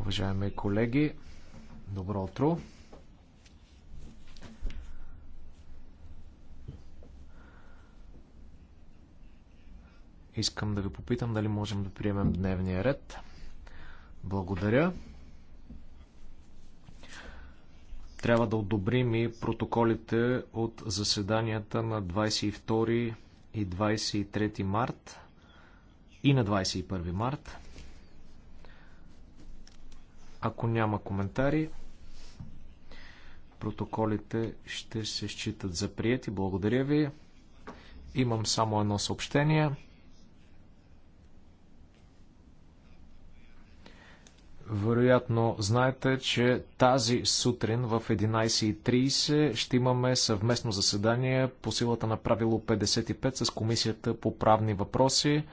Уважаеми колеги, добро утро. Искам да ви попитам дали можем да приемем дневния ред. Благодаря. Трябва да одобрим и протоколите от заседанията на 22 и 23 март и на 21 март. Ако няма коментари, протоколите ще се считат за прияти. Благодаря ви. Имам само едно съобщение. Вероятно знаете, че тази сутрин в 11.30 ще имаме съвместно заседание по силата на правило 55 с Комисията по правни въпроси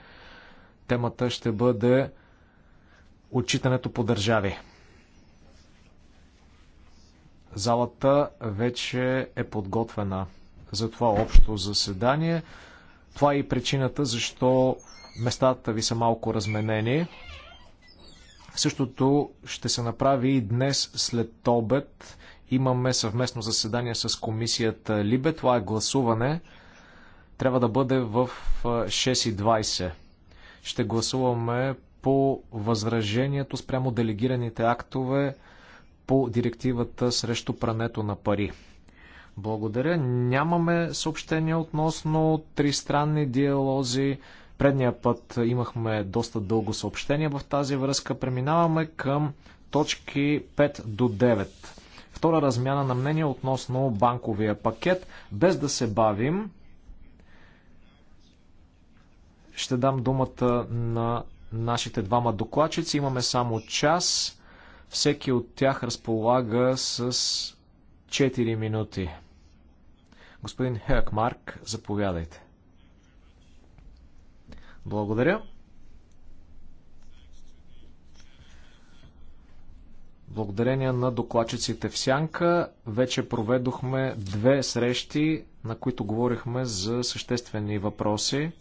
темата ще бъде отчитането по държави. Залата вече е подготвена за това общо заседание. Това е и причината защо местата ви са малко разменени. Същото ще се направи и днес след обед. Имаме съвместно заседание с комисията Либе. Това е гласуване. Трябва да бъде в 6.20. Ще гласуваме по възражението спрямо делегираните актове по директивата срещу прането на пари. Благодаря. Нямаме съобщения относно тристранни диалози. Предния път имахме доста дълго съобщение в тази връзка. Преминаваме към точки 5 до 9. Втора размяна на мнение относно банковия пакет. Без да се бавим, ще дам думата на нашите двама докладчици. Имаме само час. Всеки от тях разполага с 4 минути. Господин Марк, заповядайте. Благодаря. Благодарение на докладчиците в Сянка, вече проведохме две срещи, на които говорихме за съществени въпроси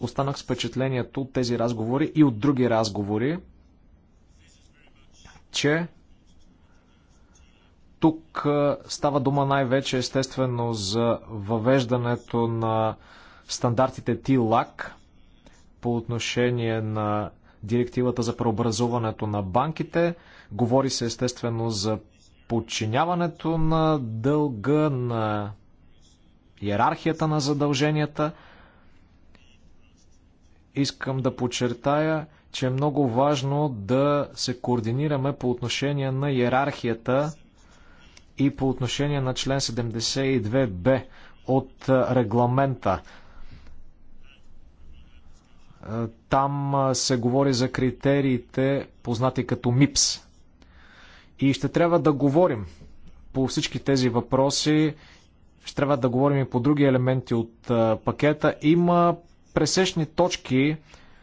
останах с впечатлението от тези разговори и от други разговори, че тук става дума най-вече естествено за въвеждането на стандартите ТИЛАК по отношение на директивата за преобразуването на банките. Говори се естествено за подчиняването на дълга, на иерархията на задълженията – Искам да подчертая, че е много важно да се координираме по отношение на иерархията и по отношение на член 72б от регламента. Там се говори за критериите, познати като МИПС. И ще трябва да говорим по всички тези въпроси. Ще трябва да говорим и по други елементи от пакета. Има пресечни точки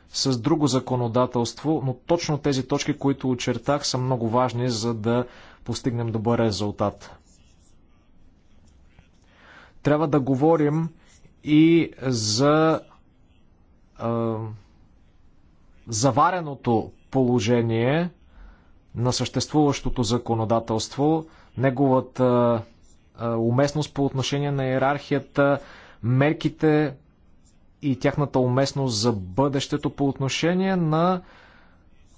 с друго законодателство, но точно тези точки, които очертах, са много важни, за да постигнем добър резултат. Трябва да говорим и за е, завареното положение на съществуващото законодателство, неговата е, уместност по отношение на иерархията, мерките и тяхната уместност за бъдещето по отношение на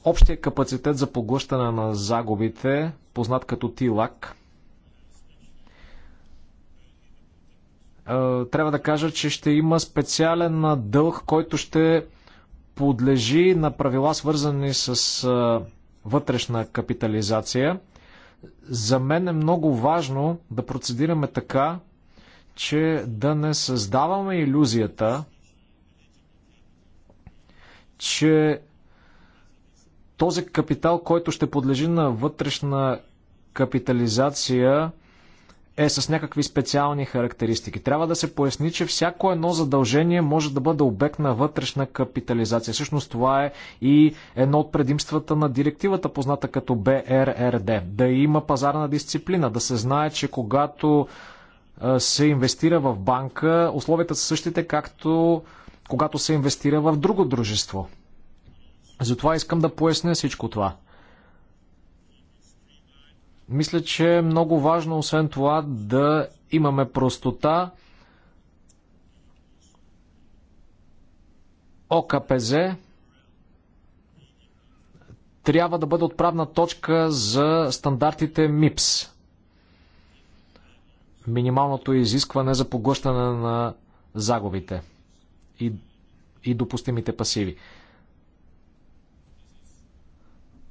общия капацитет за поглъщане на загубите, познат като ТИЛАК. Е, трябва да кажа, че ще има специален дълг, който ще подлежи на правила, свързани с е, вътрешна капитализация. За мен е много важно да процедираме така, че да не създаваме иллюзията, че този капитал, който ще подлежи на вътрешна капитализация, е с някакви специални характеристики. Трябва да се поясни, че всяко едно задължение може да бъде обект на вътрешна капитализация. Всъщност това е и едно от предимствата на директивата, позната като БРРД. Да има пазарна дисциплина, да се знае, че когато се инвестира в банка, условията са същите, както когато се инвестира в друго дружество. Затова искам да поясня всичко това. Мисля, че е много важно, освен това, да имаме простота. ОКПЗ трябва да бъде отправна точка за стандартите МИПС. Минималното изискване за поглъщане на загубите и, и допустимите пасиви.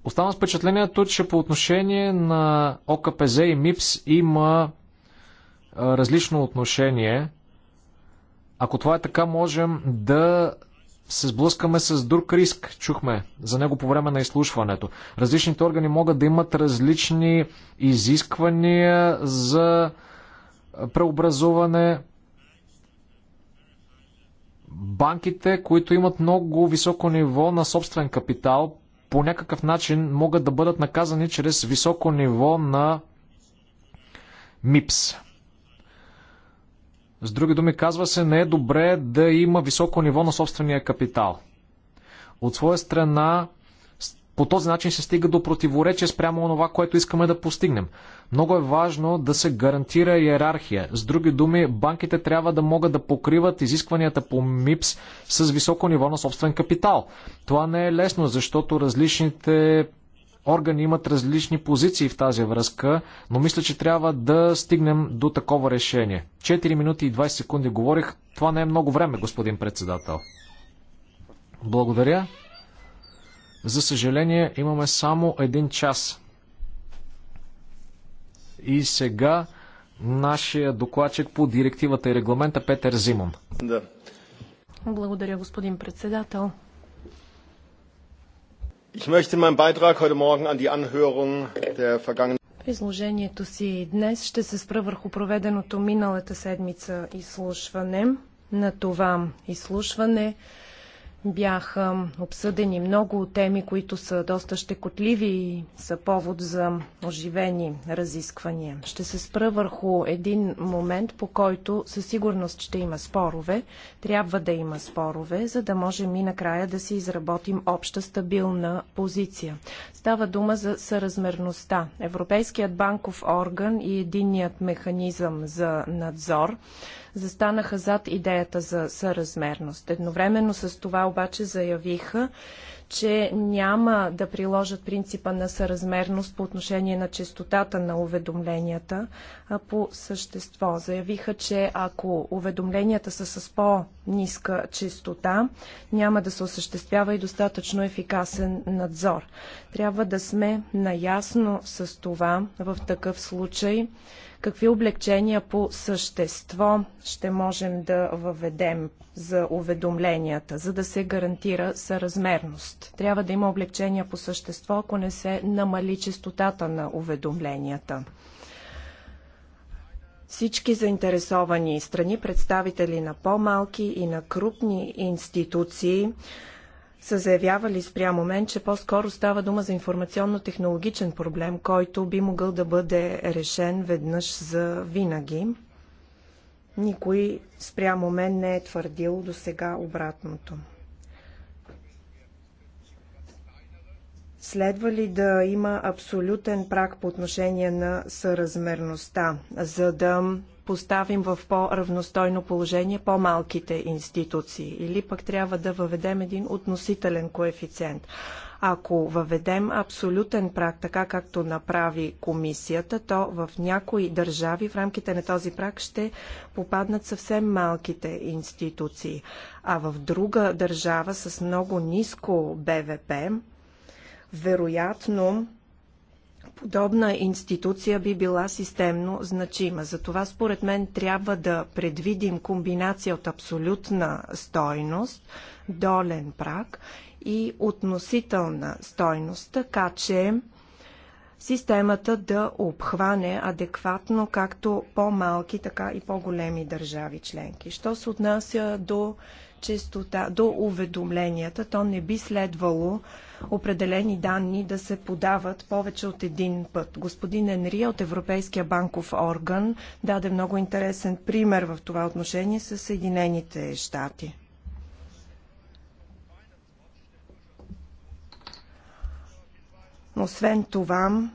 Оставам с впечатлението, че по отношение на ОКПЗ и МИПС има различно отношение. Ако това е така, можем да се сблъскаме с друг риск. Чухме за него по време на изслушването. Различните органи могат да имат различни изисквания за преобразуване банките, които имат много високо ниво на собствен капитал, по някакъв начин могат да бъдат наказани чрез високо ниво на МИПС. С други думи, казва се, не е добре да има високо ниво на собствения капитал. От своя страна, по този начин се стига до противоречие спрямо това, което искаме да постигнем. Много е важно да се гарантира иерархия. С други думи, банките трябва да могат да покриват изискванията по МИПС с високо ниво на собствен капитал. Това не е лесно, защото различните органи имат различни позиции в тази връзка, но мисля, че трябва да стигнем до такова решение. 4 минути и 20 секунди говорих. Това не е много време, господин председател. Благодаря. За съжаление, имаме само един час. И сега нашия докладчик по директивата и регламента Петър Зимон. Да. Благодаря, господин председател. Ich möchte meinen Beitrag heute Morgen an die Anhörung der vergangenen в изложението си днес ще се спра върху проведеното миналата седмица изслушване. На това изслушване бяха обсъдени много теми, които са доста щекотливи и са повод за оживени разисквания. Ще се спра върху един момент, по който със сигурност ще има спорове. Трябва да има спорове, за да можем и накрая да си изработим обща стабилна позиция. Става дума за съразмерността. Европейският банков орган и единният механизъм за надзор застанаха зад идеята за съразмерност. Едновременно с това обаче заявиха, че няма да приложат принципа на съразмерност по отношение на частотата на уведомленията а по същество. Заявиха, че ако уведомленията са с по-ниска частота, няма да се осъществява и достатъчно ефикасен надзор. Трябва да сме наясно с това в такъв случай Какви облегчения по същество ще можем да въведем за уведомленията, за да се гарантира съразмерност? Трябва да има облегчения по същество, ако не се намали частотата на уведомленията всички заинтересовани страни, представители на по-малки и на крупни институции, са заявявали спрямо мен, че по-скоро става дума за информационно-технологичен проблем, който би могъл да бъде решен веднъж за винаги. Никой спрямо мен не е твърдил до сега обратното. Следва ли да има абсолютен прак по отношение на съразмерността, за да поставим в по-равностойно положение по-малките институции или пък трябва да въведем един относителен коефициент. Ако въведем абсолютен прак, така както направи комисията, то в някои държави в рамките на този прак ще попаднат съвсем малките институции. А в друга държава с много ниско БВП, вероятно подобна институция би била системно значима. Затова според мен трябва да предвидим комбинация от абсолютна стойност, долен прак и относителна стойност, така че системата да обхване адекватно както по-малки, така и по-големи държави членки. Що се отнася до чистота, до уведомленията, то не би следвало определени данни да се подават повече от един път. Господин Енри от Европейския банков орган даде много интересен пример в това отношение с Съединените щати. Освен това,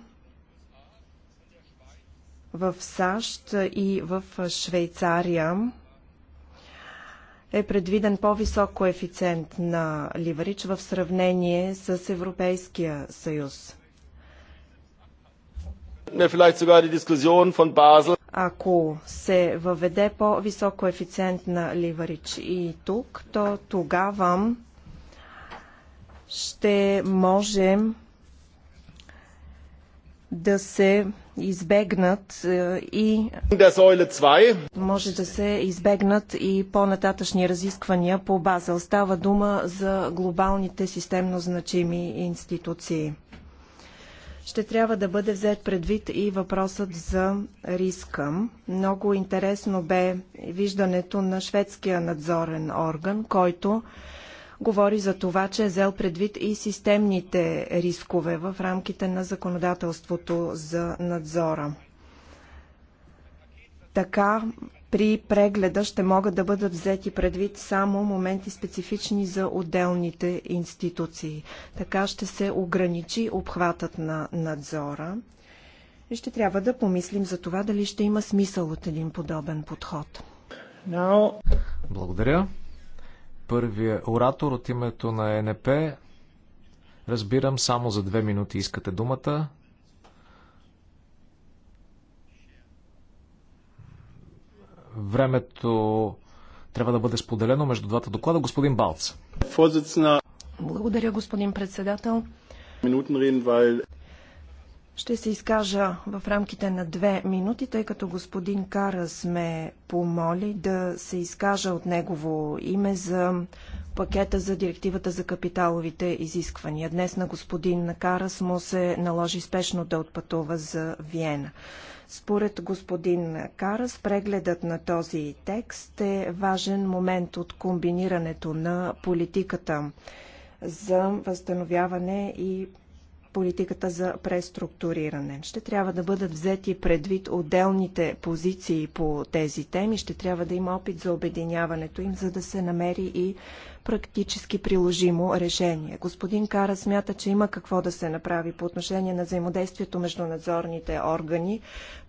в САЩ и в Швейцария е предвиден по-висок коефициент на ливарич в сравнение с Европейския съюз. Ако се въведе по-висок коефициент на ливарич и тук, то тогава ще можем да се избегнат е, и може да се избегнат и по-нататъчни разисквания по Базел. Става дума за глобалните системно значими институции. Ще трябва да бъде взет предвид и въпросът за риска. Много интересно бе виждането на шведския надзорен орган, който говори за това, че е взел предвид и системните рискове в рамките на законодателството за надзора. Така при прегледа ще могат да бъдат взети предвид само моменти специфични за отделните институции. Така ще се ограничи обхватът на надзора и ще трябва да помислим за това дали ще има смисъл от един подобен подход. Now... Благодаря първия оратор от името на е НП. Разбирам, само за две минути искате думата. Времето трябва да бъде споделено между двата доклада. Господин Балц. Благодаря, господин председател. Ще се изкажа в рамките на две минути, тъй като господин Карас ме помоли да се изкажа от негово име за пакета за директивата за капиталовите изисквания. Днес на господин Карас му се наложи спешно да отпътува за Виена. Според господин Карас, прегледът на този текст е важен момент от комбинирането на политиката за възстановяване и политиката за преструктуриране. Ще трябва да бъдат взети предвид отделните позиции по тези теми, ще трябва да има опит за обединяването им, за да се намери и практически приложимо решение. Господин Кара смята, че има какво да се направи по отношение на взаимодействието между надзорните органи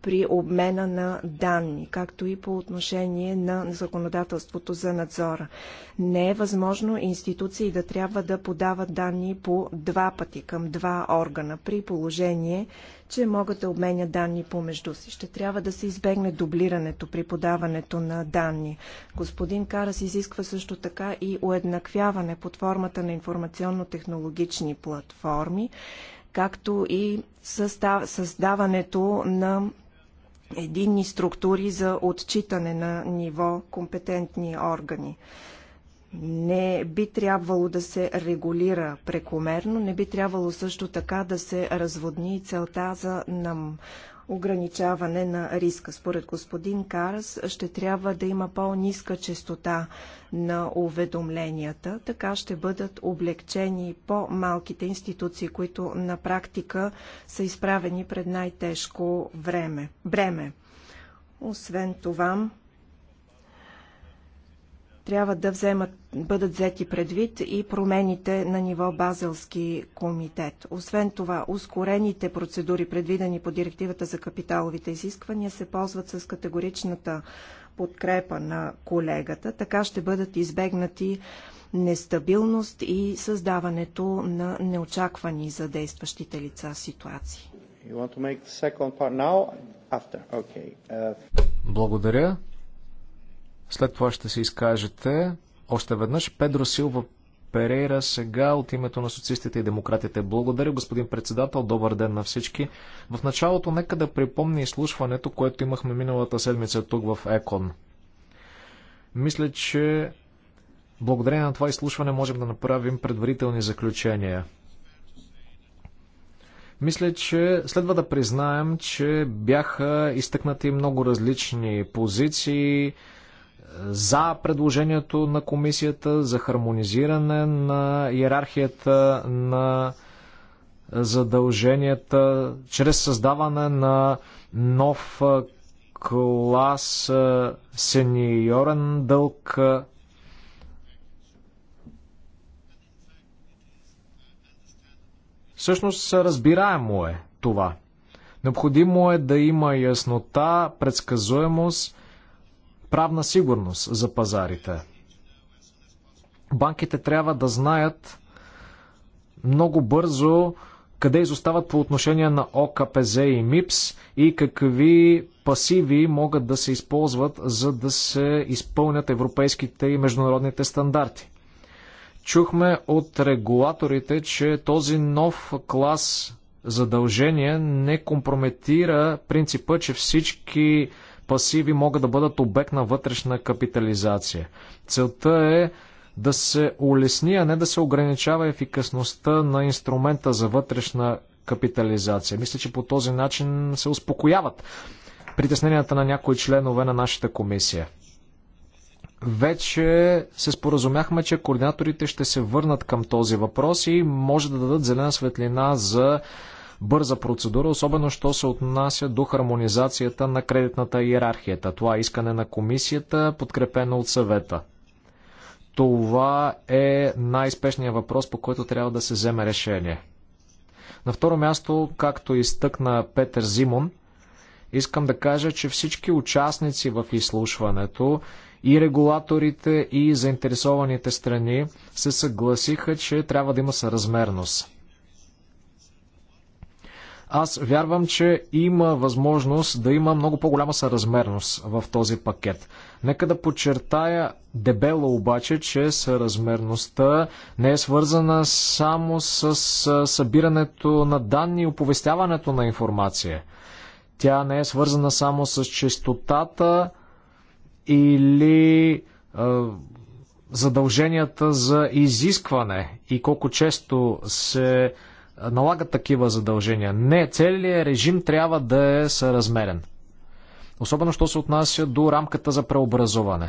при обмена на данни, както и по отношение на законодателството за надзора. Не е възможно институции да трябва да подават данни по два пъти към два органа при положение, че могат да обменят данни помежду си. Ще трябва да се избегне дублирането при подаването на данни. Господин Карас изисква също така и уеднаквяване под формата на информационно-технологични платформи, както и създаването на единни структури за отчитане на ниво компетентни органи не би трябвало да се регулира прекомерно, не би трябвало също така да се разводни целта за нам ограничаване на риска. Според господин Карас ще трябва да има по-ниска частота на уведомленията, така ще бъдат облегчени по-малките институции, които на практика са изправени пред най-тежко време. Бреме. Освен това, трябва да вземат, бъдат взети предвид и промените на ниво Базелски комитет. Освен това, ускорените процедури, предвидени по директивата за капиталовите изисквания, се ползват с категоричната подкрепа на колегата. Така ще бъдат избегнати нестабилност и създаването на неочаквани за действащите лица ситуации. Okay. Uh... Благодаря. След това ще се изкажете още веднъж. Педро Силва Перейра сега от името на социстите и демократите. Благодаря, господин председател. Добър ден на всички. В началото нека да припомня изслушването, което имахме миналата седмица тук в ЕКОН. Мисля, че благодарение на това изслушване можем да направим предварителни заключения. Мисля, че следва да признаем, че бяха изтъкнати много различни позиции, за предложението на комисията за хармонизиране на иерархията на задълженията чрез създаване на нов клас сениорен дълг. Всъщност разбираемо е това. Необходимо е да има яснота, предсказуемост – правна сигурност за пазарите. Банките трябва да знаят много бързо къде изостават по отношение на ОКПЗ и МИПС и какви пасиви могат да се използват, за да се изпълнят европейските и международните стандарти. Чухме от регулаторите, че този нов клас задължение не компрометира принципа, че всички пасиви могат да бъдат обект на вътрешна капитализация. Целта е да се улесни, а не да се ограничава ефикасността на инструмента за вътрешна капитализация. Мисля, че по този начин се успокояват притесненията на някои членове на нашата комисия. Вече се споразумяхме, че координаторите ще се върнат към този въпрос и може да дадат зелена светлина за бърза процедура, особено що се отнася до хармонизацията на кредитната иерархията. Това е искане на комисията, подкрепено от съвета. Това е най-спешният въпрос, по който трябва да се вземе решение. На второ място, както изтъкна Петър Зимон, искам да кажа, че всички участници в изслушването и регулаторите и заинтересованите страни се съгласиха, че трябва да има съразмерност. Аз вярвам, че има възможност да има много по-голяма съразмерност в този пакет. Нека да подчертая дебело обаче, че съразмерността не е свързана само с събирането на данни и оповестяването на информация. Тя не е свързана само с честотата или е, задълженията за изискване и колко често се налагат такива задължения. Не, целият режим трябва да е съразмерен. Особено, що се отнася до рамката за преобразуване.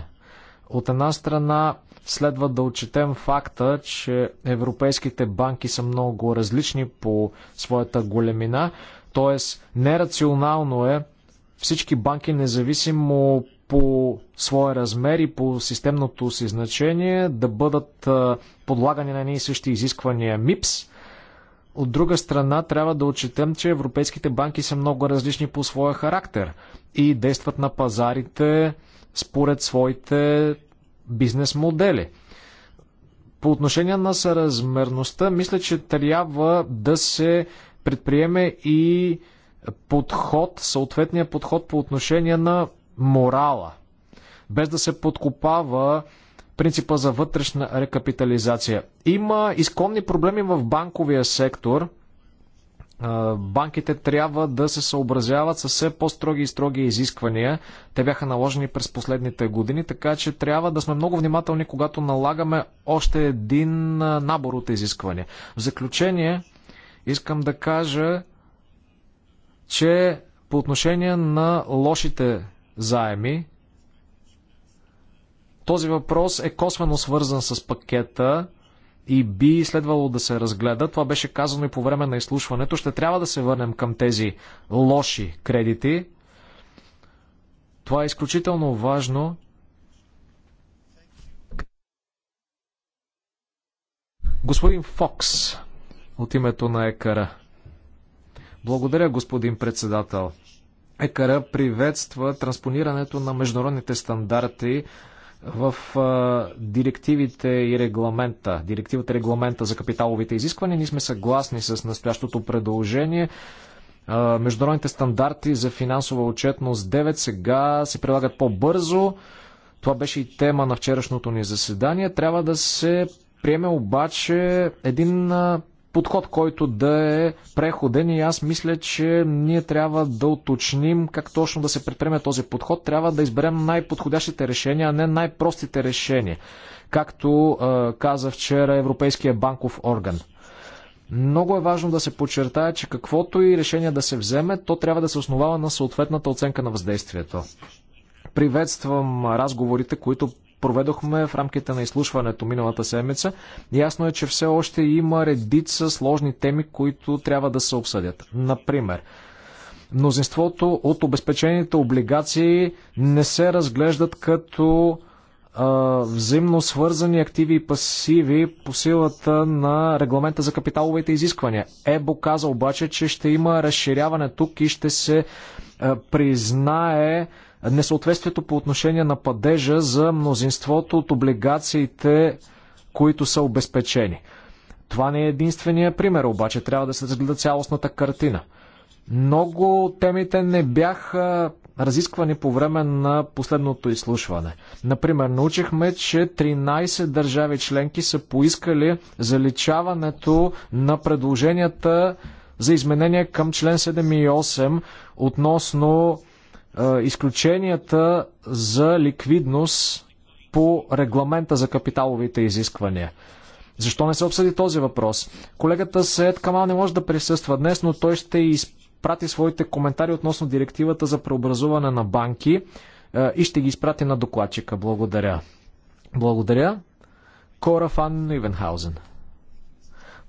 От една страна, следва да отчетем факта, че европейските банки са много различни по своята големина, т.е. нерационално е всички банки, независимо по своя размер и по системното си значение, да бъдат подлагани на ние същи изисквания МИПС, от друга страна, трябва да отчетем, че европейските банки са много различни по своя характер и действат на пазарите според своите бизнес модели. По отношение на съразмерността, мисля, че трябва да се предприеме и подход, съответния подход по отношение на морала, без да се подкопава принципа за вътрешна рекапитализация. Има изконни проблеми в банковия сектор. Банките трябва да се съобразяват с все по-строги и строги изисквания. Те бяха наложени през последните години, така че трябва да сме много внимателни, когато налагаме още един набор от изисквания. В заключение, искам да кажа, че по отношение на лошите заеми, този въпрос е косвено свързан с пакета и би следвало да се разгледа. Това беше казано и по време на изслушването. Ще трябва да се върнем към тези лоши кредити. Това е изключително важно. Господин Фокс от името на ЕКАРА. Благодаря, господин председател. ЕКАРА приветства транспонирането на международните стандарти в а, директивите и регламента, директивата и регламента за капиталовите изисквания, ние сме съгласни с настоящото предложение. А, международните стандарти за финансова отчетност 9 сега се прилагат по-бързо. Това беше и тема на вчерашното ни заседание. Трябва да се приеме обаче един а, подход, който да е преходен и аз мисля, че ние трябва да уточним как точно да се предприеме този подход. Трябва да изберем най-подходящите решения, а не най-простите решения, както е, каза вчера Европейския банков орган. Много е важно да се подчертая, че каквото и решение да се вземе, то трябва да се основава на съответната оценка на въздействието. Приветствам разговорите, които проведохме в рамките на изслушването миналата седмица. Ясно е, че все още има редица сложни теми, които трябва да се обсъдят. Например, мнозинството от обезпечените облигации не се разглеждат като а, взаимно свързани активи и пасиви по силата на регламента за капиталовите изисквания. ЕБО каза обаче, че ще има разширяване тук и ще се а, признае несъответствието по отношение на падежа за мнозинството от облигациите, които са обезпечени. Това не е единствения пример, обаче трябва да се разгледа цялостната картина. Много темите не бяха разисквани по време на последното изслушване. Например, научихме, че 13 държави членки са поискали заличаването на предложенията за изменения към член 7 и 8 относно изключенията за ликвидност по регламента за капиталовите изисквания. Защо не се обсъди този въпрос? Колегата Сед Камал не може да присъства днес, но той ще изпрати своите коментари относно директивата за преобразуване на банки и ще ги изпрати на докладчика. Благодаря. Благодаря. Кора Фан Ивенхаузен.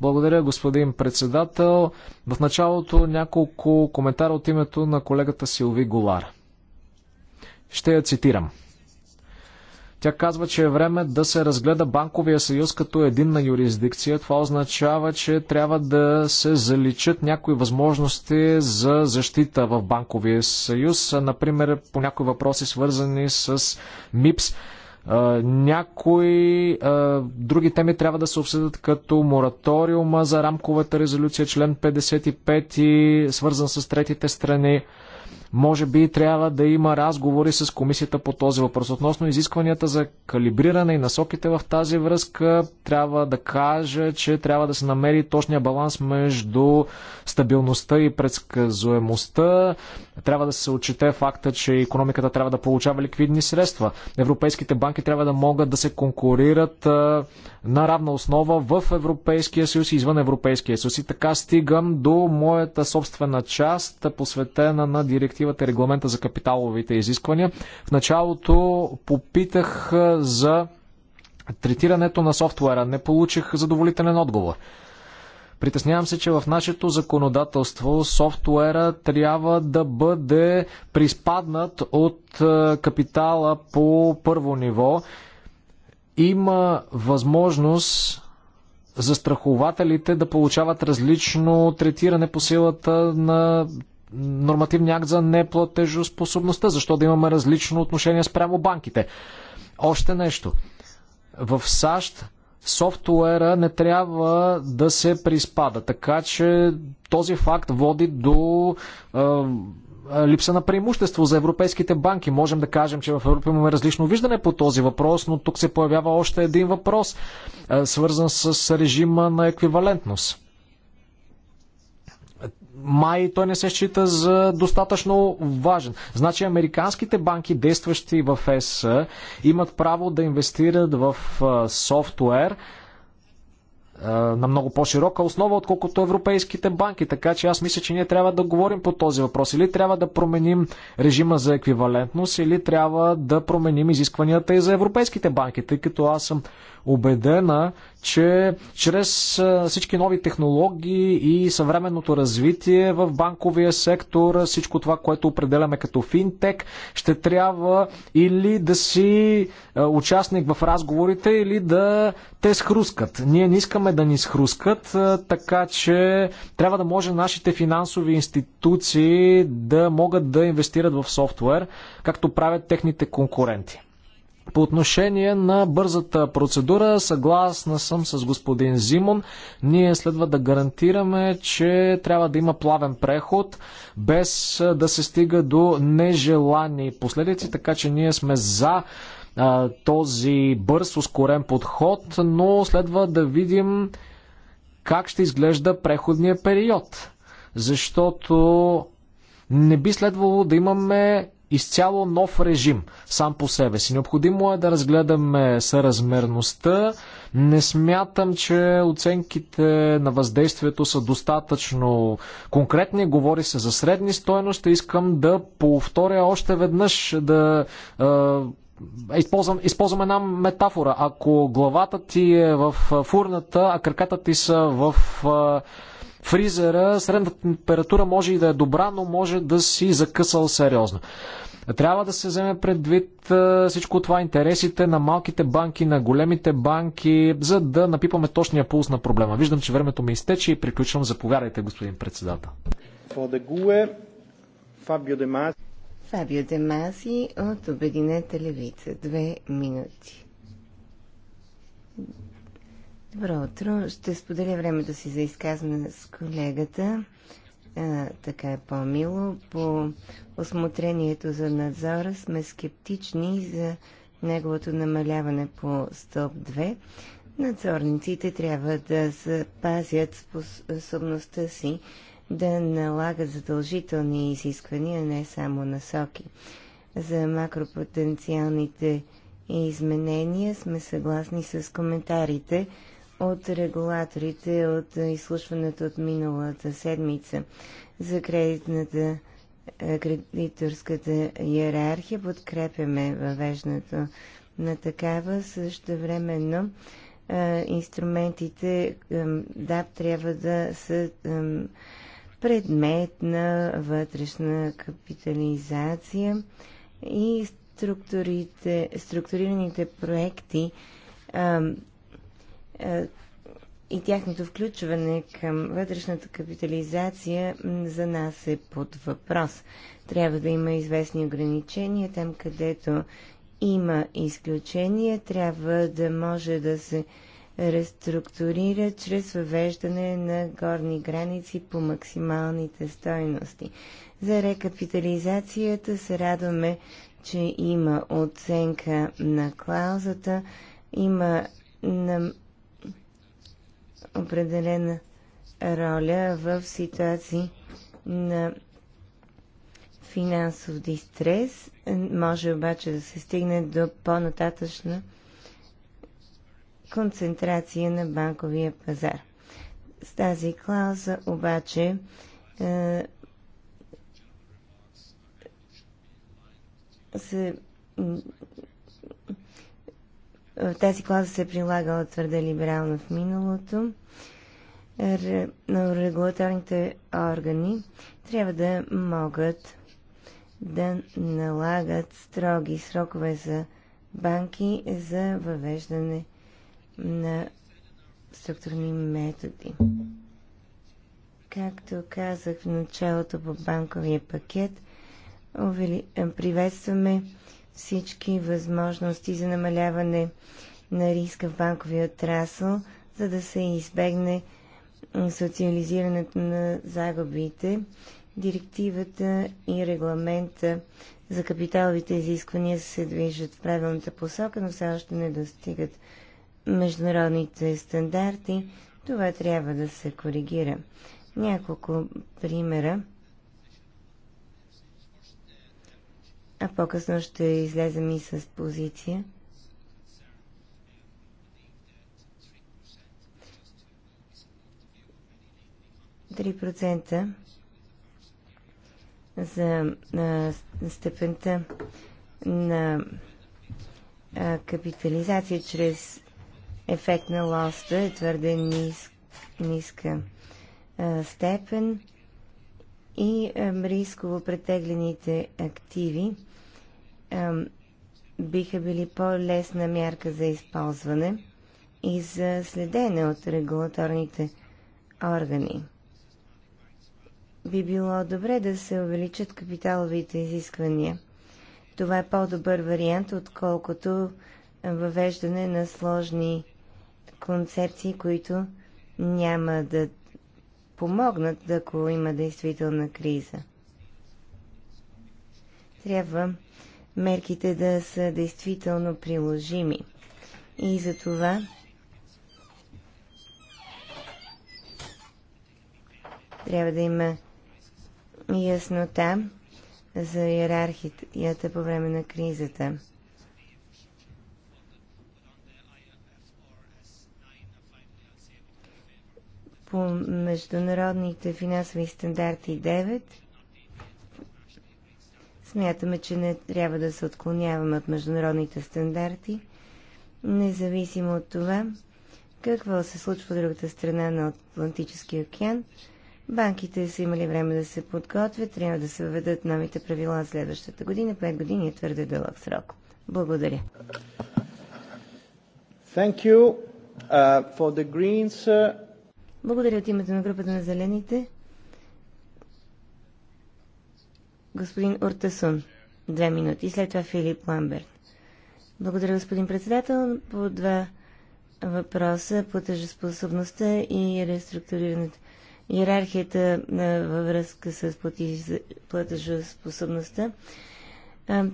Благодаря, господин председател. В началото няколко коментара от името на колегата Силви Голар. Ще я цитирам. Тя казва, че е време да се разгледа банковия съюз като един на юрисдикция. Това означава, че трябва да се заличат някои възможности за защита в банковия съюз. Например, по някои въпроси свързани с МИПС някои други теми трябва да се обсъдят като мораториума за рамковата резолюция, член 55, свързан с третите страни. Може би трябва да има разговори с комисията по този въпрос. Относно изискванията за калибриране и насоките в тази връзка, трябва да кажа, че трябва да се намери точния баланс между стабилността и предсказуемостта. Трябва да се отчете факта, че економиката трябва да получава ликвидни средства. Европейските банки трябва да могат да се конкурират на равна основа в Европейския съюз и извън Европейския съюз. И така стигам до моята собствена част, посветена на директива директивата и регламента за капиталовите изисквания. В началото попитах за третирането на софтуера. Не получих задоволителен отговор. Притеснявам се, че в нашето законодателство софтуера трябва да бъде приспаднат от капитала по първо ниво. Има възможност застрахователите да получават различно третиране по силата на нормативния акт за неплатежоспособността? Защо да имаме различно отношение спрямо банките? Още нещо. В САЩ софтуера не трябва да се приспада. Така че този факт води до е, липса на преимущество за европейските банки. Можем да кажем, че в Европа имаме различно виждане по този въпрос, но тук се появява още един въпрос, е, свързан с режима на еквивалентност май той не се счита за достатъчно важен. Значи американските банки, действащи в ЕС, имат право да инвестират в софтуер на много по-широка основа, отколкото европейските банки. Така че аз мисля, че ние трябва да говорим по този въпрос. Или трябва да променим режима за еквивалентност, или трябва да променим изискванията и за европейските банки, тъй като аз съм убедена, че чрез всички нови технологии и съвременното развитие в банковия сектор, всичко това, което определяме като финтек, ще трябва или да си участник в разговорите, или да те схрускат. Ние не искаме да ни схрускат, така че трябва да може нашите финансови институции да могат да инвестират в софтуер, както правят техните конкуренти. По отношение на бързата процедура, съгласна съм с господин Зимон. Ние следва да гарантираме, че трябва да има плавен преход, без да се стига до нежелани последици, така че ние сме за а, този бърз, ускорен подход, но следва да видим как ще изглежда преходния период. Защото не би следвало да имаме изцяло нов режим сам по себе си. Необходимо е да разгледаме съразмерността. Не смятам, че оценките на въздействието са достатъчно конкретни. Говори се за средни стоености. Искам да повторя още веднъж да използвам, използвам една метафора. Ако главата ти е в фурната, а краката ти са в фризера, средната температура може и да е добра, но може да си закъсал сериозно. Трябва да се вземе предвид всичко това, интересите на малките банки, на големите банки, за да напипаме точния пулс на проблема. Виждам, че времето ми изтече и приключвам. Заповядайте, господин председател. Фабио Демази. Фабио Демази от Обединете левица. Две минути. Добро утро. Ще споделя времето си за изказване с колегата. А, така е по-мило. По осмотрението за надзора сме скептични за неговото намаляване по стоп 2. Надзорниците трябва да запазят способността си да налагат задължителни изисквания, не само насоки. За макропотенциалните изменения сме съгласни с коментарите от регулаторите от изслушването от миналата седмица за кредитната е, кредиторската иерархия. Подкрепяме въвеждането на такава. Също времено е, инструментите е, да трябва да са предмет на вътрешна капитализация и структурите, структурираните проекти е, и тяхното включване към вътрешната капитализация за нас е под въпрос. Трябва да има известни ограничения там, където има изключения, трябва да може да се реструктурира чрез въвеждане на горни граници по максималните стойности. За рекапитализацията се радваме, че има оценка на клаузата, има на определена роля в ситуации на финансов дистрес. Може обаче да се стигне до по-нататъчна концентрация на банковия пазар. С тази клауза обаче е, се тази клауза се прилагала твърде либерално в миналото регулаторните органи трябва да могат да налагат строги срокове за банки за въвеждане на структурни методи. Както казах в началото по банковия пакет, е, приветстваме всички възможности за намаляване на риска в банковия отрасъл, за да се избегне социализирането на загубите, директивата и регламента за капиталовите изисквания се движат в правилната посока, но все още не достигат международните стандарти. Това трябва да се коригира. Няколко примера. А по-късно ще излезем и с позиция. 3% за а, степента на а, капитализация чрез ефект на лоста е твърде нис, ниска а, степен и а, рисково претеглените активи а, биха били по-лесна мярка за използване и за следене от регулаторните органи би било добре да се увеличат капиталовите изисквания. Това е по-добър вариант, отколкото въвеждане на сложни концепции, които няма да помогнат, ако има действителна криза. Трябва мерките да са действително приложими. И за това трябва да има яснота за иерархията по време на кризата. По международните финансови стандарти 9 смятаме, че не трябва да се отклоняваме от международните стандарти, независимо от това какво се случва в другата страна на Атлантическия океан – Банките са имали време да се подготвят, трябва да се въведат новите правила следващата година. Пет години е твърде дълъг срок. Благодаря. Thank you, uh, for the greens, uh... Благодаря от името на групата на зелените. Господин Уртасун, две минути. И след това Филип Ламберт. Благодаря, господин председател. По два въпроса по тъжеспособността и реструктурирането иерархията във връзка с платежоспособността.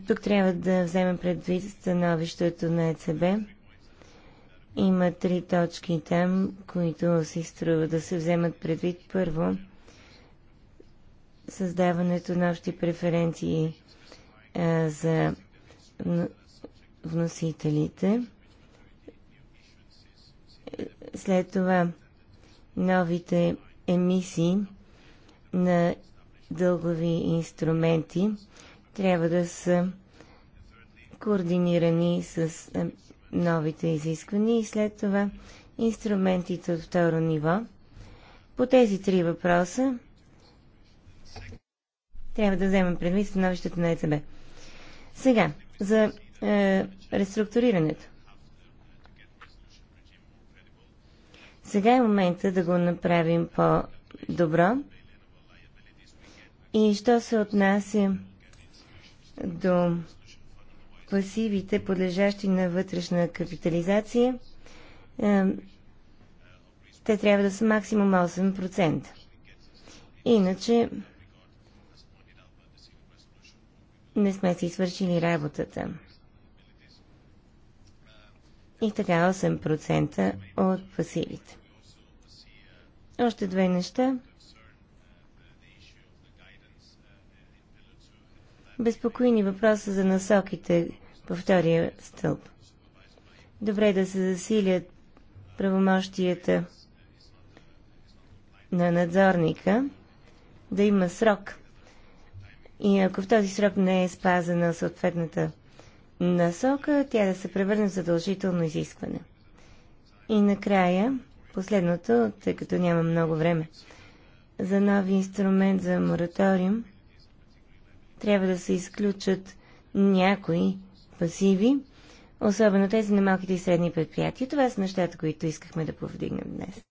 Тук трябва да вземем предвид становището на ЕЦБ. Има три точки там, които се струва да се вземат предвид. Първо, създаването на общи преференции а, за вносителите. След това новите емисии на дългови инструменти трябва да са координирани с е, новите изисквания и след това инструментите от второ ниво. По тези три въпроса трябва да вземем предвид становището на ЕЦБ. Сега, за е, реструктурирането. Сега е момента да го направим по-добро. И що се отнася до пасивите, подлежащи на вътрешна капитализация, е, те трябва да са максимум 8%. Иначе не сме си свършили работата и така 8% от пасивите. Още две неща. Безпокойни въпроса за насоките по втория стълб. Добре да се засилят правомощията на надзорника, да има срок. И ако в този срок не е спазена съответната насока, тя да се превърне в задължително изискване. И накрая, последното, тъй като няма много време, за нови инструмент за мораториум трябва да се изключат някои пасиви, особено тези на малките и средни предприятия. Това са нещата, които искахме да повдигнем днес.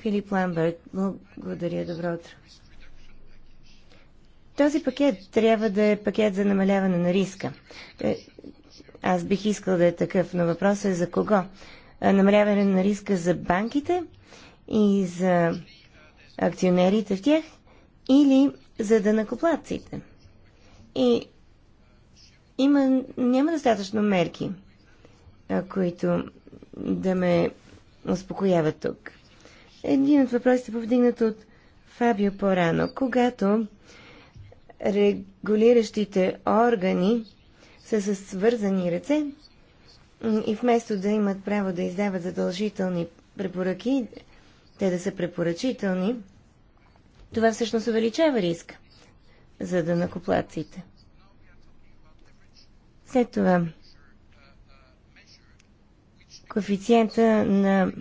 Филип Ламберт, благодаря, добро утро. Този пакет трябва да е пакет за намаляване на риска. Е, аз бих искал да е такъв, но въпросът е за кого? Е, намаляване на риска за банките и за акционерите в тях или за дънакоплатците. И има, няма достатъчно мерки, е, които да ме успокояват тук. Един от въпросите повдигнат от Фабио Порано, когато регулиращите органи са с свързани ръце и вместо да имат право да издават задължителни препоръки, те да са препоръчителни, това всъщност увеличава риск, за данакоплаците. След това, коефициента на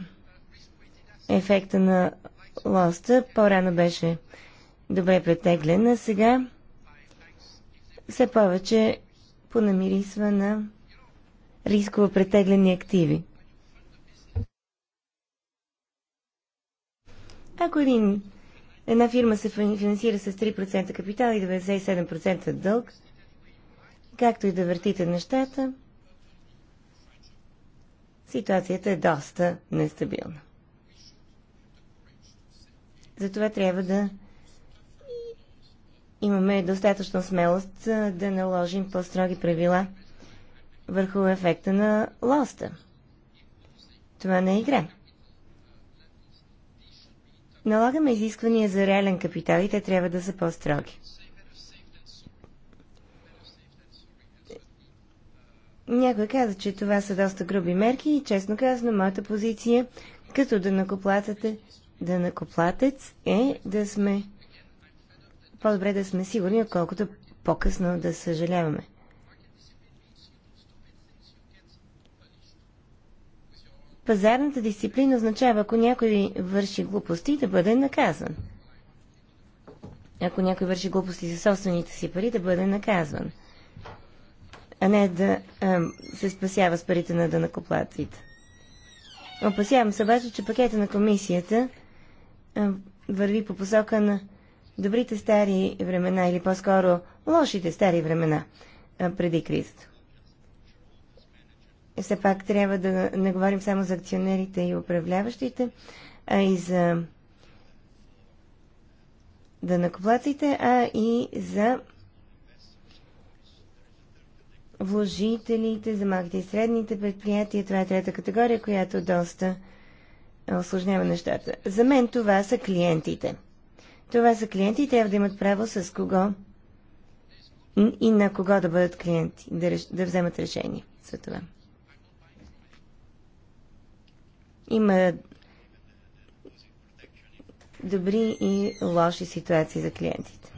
ефекта на лоста по-рано беше добре претеглен, а сега все повече понамирисва на рисково претеглени активи. Ако един, една фирма се финансира с 3% капитал и 97% дълг, както и да въртите нещата, ситуацията е доста нестабилна. Затова трябва да имаме достатъчно смелост да наложим по-строги правила върху ефекта на лоста. Това не е игра. Налагаме изисквания за реален капитал и те трябва да са по-строги. Някой каза, че това са доста груби мерки и честно казано, моята позиция като да накоплатате, да накоплатец е да сме по-добре да сме сигурни, отколкото по-късно да съжаляваме. Пазарната дисциплина означава, ако някой върши глупости, да бъде наказан. Ако някой върши глупости за собствените си пари, да бъде наказван. А не да а, се спасява с парите на дънакоплатците. Опасявам се обаче, че пакета на комисията а, върви по посока на добрите стари времена или по-скоро лошите стари времена преди кризата. Все пак трябва да не говорим само за акционерите и управляващите, а и за данакоплатите, а и за вложителите, за малките и средните предприятия. Това е трета категория, която доста осложнява нещата. За мен това са клиентите. Това са клиенти и трябва да имат право с кого и на кого да бъдат клиенти, да, реш... да вземат решение за това. Има добри и лоши ситуации за клиентите.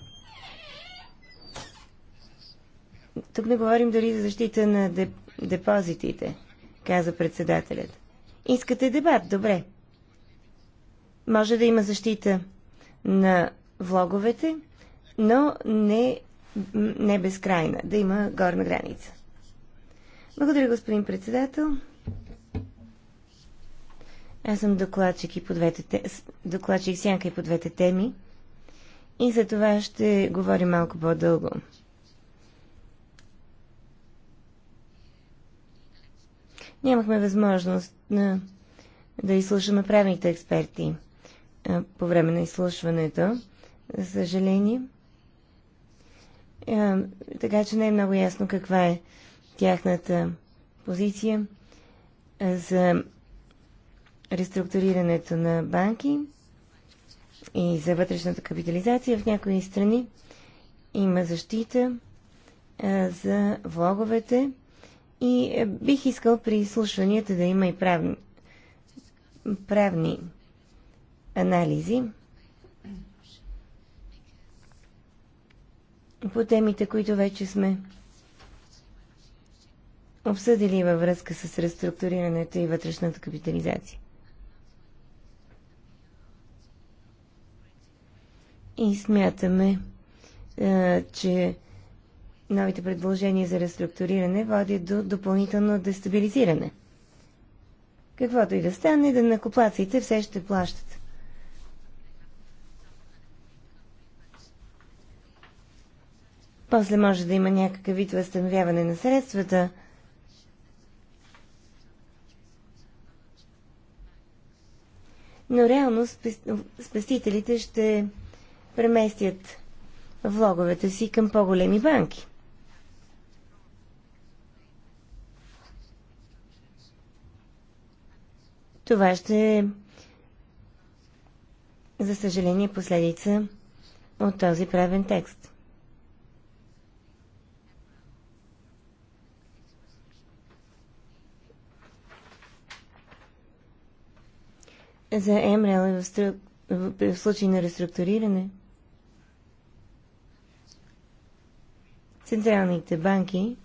Тук не говорим дори за защита на деп... депозитите, каза председателят. Искате дебат? Добре. Може да има защита на влоговете, но не, не безкрайна, да има горна граница. Благодаря, господин председател. Аз съм докладчик, и по двете, докладчик сянка и по двете теми и за това ще говорим малко по-дълго. Нямахме възможност на, да изслушаме правните експерти – по време на изслушването. За съжаление. Така че не е много ясно каква е тяхната позиция за реструктурирането на банки и за вътрешната капитализация в някои страни има защита за влоговете и бих искал при изслушванията да има и правни, правни анализи по темите, които вече сме обсъдили във връзка с реструктурирането и вътрешната капитализация. И смятаме, че новите предложения за реструктуриране водят до допълнително дестабилизиране. Каквото и да стане, да накоплаците все ще плащат. После може да има някакъв вид възстановяване на средствата. Но реално спасителите ще преместят влоговете си към по-големи банки. Това ще е, за съжаление, последица от този правен текст. за МРЛ е в, стру... в случай на реструктуриране, централните банки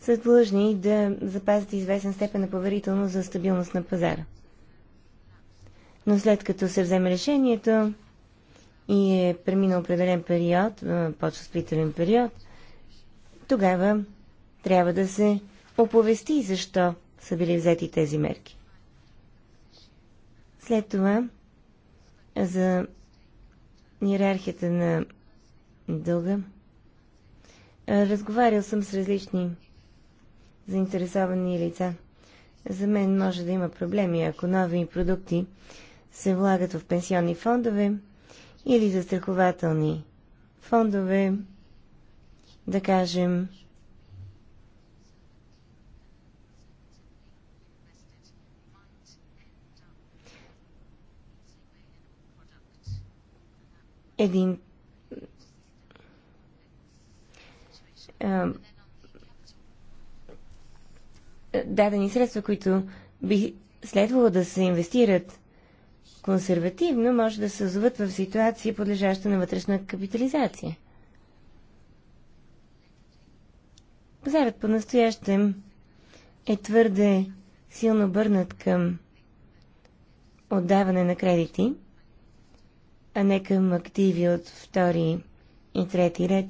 са длъжни да запазят известен степен на поверителност за стабилност на пазара. Но след като се вземе решението и е преминал определен период, по-чувствителен период, тогава трябва да се оповести защо са били взети тези мерки. След това за иерархията на дълга. Разговарял съм с различни заинтересовани лица. За мен може да има проблеми, ако нови продукти се влагат в пенсионни фондове или застрахователни фондове, да кажем, един дадени средства, които би следвало да се инвестират консервативно, може да се озоват в ситуация, подлежаща на вътрешна капитализация. Пазарът по-настоящем е твърде силно бърнат към отдаване на кредити – а не към активи от втори и трети ред.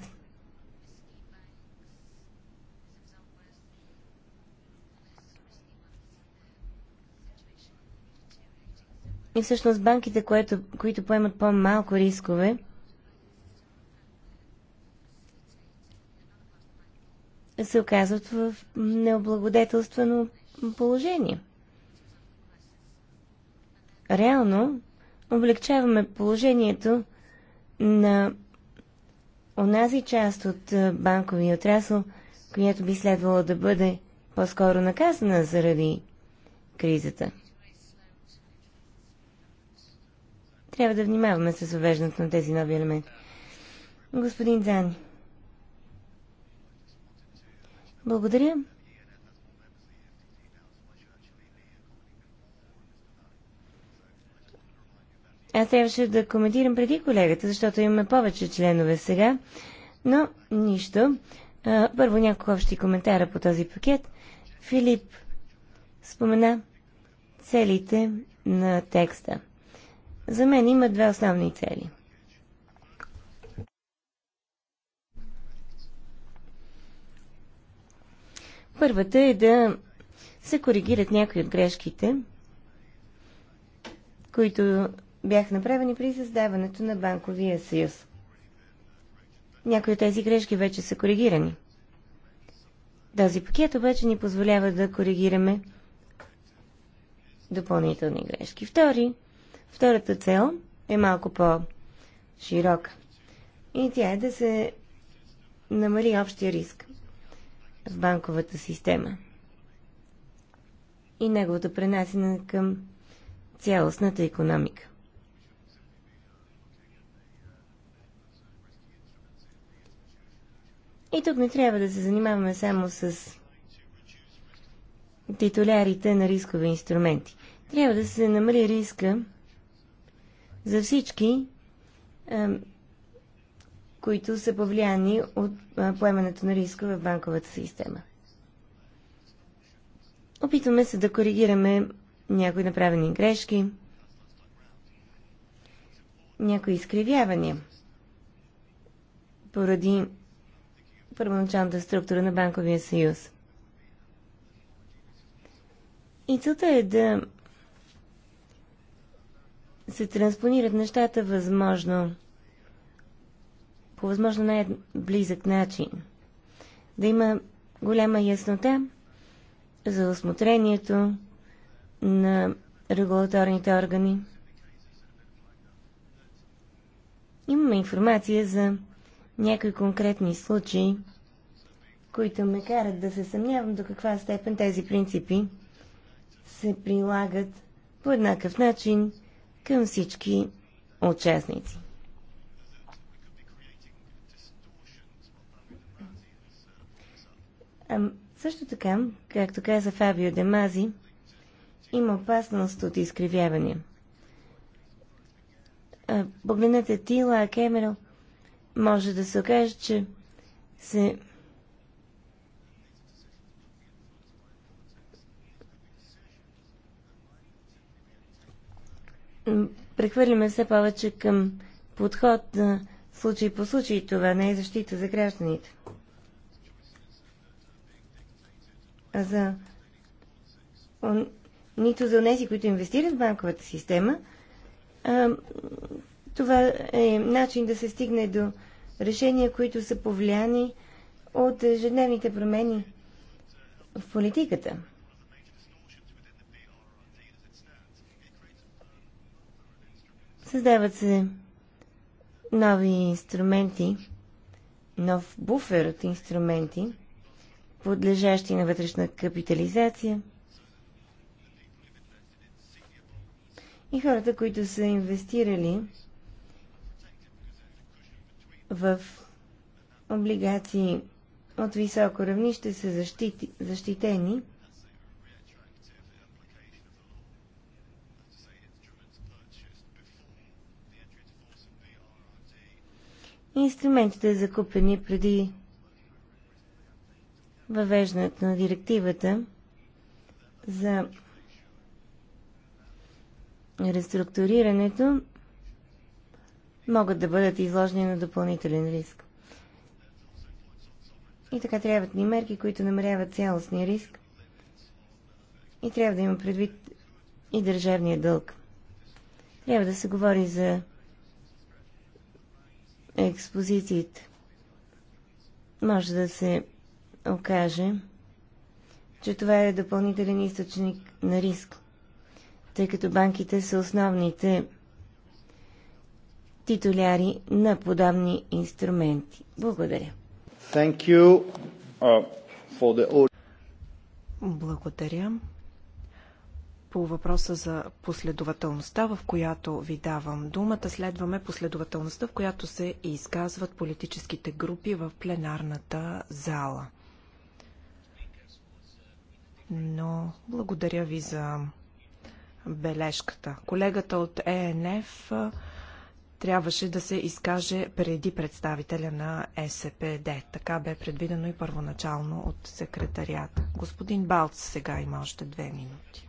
И всъщност банките, което, които поемат по-малко рискове, се оказват в необлагодетелствено положение. Реално, облегчаваме положението на онази част от банковия отрасъл, която би следвало да бъде по-скоро наказана заради кризата. Трябва да внимаваме с въвеждането на тези нови елементи. Господин Зани, Благодаря. Аз трябваше да коментирам преди колегата, защото имаме повече членове сега, но нищо. Първо няколко общи коментара по този пакет. Филип спомена целите на текста. За мен има две основни цели. Първата е да се коригират някои от грешките, които Бях направени при създаването на Банковия съюз. Някои от тези грешки вече са коригирани. Този пакет обаче ни позволява да коригираме допълнителни грешки. Втори, втората цел е малко по-широка. И тя е да се намали общия риск в банковата система и неговото пренасене към цялостната економика. И тук не трябва да се занимаваме само с титулярите на рискови инструменти. Трябва да се намали риска за всички, които са повлияни от поемането на риска в банковата система. Опитваме се да коригираме някои направени грешки, някои изкривявания поради първоначалната структура на Банковия съюз. И целта е да се транспонират нещата възможно, по възможно най-близък начин. Да има голяма яснота за осмотрението на регулаторните органи. Имаме информация за някои конкретни случаи, които ме карат да се съмнявам до каква степен тези принципи се прилагат по еднакъв начин към всички участници. А, също така, както каза Фабио Демази, има опасност от изкривяване. Погледнете Тила, Кемеръл – може да се окаже, че се Прехвърлиме все повече към подход на случай по случай. Това не е защита за гражданите. А за нито за тези, които инвестират в банковата система, това е начин да се стигне до решения, които са повлияни от ежедневните промени в политиката. Създават се нови инструменти, нов буфер от инструменти, подлежащи на вътрешна капитализация. И хората, които са инвестирали в облигации от високо равнище са защити, защитени. Инструментите закупени преди въвеждането на директивата за реструктурирането могат да бъдат изложени на допълнителен риск. И така трябват ни мерки, които намеряват цялостния риск. И трябва да има предвид и държавния дълг. Трябва да се говори за експозициите. Може да се окаже, че това е допълнителен източник на риск, тъй като банките са основните титуляри на подобни инструменти. Благодаря. Thank you, uh, for the... Благодаря. По въпроса за последователността, в която ви давам думата, следваме последователността, в която се изказват политическите групи в пленарната зала. Но благодаря ви за бележката. Колегата от ЕНФ трябваше да се изкаже преди представителя на СПД. Така бе предвидено и първоначално от секретарията. Господин Балц сега има още две минути.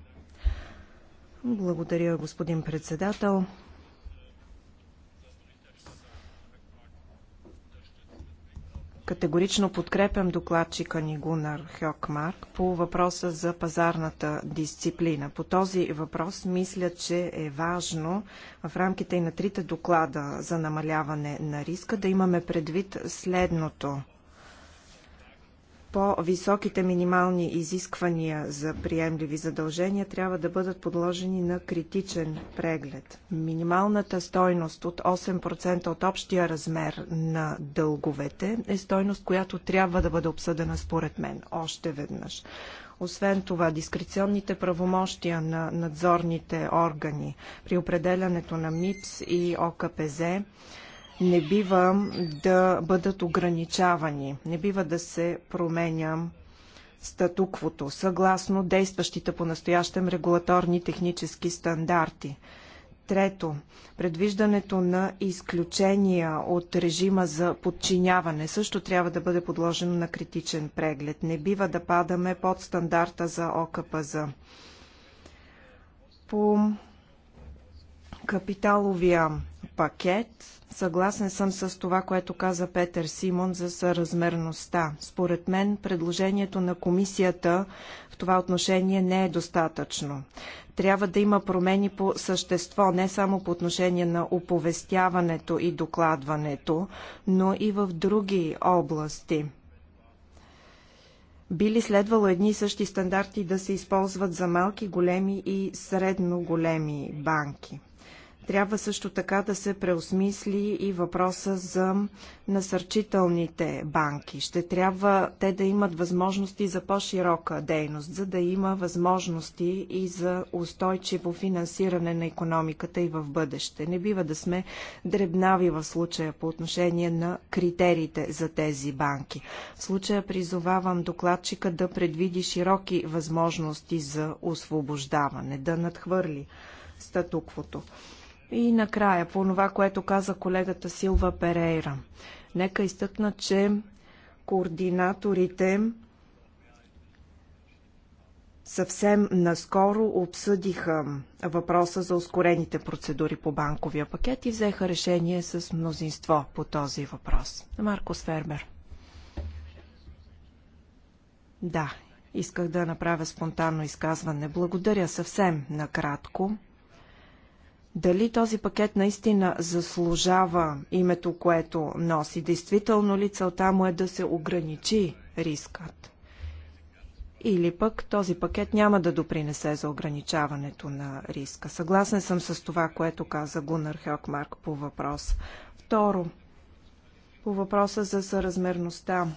Благодаря, господин председател. Категорично подкрепям докладчика ни Гунар Хьокмарк по въпроса за пазарната дисциплина. По този въпрос мисля, че е важно в рамките и на трите доклада за намаляване на риска да имаме предвид следното – по-високите минимални изисквания за приемливи задължения трябва да бъдат подложени на критичен преглед. Минималната стойност от 8% от общия размер на дълговете е стойност, която трябва да бъде обсъдена според мен още веднъж. Освен това, дискреционните правомощия на надзорните органи при определянето на МИПС и ОКПЗ не бива да бъдат ограничавани, не бива да се променя статуквото, съгласно действащите по настоящем регулаторни технически стандарти. Трето, предвиждането на изключения от режима за подчиняване също трябва да бъде подложено на критичен преглед. Не бива да падаме под стандарта за ОКПЗ. По капиталовия пакет. Съгласен съм с това, което каза Петър Симон за съразмерността. Според мен предложението на комисията в това отношение не е достатъчно. Трябва да има промени по същество, не само по отношение на оповестяването и докладването, но и в други области би ли следвало едни и същи стандарти да се използват за малки, големи и средно големи банки? Трябва също така да се преосмисли и въпроса за насърчителните банки. Ще трябва те да имат възможности за по-широка дейност, за да има възможности и за устойчиво финансиране на економиката и в бъдеще. Не бива да сме дребнави в случая по отношение на критериите за тези банки. В случая призовавам докладчика да предвиди широки възможности за освобождаване, да надхвърли статуквото. И накрая, по това, което каза колегата Силва Перейра. Нека изтъкна, че координаторите съвсем наскоро обсъдиха въпроса за ускорените процедури по банковия пакет и взеха решение с мнозинство по този въпрос. Марко Фербер. Да, исках да направя спонтанно изказване. Благодаря съвсем накратко дали този пакет наистина заслужава името, което носи? Действително ли целта му е да се ограничи рискът? Или пък този пакет няма да допринесе за ограничаването на риска? Съгласен съм с това, което каза Гунър Хелкмарк по въпрос. Второ, по въпроса за съразмерността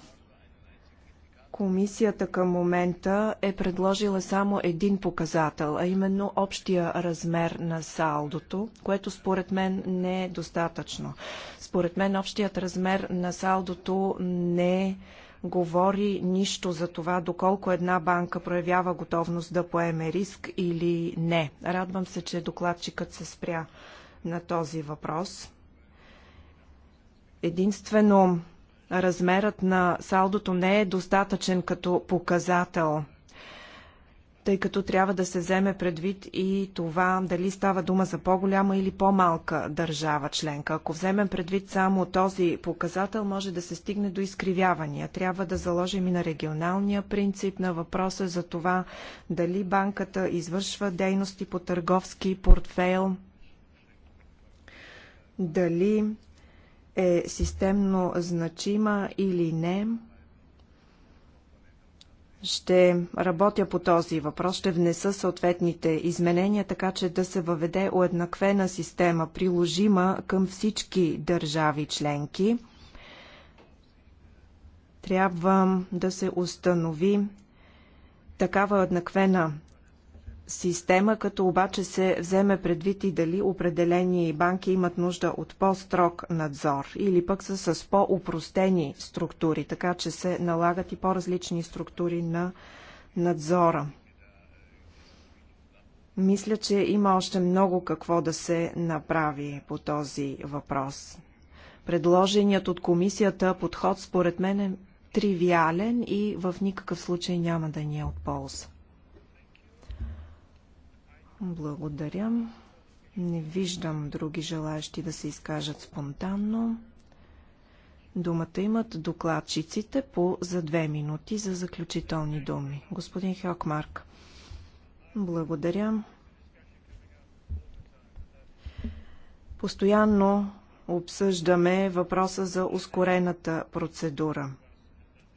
Комисията към момента е предложила само един показател, а именно общия размер на салдото, което според мен не е достатъчно. Според мен общият размер на салдото не е говори нищо за това, доколко една банка проявява готовност да поеме риск или не. Радвам се, че докладчикът се спря на този въпрос. Единствено размерът на салдото не е достатъчен като показател, тъй като трябва да се вземе предвид и това дали става дума за по-голяма или по-малка държава членка. Ако вземем предвид само този показател, може да се стигне до изкривявания. Трябва да заложим и на регионалния принцип на въпроса за това дали банката извършва дейности по търговски портфейл, дали е системно значима или не, ще работя по този въпрос, ще внеса съответните изменения, така че да се въведе уеднаквена система, приложима към всички държави членки. Трябва да се установи такава еднаквена система, като обаче се вземе предвид и дали определени банки имат нужда от по-строг надзор или пък са с по-упростени структури, така че се налагат и по-различни структури на надзора. Мисля, че има още много какво да се направи по този въпрос. Предложеният от комисията подход според мен е тривиален и в никакъв случай няма да ни е от полза. Благодаря. Не виждам други желаящи да се изкажат спонтанно. Думата имат докладчиците по за две минути за заключителни думи. Господин Хелкмарк. Благодаря. Постоянно обсъждаме въпроса за ускорената процедура.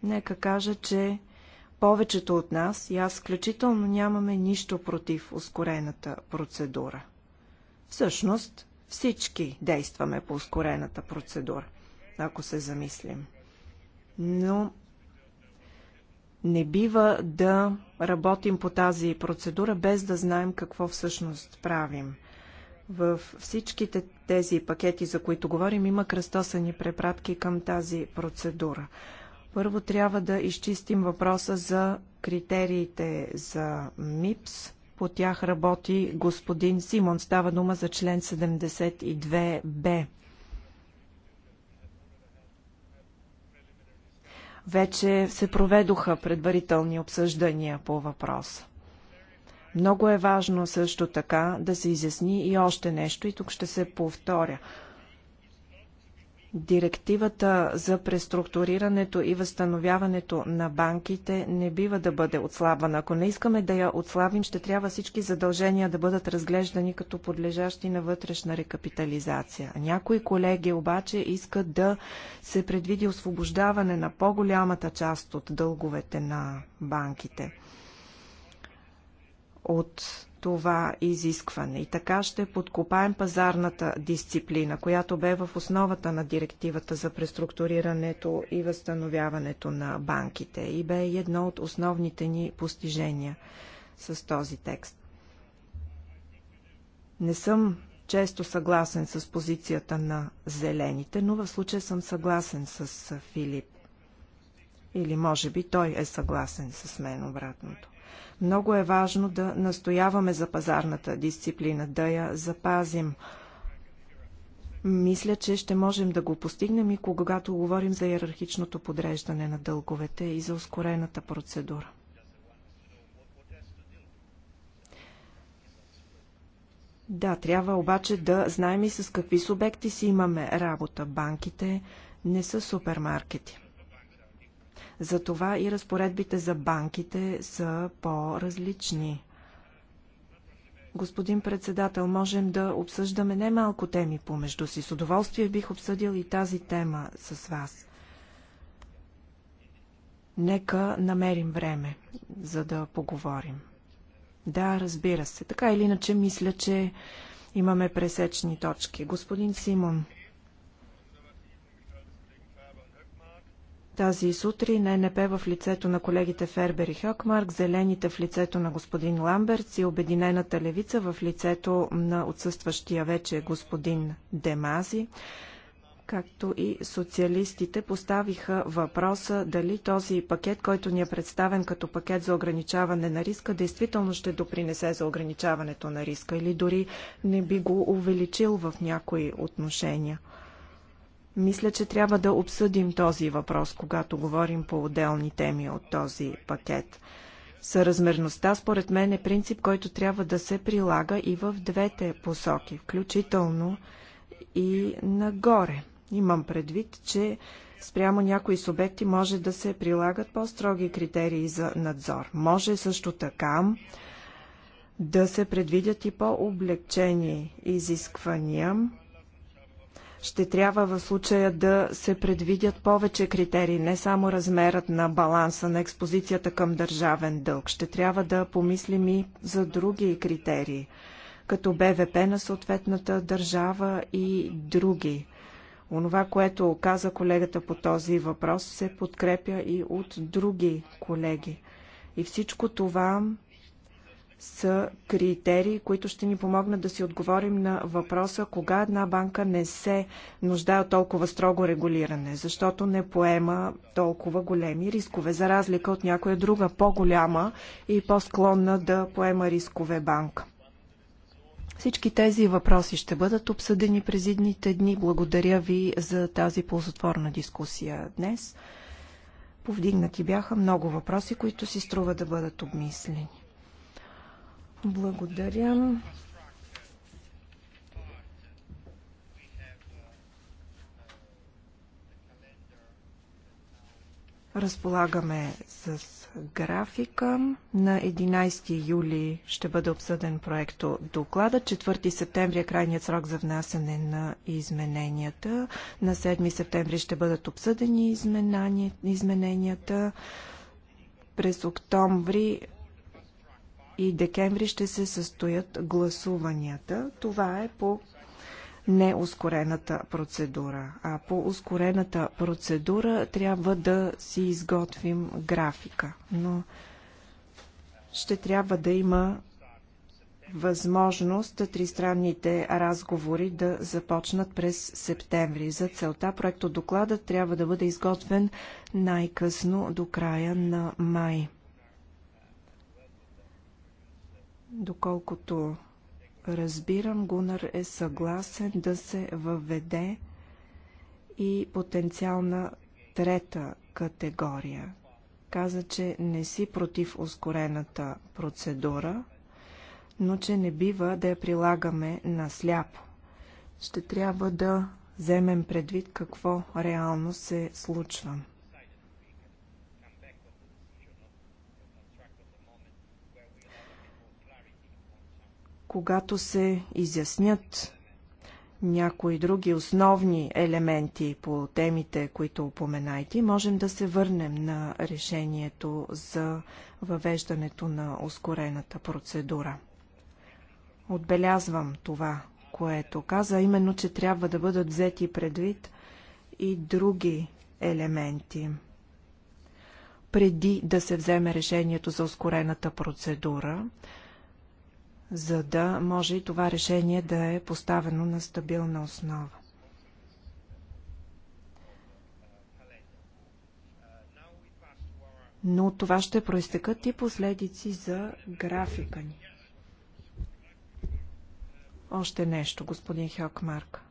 Нека кажа, че повечето от нас, и аз включително, нямаме нищо против ускорената процедура. Всъщност, всички действаме по ускорената процедура, ако се замислим. Но не бива да работим по тази процедура без да знаем какво всъщност правим. В всичките тези пакети, за които говорим, има кръстосани препратки към тази процедура. Първо трябва да изчистим въпроса за критериите за МИПС. По тях работи господин Симон. Става дума за член 72б. Вече се проведоха предварителни обсъждания по въпроса. Много е важно също така да се изясни и още нещо, и тук ще се повторя. Директивата за преструктурирането и възстановяването на банките не бива да бъде отслабвана. Ако не искаме да я отслабим, ще трябва всички задължения да бъдат разглеждани като подлежащи на вътрешна рекапитализация. Някои колеги обаче искат да се предвиди освобождаване на по-голямата част от дълговете на банките. От това изискване. И така ще подкопаем пазарната дисциплина, която бе в основата на директивата за преструктурирането и възстановяването на банките и бе едно от основните ни постижения с този текст. Не съм често съгласен с позицията на зелените, но в случая съм съгласен с Филип. Или може би той е съгласен с мен обратното. Много е важно да настояваме за пазарната дисциплина, да я запазим. Мисля, че ще можем да го постигнем и когато говорим за иерархичното подреждане на дълговете и за ускорената процедура. Да, трябва обаче да знаем и с какви субекти си имаме работа. Банките не са супермаркети. Затова и разпоредбите за банките са по-различни. Господин председател, можем да обсъждаме немалко теми помежду си. С удоволствие бих обсъдил и тази тема с вас. Нека намерим време, за да поговорим. Да, разбира се. Така или иначе, мисля, че имаме пресечни точки. Господин Симон, Тази сутрин е НП в лицето на колегите Фербер и Хьокмарк, Зелените в лицето на господин Ламберц и Обединената левица в лицето на отсъстващия вече господин Демази, както и социалистите поставиха въпроса дали този пакет, който ни е представен като пакет за ограничаване на риска, действително ще допринесе за ограничаването на риска или дори не би го увеличил в някои отношения. Мисля, че трябва да обсъдим този въпрос, когато говорим по отделни теми от този пакет. Съразмерността, според мен, е принцип, който трябва да се прилага и в двете посоки, включително и нагоре. Имам предвид, че спрямо някои субекти може да се прилагат по-строги критерии за надзор. Може също така да се предвидят и по-облегчени изисквания ще трябва в случая да се предвидят повече критерии, не само размерът на баланса на експозицията към държавен дълг. Ще трябва да помислим и за други критерии, като БВП на съответната държава и други. Онова, което каза колегата по този въпрос, се подкрепя и от други колеги. И всичко това са критерии, които ще ни помогнат да си отговорим на въпроса кога една банка не се нуждае от толкова строго регулиране, защото не поема толкова големи рискове, за разлика от някоя друга по-голяма и по-склонна да поема рискове банка. Всички тези въпроси ще бъдат обсъдени през идните дни. Благодаря ви за тази ползотворна дискусия днес. Повдигнати бяха много въпроси, които си струва да бъдат обмислени. Благодаря. Разполагаме с графика. На 11 юли ще бъде обсъден проекто доклада. 4 септември е крайният срок за внасяне на измененията. На 7 септември ще бъдат обсъдени измененията. През октомври и декември ще се състоят гласуванията. Това е по неускорената процедура. А по ускорената процедура трябва да си изготвим графика. Но ще трябва да има възможност тристранните разговори да започнат през септември. За целта проектодокладът трябва да бъде изготвен най-късно до края на май. Доколкото разбирам, Гунар е съгласен да се въведе и потенциална трета категория. Каза, че не си против ускорената процедура, но че не бива да я прилагаме насляпо. Ще трябва да вземем предвид какво реално се случва. Когато се изяснят някои други основни елементи по темите, които упоменайте, можем да се върнем на решението за въвеждането на ускорената процедура. Отбелязвам това, което каза, именно, че трябва да бъдат взети предвид и други елементи. Преди да се вземе решението за ускорената процедура, за да може и това решение да е поставено на стабилна основа. Но това ще проистекат и последици за графика ни. Още нещо, господин Хелкмарк.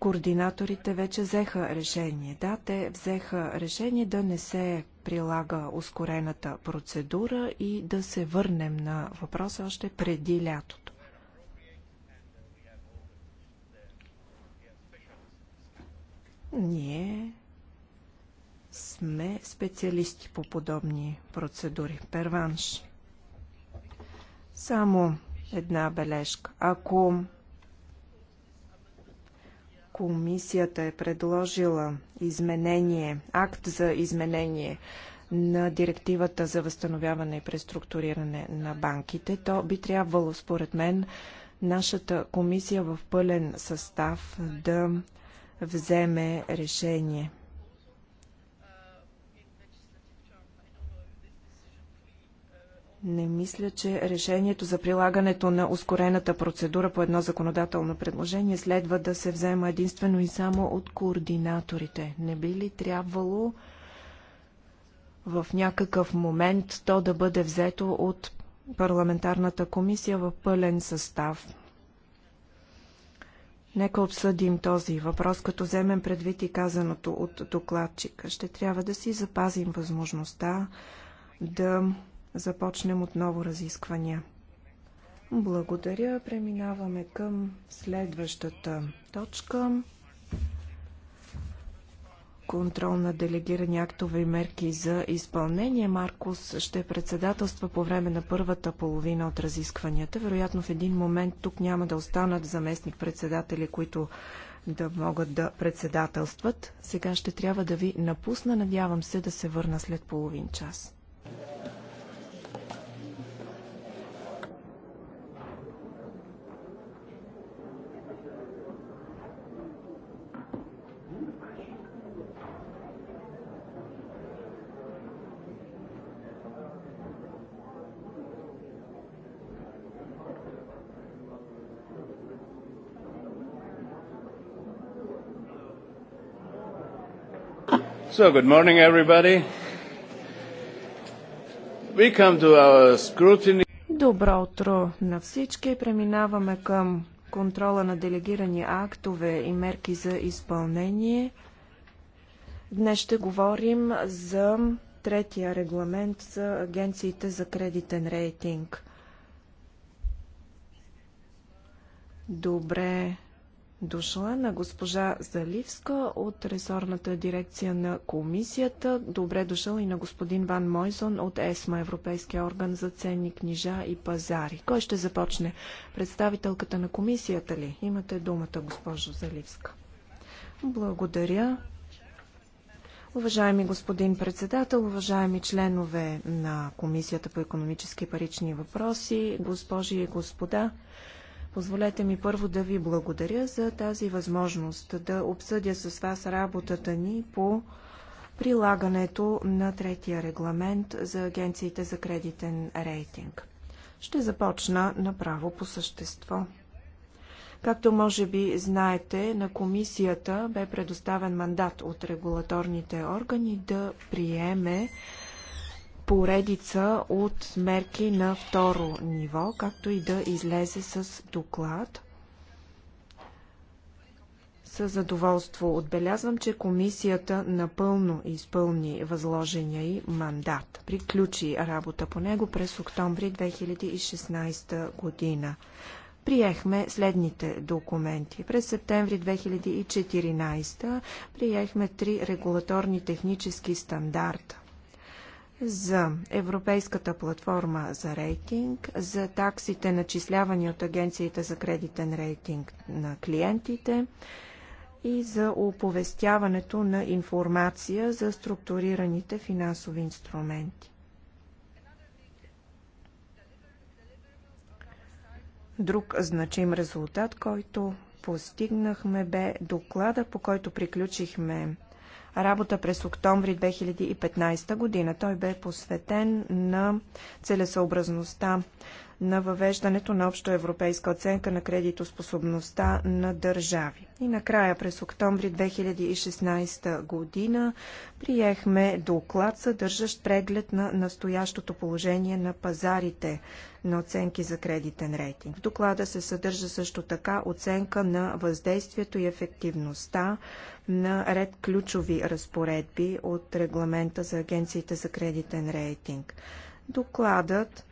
координаторите вече взеха решение. Да, те взеха решение да не се прилага ускорената процедура и да се върнем на въпроса още преди лятото. Ние сме специалисти по подобни процедури. Перванш. Само една бележка. Ако Комисията е предложила изменение, акт за изменение на директивата за възстановяване и преструктуриране на банките, то би трябвало, според мен, нашата комисия в пълен състав да вземе решение. Не мисля, че решението за прилагането на ускорената процедура по едно законодателно предложение следва да се взема единствено и само от координаторите. Не би ли трябвало в някакъв момент то да бъде взето от парламентарната комисия в пълен състав? Нека обсъдим този въпрос, като вземем предвид и казаното от докладчика. Ще трябва да си запазим възможността да започнем отново разисквания. Благодаря. Преминаваме към следващата точка. Контрол на делегирани актове и мерки за изпълнение. Маркус ще председателства по време на първата половина от разискванията. Вероятно в един момент тук няма да останат заместник-председатели, които да могат да председателстват. Сега ще трябва да ви напусна. Надявам се да се върна след половин час. So, good morning, everybody. We come to our scrutiny. Добро утро на всички. Преминаваме към контрола на делегирани актове и мерки за изпълнение. Днес ще говорим за третия регламент за агенциите за кредитен рейтинг. Добре дошла на госпожа Заливска от ресорната дирекция на комисията. Добре дошъл и на господин Ван Мойсон от ЕСМА, Европейския орган за ценни книжа и пазари. Кой ще започне? Представителката на комисията ли? Имате думата, госпожо Заливска. Благодаря. Уважаеми господин председател, уважаеми членове на Комисията по економически и парични въпроси, госпожи и господа, Позволете ми първо да ви благодаря за тази възможност да обсъдя с вас работата ни по прилагането на третия регламент за агенциите за кредитен рейтинг. Ще започна направо по същество. Както може би знаете, на комисията бе предоставен мандат от регулаторните органи да приеме поредица от мерки на второ ниво, както и да излезе с доклад. С задоволство отбелязвам, че комисията напълно изпълни възложения и мандат. Приключи работа по него през октомври 2016 година приехме следните документи. През септември 2014 приехме три регулаторни технически стандарта за Европейската платформа за рейтинг, за таксите начислявани от агенциите за кредитен рейтинг на клиентите и за оповестяването на информация за структурираните финансови инструменти. Друг значим резултат, който постигнахме бе доклада, по който приключихме работа през октомври 2015 година. Той бе посветен на целесъобразността на въвеждането на общо европейска оценка на кредитоспособността на държави. И накрая през октомври 2016 година приехме доклад, съдържащ преглед на настоящото положение на пазарите на оценки за кредитен рейтинг. В доклада се съдържа също така оценка на въздействието и ефективността на ред ключови разпоредби от регламента за агенциите за кредитен рейтинг. Докладът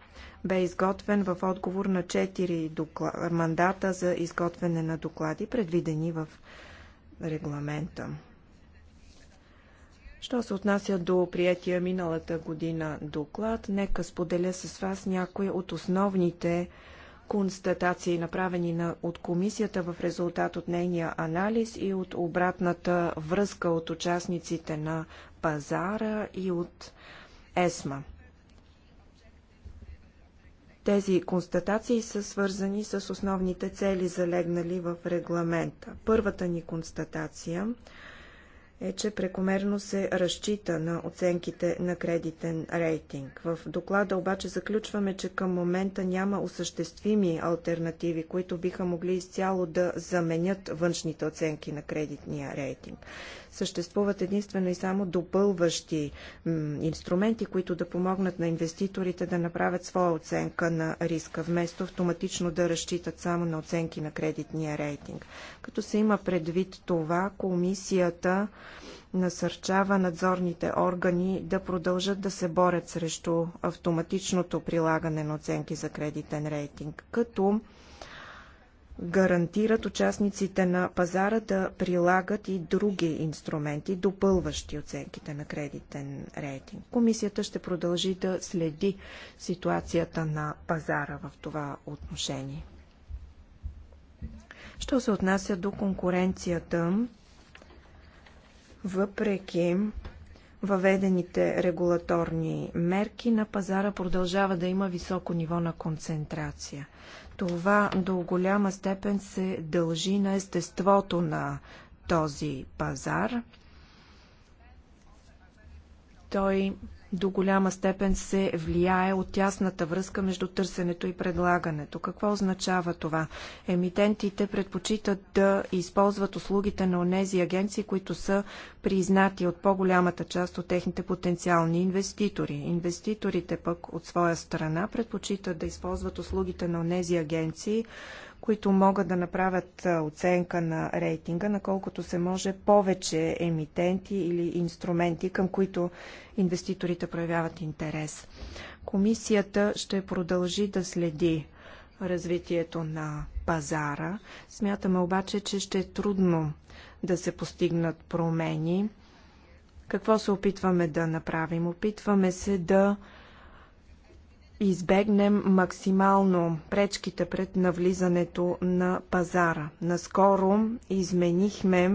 бе изготвен в отговор на четири мандата за изготвяне на доклади, предвидени в регламента. Що се отнася до приятия миналата година доклад, нека споделя с вас някои от основните констатации, направени на, от комисията в резултат от нейния анализ и от обратната връзка от участниците на пазара и от ЕСМА. Тези констатации са свързани с основните цели, залегнали в регламента. Първата ни констатация е, че прекомерно се разчита на оценките на кредитен рейтинг. В доклада обаче заключваме, че към момента няма осъществими альтернативи, които биха могли изцяло да заменят външните оценки на кредитния рейтинг съществуват единствено и само допълващи инструменти, които да помогнат на инвеститорите да направят своя оценка на риска, вместо автоматично да разчитат само на оценки на кредитния рейтинг. Като се има предвид това, комисията насърчава надзорните органи да продължат да се борят срещу автоматичното прилагане на оценки за кредитен рейтинг, като гарантират участниците на пазара да прилагат и други инструменти, допълващи оценките на кредитен рейтинг. Комисията ще продължи да следи ситуацията на пазара в това отношение. Що се отнася до конкуренцията, въпреки въведените регулаторни мерки на пазара продължава да има високо ниво на концентрация. Това до голяма степен се дължи на естеството на този пазар. Той до голяма степен се влияе от тясната връзка между търсенето и предлагането. Какво означава това? Емитентите предпочитат да използват услугите на онези агенции, които са признати от по-голямата част от техните потенциални инвеститори. Инвеститорите пък от своя страна предпочитат да използват услугите на онези агенции, които могат да направят оценка на рейтинга, наколкото се може повече емитенти или инструменти, към които инвеститорите проявяват интерес. Комисията ще продължи да следи развитието на пазара. Смятаме обаче, че ще е трудно да се постигнат промени. Какво се опитваме да направим? Опитваме се да избегнем максимално пречките пред навлизането на пазара. Наскоро изменихме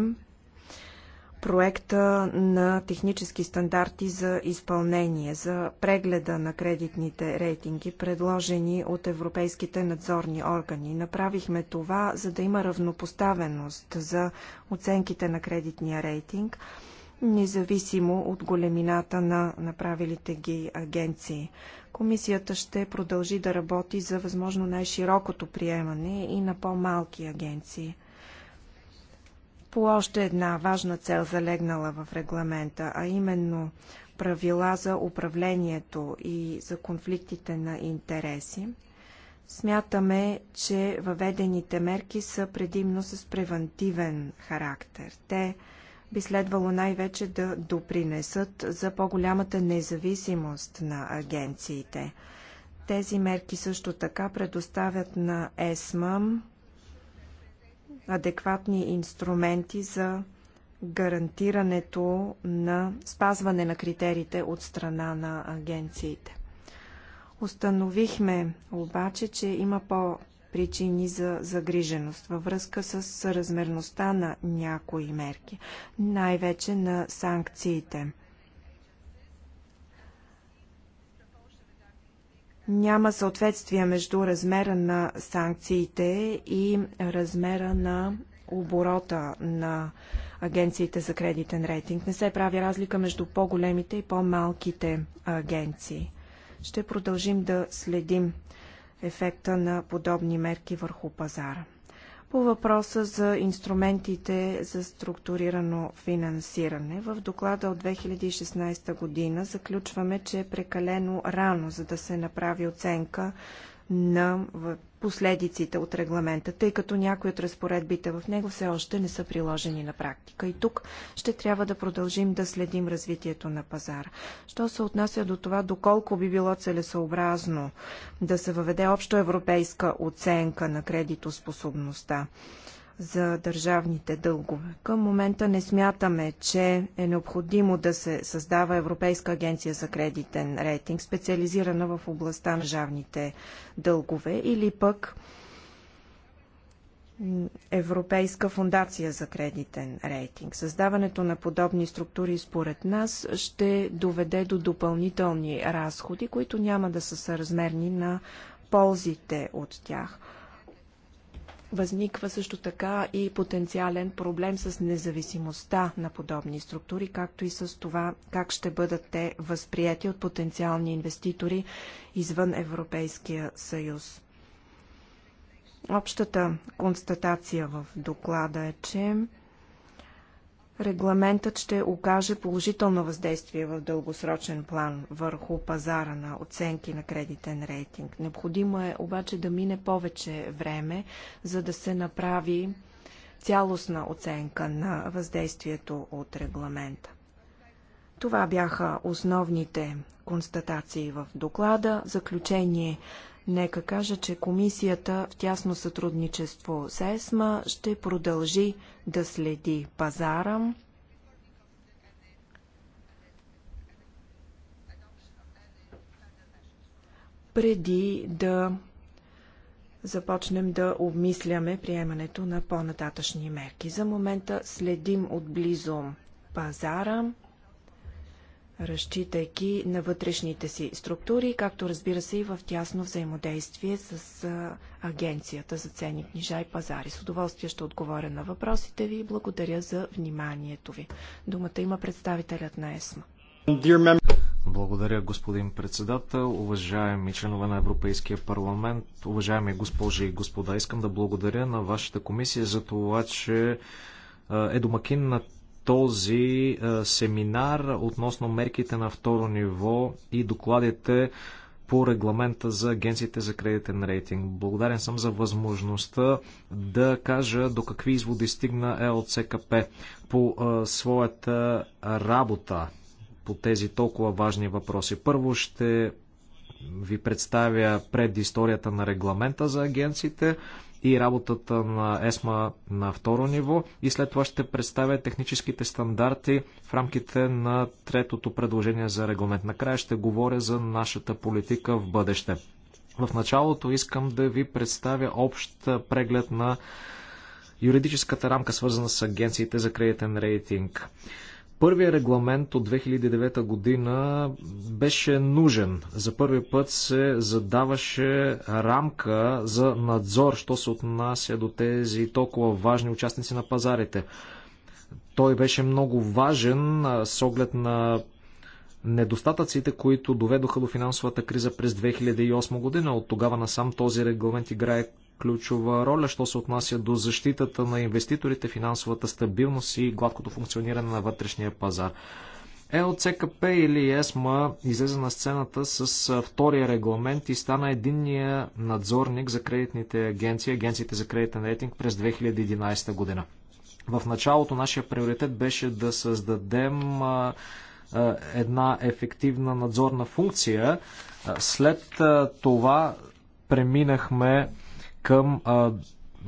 проекта на технически стандарти за изпълнение, за прегледа на кредитните рейтинги, предложени от европейските надзорни органи. Направихме това, за да има равнопоставеност за оценките на кредитния рейтинг – независимо от големината на направилите ги агенции. Комисията ще продължи да работи за възможно най-широкото приемане и на по-малки агенции. По още една важна цел залегнала в регламента, а именно правила за управлението и за конфликтите на интереси, Смятаме, че въведените мерки са предимно с превантивен характер. Те би следвало най-вече да допринесат за по-голямата независимост на агенциите. Тези мерки също така предоставят на ЕСМА адекватни инструменти за гарантирането на спазване на критериите от страна на агенциите. Установихме обаче, че има по причини за загриженост във връзка с съразмерността на някои мерки, най-вече на санкциите. Няма съответствие между размера на санкциите и размера на оборота на агенциите за кредитен рейтинг. Не се прави разлика между по-големите и по-малките агенции. Ще продължим да следим ефекта на подобни мерки върху пазара. По въпроса за инструментите за структурирано финансиране, в доклада от 2016 година заключваме, че е прекалено рано, за да се направи оценка на последиците от регламента, тъй като някои от разпоредбите в него все още не са приложени на практика. И тук ще трябва да продължим да следим развитието на пазара. Що се отнася до това, доколко би било целесообразно да се въведе общо европейска оценка на кредитоспособността? за държавните дългове. Към момента не смятаме, че е необходимо да се създава Европейска агенция за кредитен рейтинг, специализирана в областта на държавните дългове или пък Европейска фундация за кредитен рейтинг. Създаването на подобни структури според нас ще доведе до допълнителни разходи, които няма да са съразмерни на ползите от тях – Възниква също така и потенциален проблем с независимостта на подобни структури, както и с това как ще бъдат те възприяти от потенциални инвеститори извън Европейския съюз. Общата констатация в доклада е, че регламентът ще окаже положително въздействие в дългосрочен план върху пазара на оценки на кредитен рейтинг. Необходимо е обаче да мине повече време, за да се направи цялостна оценка на въздействието от регламента. Това бяха основните констатации в доклада. Заключение Нека кажа, че комисията в тясно сътрудничество с ЕСМА ще продължи да следи пазара. преди да започнем да обмисляме приемането на по-нататъчни мерки. За момента следим отблизо пазара разчитайки на вътрешните си структури, както разбира се и в тясно взаимодействие с Агенцията за ценни книжа и пазари. С удоволствие ще отговоря на въпросите ви и благодаря за вниманието ви. Думата има представителят на ЕСМА. Благодаря, господин председател, уважаеми членове на Европейския парламент, уважаеми госпожи и господа. Искам да благодаря на вашата комисия за това, че е домакин на този е, семинар относно мерките на второ ниво и докладите по регламента за агенциите за кредитен рейтинг. Благодарен съм за възможността да кажа до какви изводи стигна ЛЦКП е по а, е, своята работа по тези толкова важни въпроси. Първо ще ви представя предисторията на регламента за агенциите, и работата на ЕСМА на второ ниво и след това ще представя техническите стандарти в рамките на третото предложение за регламент. Накрая ще говоря за нашата политика в бъдеще. В началото искам да ви представя общ преглед на юридическата рамка, свързана с агенциите за кредитен рейтинг. Първият регламент от 2009 година беше нужен. За първи път се задаваше рамка за надзор, що се отнася до тези толкова важни участници на пазарите. Той беше много важен с оглед на недостатъците, които доведоха до финансовата криза през 2008 година. От тогава насам този регламент играе ключова роля, що се отнася до защитата на инвеститорите, финансовата стабилност и гладкото функциониране на вътрешния пазар. ЛЦКП е, или ЕСМА излезе на сцената с втория регламент и стана единния надзорник за кредитните агенции, агенциите за кредитен рейтинг през 2011 година. В началото нашия приоритет беше да създадем една ефективна надзорна функция. След това преминахме към а,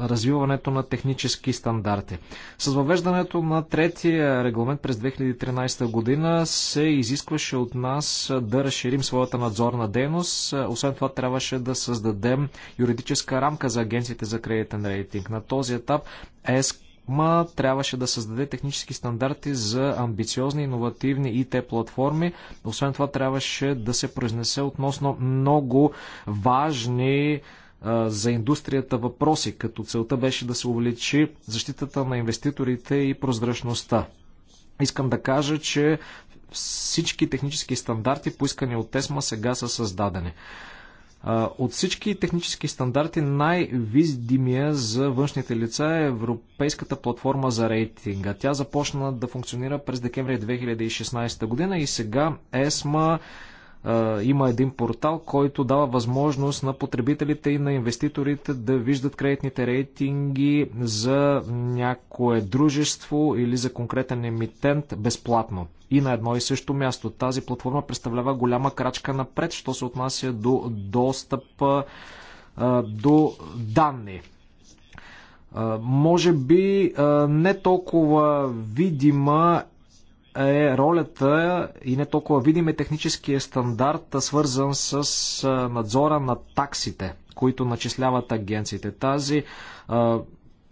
развиването на технически стандарти. С въвеждането на третия регламент през 2013 година се изискваше от нас да разширим своята надзорна дейност. Освен това трябваше да създадем юридическа рамка за агенциите за кредитен рейтинг. На този етап ЕСМА трябваше да създаде технически стандарти за амбициозни, иновативни IT платформи. Освен това трябваше да се произнесе относно много важни за индустрията въпроси, като целта беше да се увеличи защитата на инвеститорите и прозрачността. Искам да кажа, че всички технически стандарти, поискани от ТЕСМА, сега са създадени. От всички технически стандарти най-видимия за външните лица е Европейската платформа за рейтинга. Тя започна да функционира през декември 2016 година и сега ЕСМА има един портал, който дава възможност на потребителите и на инвеститорите да виждат кредитните рейтинги за някое дружество или за конкретен емитент безплатно. И на едно и също място. Тази платформа представлява голяма крачка напред, що се отнася до достъпа до данни. Може би не толкова видима е ролята и не толкова видим е техническия стандарт, свързан с надзора на таксите, които начисляват агенциите. Тази а,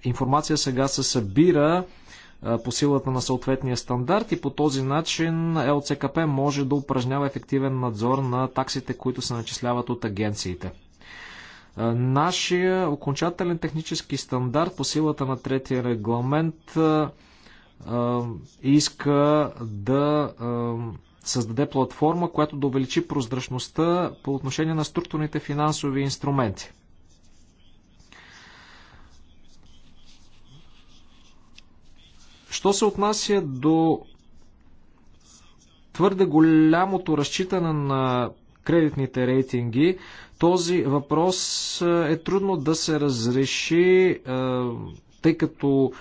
информация сега се събира по силата на съответния стандарт и по този начин ЛЦКП може да упражнява ефективен надзор на таксите, които се начисляват от агенциите. Нашия окончателен технически стандарт по силата на третия регламент иска да създаде платформа, която да увеличи прозрачността по отношение на структурните финансови инструменти. Що се отнася до твърде голямото разчитане на кредитните рейтинги, този въпрос е трудно да се разреши, тъй като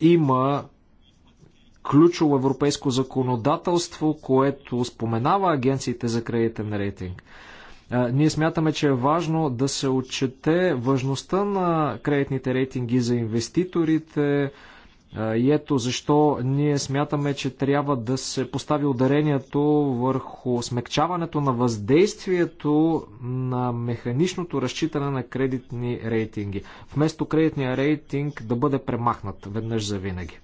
има ключово европейско законодателство, което споменава агенциите за кредитен рейтинг. Ние смятаме, че е важно да се отчете важността на кредитните рейтинги за инвеститорите, и ето защо ние смятаме, че трябва да се постави ударението върху смекчаването на въздействието на механичното разчитане на кредитни рейтинги, вместо кредитния рейтинг да бъде премахнат веднъж за винаги.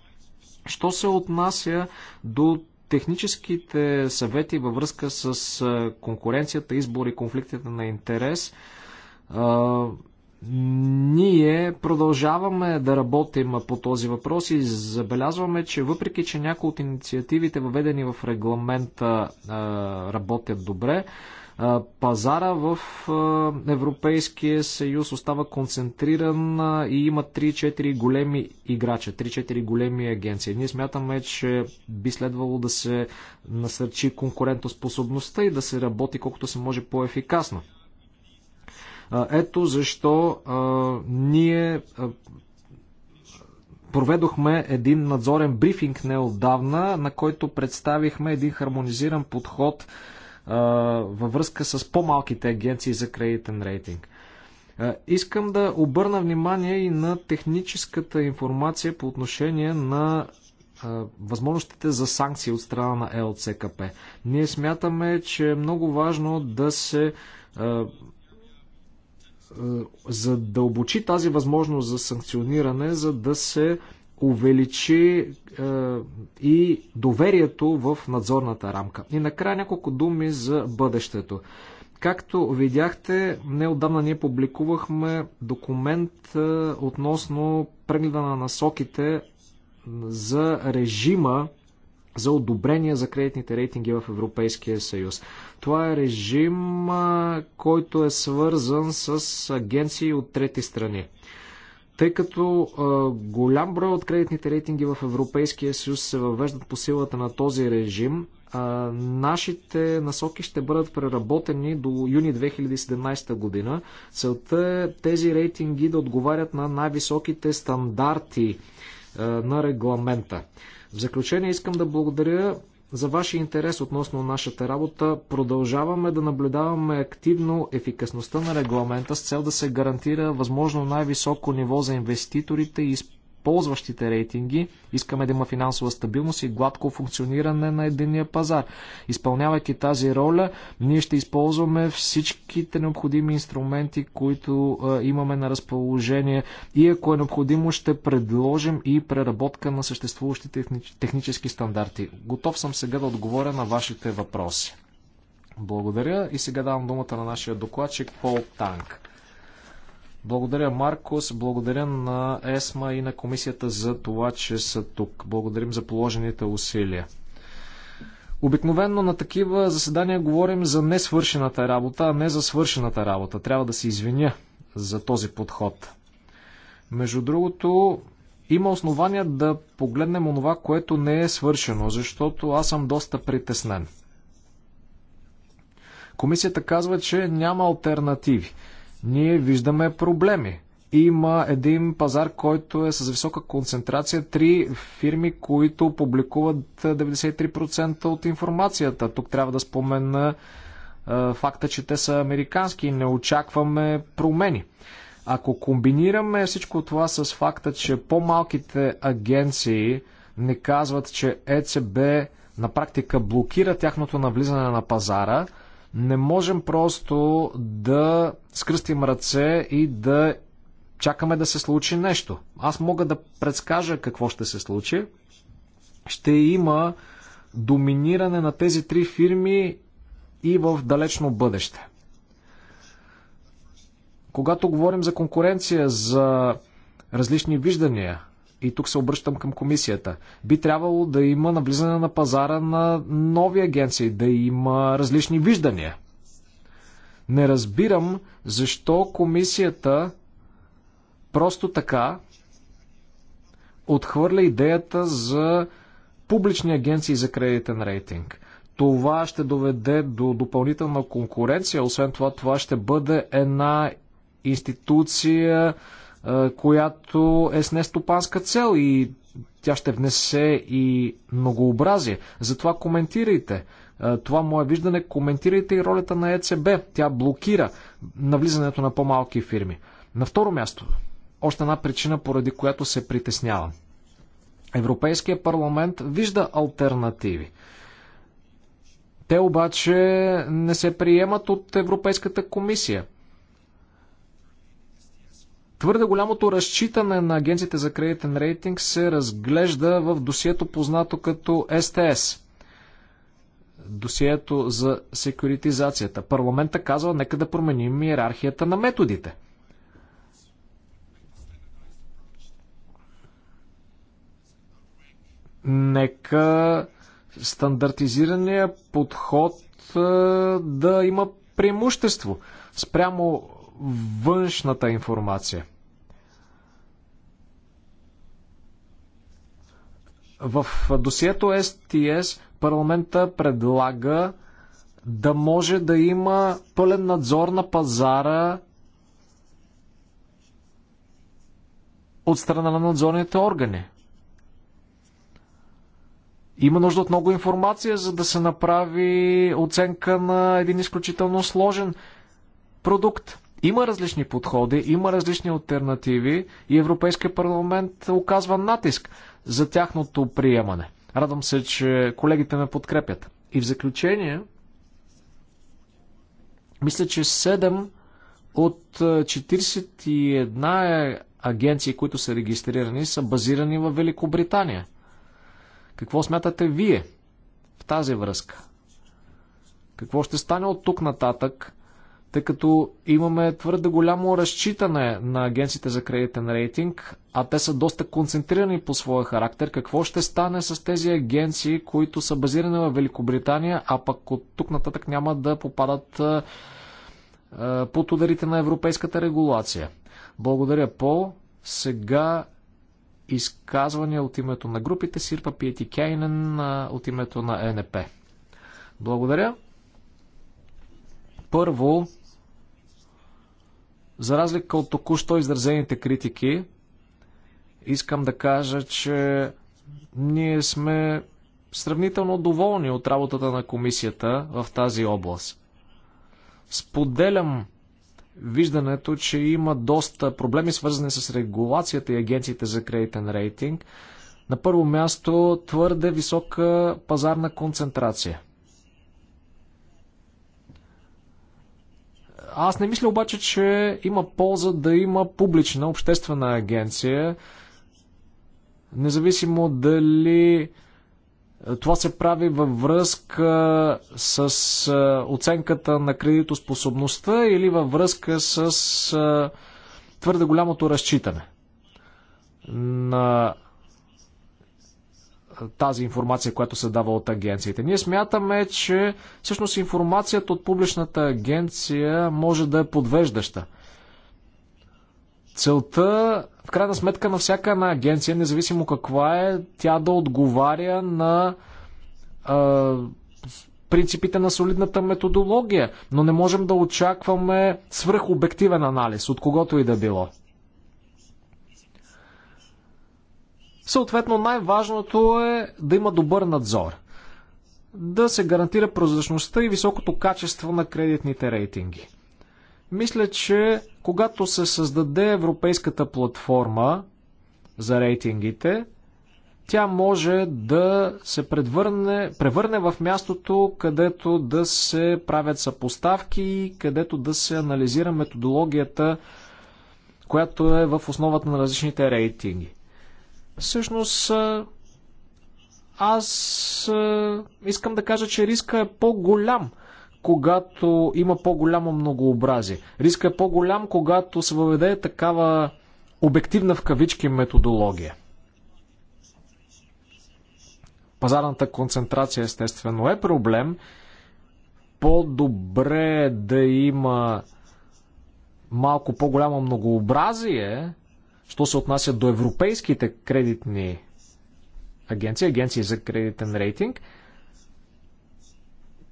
Що се отнася до техническите съвети във връзка с конкуренцията, избор и конфликтите на интерес, ние продължаваме да работим по този въпрос и забелязваме, че въпреки, че някои от инициативите, въведени в регламента, работят добре, пазара в Европейския съюз остава концентриран и има 3-4 големи играча, 3-4 големи агенции. Ние смятаме, че би следвало да се насърчи конкурентоспособността и да се работи колкото се може по-ефикасно ето защо ние проведохме един надзорен брифинг неодавна, на който представихме един хармонизиран подход във връзка с по-малките агенции за кредитен рейтинг. Искам да обърна внимание и на техническата информация по отношение на възможностите за санкции от страна на ЛЦКП. Ние смятаме, че е много важно да се е, задълбочи тази възможност за санкциониране, за да се увеличи е, и доверието в надзорната рамка. И накрая няколко думи за бъдещето. Както видяхте, неодавна ние публикувахме документ е, относно прегледа на насоките за режима за одобрение за кредитните рейтинги в Европейския съюз. Това е режим, който е свързан с агенции от трети страни. Тъй като а, голям брой от кредитните рейтинги в Европейския съюз се въвеждат по силата на този режим, а, нашите насоки ще бъдат преработени до юни 2017 година. Целта е тези рейтинги да отговарят на най-високите стандарти а, на регламента. В заключение искам да благодаря за вашия интерес относно нашата работа. Продължаваме да наблюдаваме активно ефикасността на регламента с цел да се гарантира възможно най-високо ниво за инвеститорите и изпълнителите ползващите рейтинги. Искаме да има финансова стабилност и гладко функциониране на единния пазар. Изпълнявайки тази роля, ние ще използваме всичките необходими инструменти, които имаме на разположение и ако е необходимо, ще предложим и преработка на съществуващите технически стандарти. Готов съм сега да отговоря на вашите въпроси. Благодаря и сега давам думата на нашия докладчик Пол Танк. Благодаря, Маркос. Благодаря на ЕСМА и на комисията за това, че са тук. Благодарим за положените усилия. Обикновенно на такива заседания говорим за несвършената работа, а не за свършената работа. Трябва да се извиня за този подход. Между другото, има основания да погледнем онова, което не е свършено, защото аз съм доста притеснен. Комисията казва, че няма альтернативи ние виждаме проблеми. Има един пазар, който е с висока концентрация. Три фирми, които публикуват 93% от информацията. Тук трябва да спомена факта, че те са американски и не очакваме промени. Ако комбинираме всичко това с факта, че по-малките агенции не казват, че ЕЦБ на практика блокира тяхното навлизане на пазара – не можем просто да скръстим ръце и да чакаме да се случи нещо. Аз мога да предскажа какво ще се случи. Ще има доминиране на тези три фирми и в далечно бъдеще. Когато говорим за конкуренция, за различни виждания, и тук се обръщам към комисията, би трябвало да има навлизане на пазара на нови агенции, да има различни виждания. Не разбирам защо комисията просто така отхвърля идеята за публични агенции за кредитен рейтинг. Това ще доведе до допълнителна конкуренция, освен това това ще бъде една институция, която е с нестопанска цел и тя ще внесе и многообразие. Затова коментирайте. Това мое виждане коментирайте и ролята на ЕЦБ. Тя блокира навлизането на по-малки фирми. На второ място, още една причина, поради която се притеснявам. Европейския парламент вижда альтернативи. Те обаче не се приемат от Европейската комисия. Твърде голямото разчитане на агенциите за кредитен рейтинг се разглежда в досието познато като СТС. Досието за секюритизацията. Парламента казва, нека да променим иерархията на методите. Нека стандартизирания подход да има преимущество спрямо външната информация. В досието STS парламента предлага да може да има пълен надзор на пазара от страна на надзорните органи. Има нужда от много информация, за да се направи оценка на един изключително сложен продукт. Има различни подходи, има различни альтернативи и Европейския парламент оказва натиск за тяхното приемане. Радвам се, че колегите ме подкрепят. И в заключение, мисля, че 7 от 41 е, е, агенции, които са регистрирани, са базирани в Великобритания. Какво смятате вие в тази връзка? Какво ще стане от тук нататък тъй като имаме твърде голямо разчитане на агенциите за кредитен рейтинг, а те са доста концентрирани по своя характер. Какво ще стане с тези агенции, които са базирани в Великобритания, а пък от тук нататък няма да попадат под ударите на европейската регулация? Благодаря, Пол. Сега изказвания от името на групите Сирпа Пиети Кейнен от името на НП. Благодаря. Първо, за разлика от току-що изразените критики, искам да кажа, че ние сме сравнително доволни от работата на комисията в тази област. Споделям виждането, че има доста проблеми свързани с регулацията и агенциите за кредитен рейтинг. На първо място твърде висока пазарна концентрация – Аз не мисля обаче, че има полза да има публична обществена агенция, независимо дали е, това се прави във връзка е, с е, оценката на кредитоспособността или във връзка с твърде голямото разчитане на тази информация, която се дава от агенциите. Ние смятаме, че всъщност информацията от публичната агенция може да е подвеждаща. Целта, в крайна сметка, на всяка една агенция, независимо каква е, тя да отговаря на принципите на солидната методология, но не можем да очакваме свръхобективен анализ от когото и да било. Съответно, най-важното е да има добър надзор. Да се гарантира прозрачността и високото качество на кредитните рейтинги. Мисля, че когато се създаде европейската платформа за рейтингите, тя може да се превърне, превърне в мястото, където да се правят съпоставки, където да се анализира методологията, която е в основата на различните рейтинги. Всъщност, аз искам да кажа, че риска е по-голям, когато има по-голямо многообразие. Риска е по-голям, когато се въведе такава обективна в кавички методология. Пазарната концентрация естествено е проблем. По-добре е да има малко по-голямо многообразие, Що се отнася до европейските кредитни агенции, агенции за кредитен рейтинг,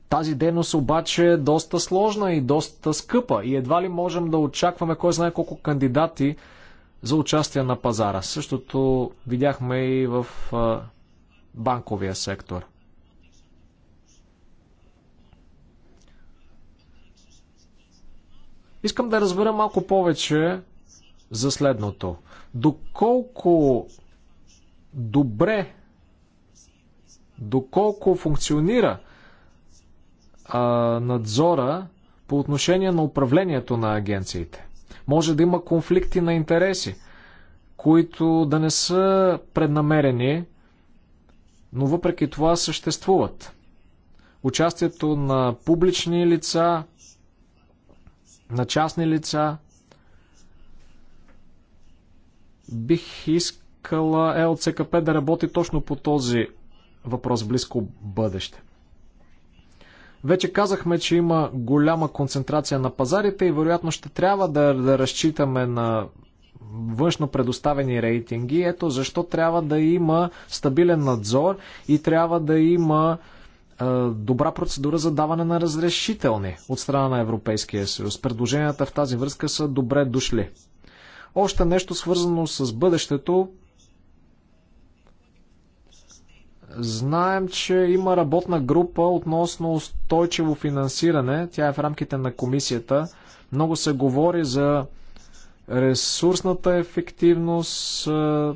тази дейност обаче е доста сложна и доста скъпа и едва ли можем да очакваме кой знае колко кандидати за участие на пазара. Същото видяхме и в банковия сектор. Искам да разбера малко повече за следното. Доколко добре, доколко функционира а, надзора по отношение на управлението на агенциите. Може да има конфликти на интереси, които да не са преднамерени, но въпреки това съществуват. Участието на публични лица, на частни лица, Бих искала ЛЦКП да работи точно по този въпрос близко бъдеще. Вече казахме, че има голяма концентрация на пазарите и вероятно ще трябва да, да разчитаме на външно предоставени рейтинги. Ето защо трябва да има стабилен надзор и трябва да има е, добра процедура за даване на разрешителни от страна на Европейския съюз. Предложенията в тази връзка са добре дошли. Още нещо свързано с бъдещето. Знаем, че има работна група относно устойчиво финансиране. Тя е в рамките на комисията. Много се говори за ресурсната ефективност, е,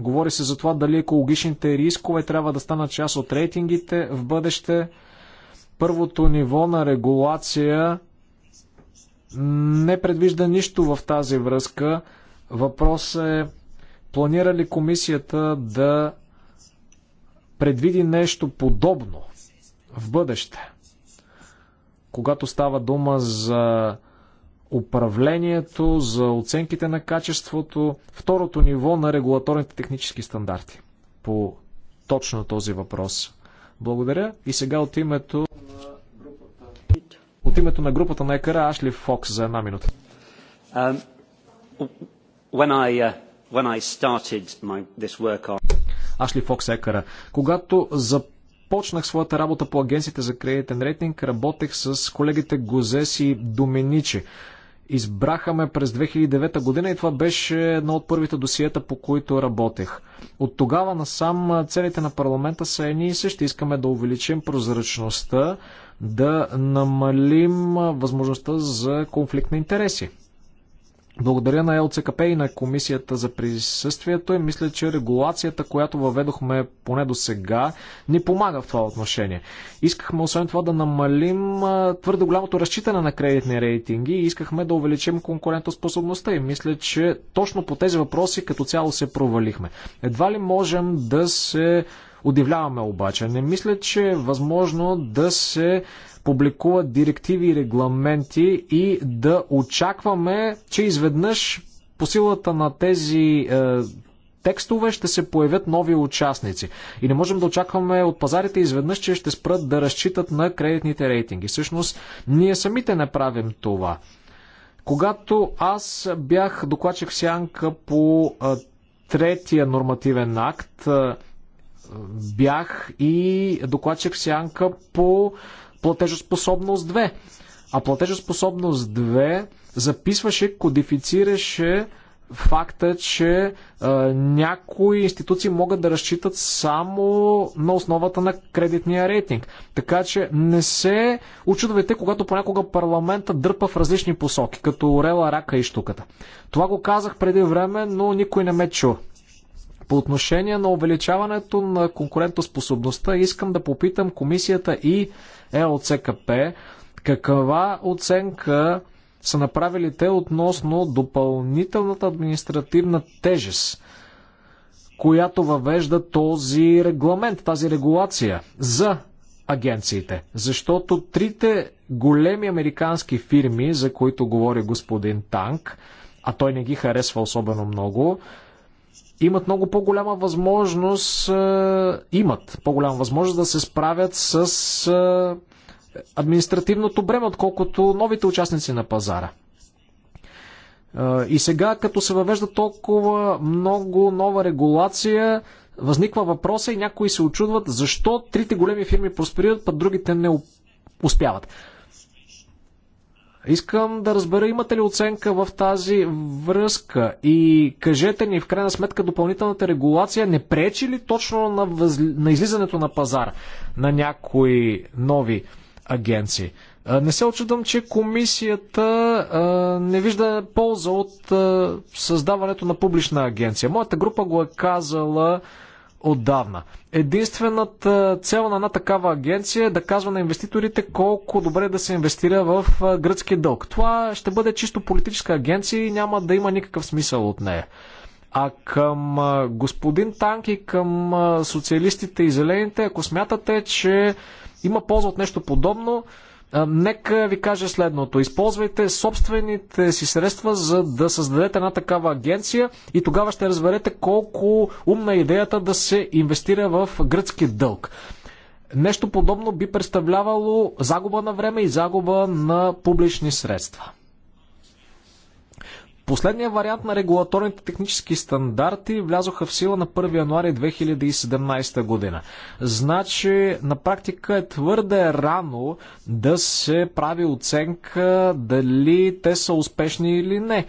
говори се за това дали екологичните рискове трябва да станат част от рейтингите в бъдеще. Първото ниво на регулация не предвижда нищо в тази връзка. Въпрос е, планира ли комисията да предвиди нещо подобно в бъдеще, когато става дума за управлението, за оценките на качеството, второто ниво на регулаторните технически стандарти по точно този въпрос. Благодаря и сега от името от името на групата на екара Ашли Фокс за една минута. Um, uh, Ашли Фокс екара. Когато започнах своята работа по агенцията за кредитен рейтинг, работех с колегите Гозес и Избраха Избрахаме през 2009 година и това беше едно от първите досиета, по които работех. От тогава насам целите на парламента са едни и същи. Искаме да увеличим прозрачността, да намалим възможността за конфликт на интереси. Благодаря на ЛЦКП и на комисията за присъствието и мисля, че регулацията, която въведохме поне до сега, ни помага в това отношение. Искахме освен това да намалим твърде голямото разчитане на кредитни рейтинги и искахме да увеличим конкурентоспособността и мисля, че точно по тези въпроси като цяло се провалихме. Едва ли можем да се Удивляваме обаче. Не мисля, че е възможно да се публикуват директиви и регламенти и да очакваме, че изведнъж по силата на тези е, текстове ще се появят нови участници. И не можем да очакваме от пазарите изведнъж, че ще спрат да разчитат на кредитните рейтинги. Всъщност, ние самите не правим това. Когато аз бях докладчик сянка по е, третия нормативен акт, е, бях и докладчик в сянка по платежоспособност 2. А платежоспособност 2 записваше, кодифицираше факта, че е, някои институции могат да разчитат само на основата на кредитния рейтинг. Така че не се очудвайте, когато понякога парламента дърпа в различни посоки, като орела, рака и штуката. Това го казах преди време, но никой не ме чу. По отношение на увеличаването на конкурентоспособността, искам да попитам комисията и ЕОЦКП каква оценка са направили те относно допълнителната административна тежест, която въвежда този регламент, тази регулация за агенциите. Защото трите големи американски фирми, за които говори господин Танк, а той не ги харесва особено много, имат много по-голяма възможност, е, имат по-голяма възможност да се справят с е, административното бреме, отколкото новите участници на пазара. Е, и сега, като се въвежда толкова много нова регулация, възниква въпроса и някои се очудват защо трите големи фирми просперират, пък другите не успяват. Искам да разбера, имате ли оценка в тази връзка и кажете ни, в крайна сметка, допълнителната регулация не пречи ли точно на, въз... на излизането на пазар на някои нови агенции? Не се очудвам, че комисията не вижда полза от създаването на публична агенция. Моята група го е казала отдавна. Единствената цел на една такава агенция е да казва на инвеститорите колко добре да се инвестира в гръцки дълг. Това ще бъде чисто политическа агенция и няма да има никакъв смисъл от нея. А към господин Танки, към социалистите и зелените, ако смятате, че има полза от нещо подобно, Нека ви кажа следното. Използвайте собствените си средства, за да създадете една такава агенция и тогава ще разберете колко умна е идеята да се инвестира в гръцки дълг. Нещо подобно би представлявало загуба на време и загуба на публични средства. Последният вариант на регулаторните технически стандарти влязоха в сила на 1 януари 2017 година. Значи, на практика е твърде рано да се прави оценка дали те са успешни или не.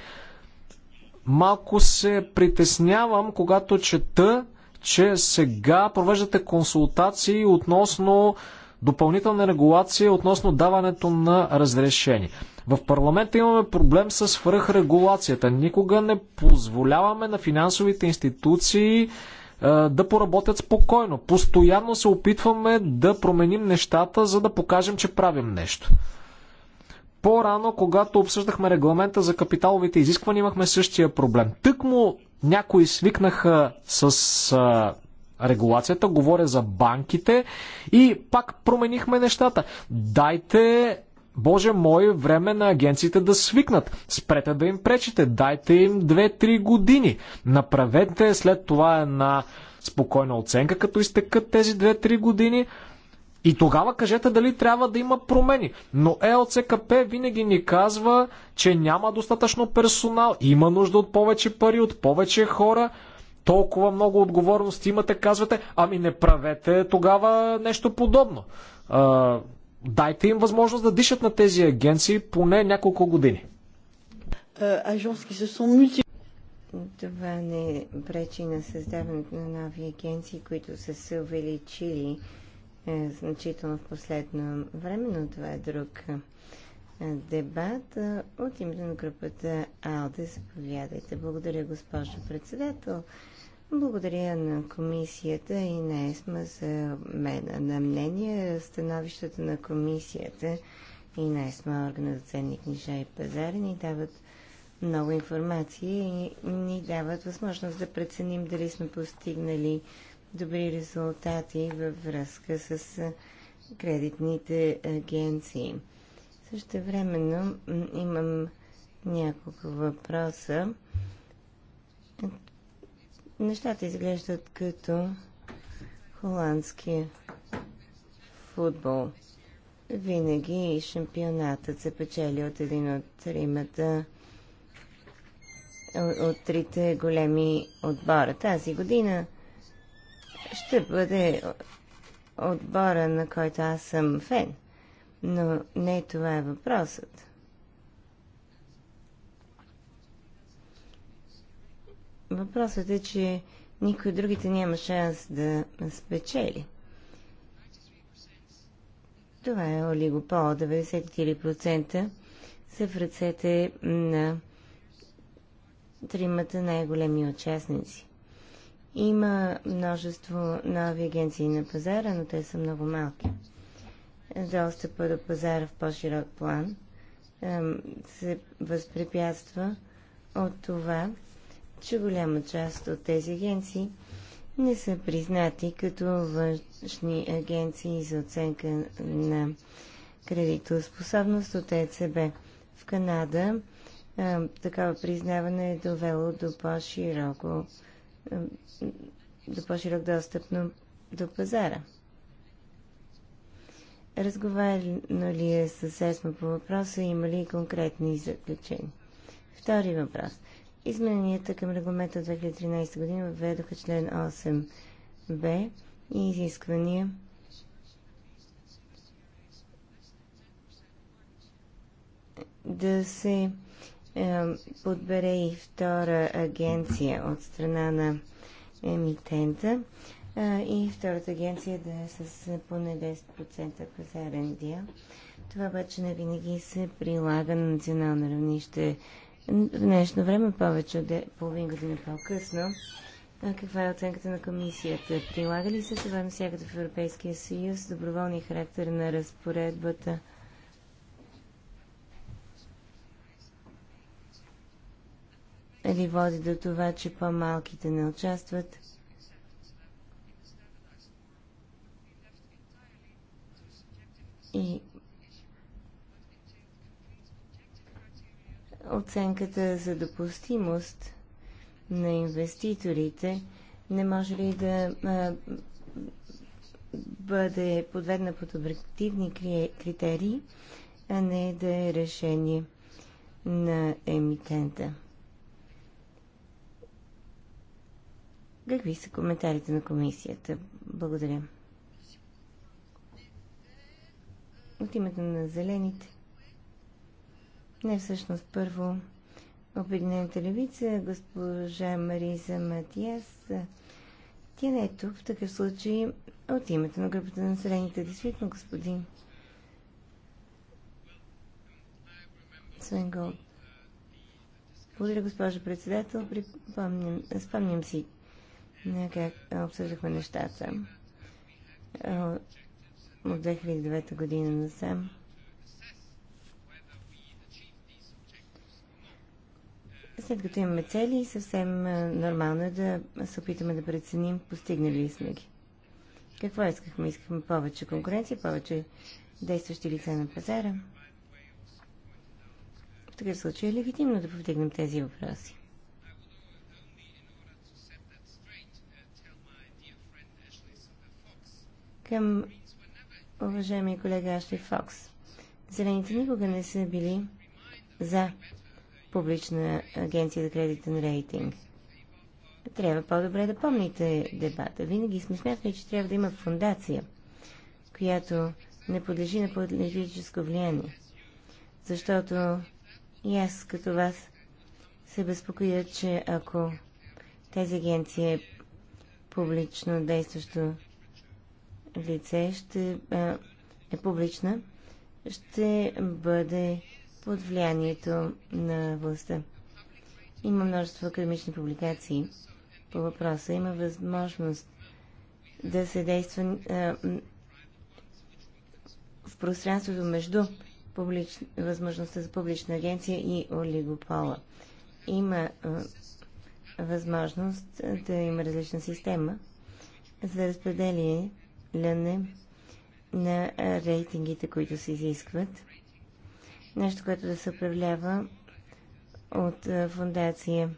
Малко се притеснявам, когато чета, че сега провеждате консултации относно допълнителна регулация относно даването на разрешение. В парламента имаме проблем с свръхрегулацията. Никога не позволяваме на финансовите институции е, да поработят спокойно. Постоянно се опитваме да променим нещата, за да покажем, че правим нещо. По-рано, когато обсъждахме регламента за капиталовите изисквания, имахме същия проблем. Тъкмо някои свикнаха с а, регулацията, говоря за банките и пак променихме нещата. Дайте Боже мой, време на агенциите да свикнат. Спрете да им пречите. Дайте им 2-3 години. Направете след това една спокойна оценка, като изтекат тези 2-3 години. И тогава кажете дали трябва да има промени. Но ЕЛЦКП винаги ни казва, че няма достатъчно персонал, има нужда от повече пари, от повече хора. Толкова много отговорности имате, казвате, ами не правете тогава нещо подобно. Дайте им възможност да дишат на тези агенции поне няколко години. Е, това не пречи на създаването на нови агенции, които са се увеличили е, значително в последно време, но това е друг е, дебат. От името на групата АЛДЕ заповядайте. Благодаря, госпожо председател. Благодаря на комисията и на ЕСМА за мен на мнение. Становищата на комисията и на ЕСМА, органа за ценни книжа и пазари, ни дават много информация и ни дават възможност да преценим дали сме постигнали добри резултати във връзка с кредитните агенции. Също времено имам няколко въпроса Нещата изглеждат като холандския футбол. Винаги шампионатът се печели от един от тримата от трите големи отбора. Тази година ще бъде отбора, на който аз съм фен. Но не това е въпросът. Въпросът е, че никой другите няма шанс да спечели. Това е олигопол. 94% са в ръцете на тримата най-големи участници. Има множество нови агенции на пазара, но те са много малки. Достъпа до пазара в по-широк план се възпрепятства от това, че голяма част от тези агенции не са признати като външни агенции за оценка на кредитоспособност от ЕЦБ. В Канада а, такава признаване е довело до по-широко до по-широк достъп до пазара. Разговаряно ли е с ЕСМА по въпроса и има ли конкретни заключения? Втори въпрос – Измененията към регламента от 2013 година въведоха член 8б и изисквания да се е, подбере и втора агенция от страна на емитента е, и втората агенция да е с поне 10% пазарен дял. Това обаче не винаги се прилага на национално равнище в днешно време, повече от половин година по-късно, каква е оценката на комисията? Прилага ли се това навсякъде в Европейския съюз? Доброволния характер на разпоредбата? Или води до това, че по-малките не участват? И оценката за допустимост на инвеститорите не може ли да а, бъде подведна под обективни критерии, а не да е решение на емитента? Какви са коментарите на комисията? Благодаря. От името на зелените. Не, всъщност първо Обединената левица, госпожа Мариза Матиас. Тя не е тук, в такъв случай от името на групата на населените. Действително, господин Свенгол. Благодаря, госпожа председател. Припомням, спомням си как обсъждахме нещата от 2009 година насам. след като имаме цели, съвсем нормално е да се опитаме да преценим, постигнали ли сме ги. Какво искахме? Искахме повече конкуренция, повече действащи лица на пазара. В такъв случай е легитимно да повдигнем тези въпроси. Към уважаемия колега Ашли Фокс. Зелените никога не са били за публична агенция за кредитен рейтинг. Трябва по-добре да помните дебата. Винаги сме смятали, че трябва да има фундация, която не подлежи на политическо влияние. Защото и аз като вас се безпокоя, че ако тази агенция е публично действащо лице, ще а, е публична, ще бъде под влиянието на властта. Има множество академични публикации по въпроса. Има възможност да се действа а, в пространството между публич... възможността за публична агенция и олигопола. Има а, възможност да има различна система за разпределение на рейтингите, които се изискват нещо, което да се управлява от фундация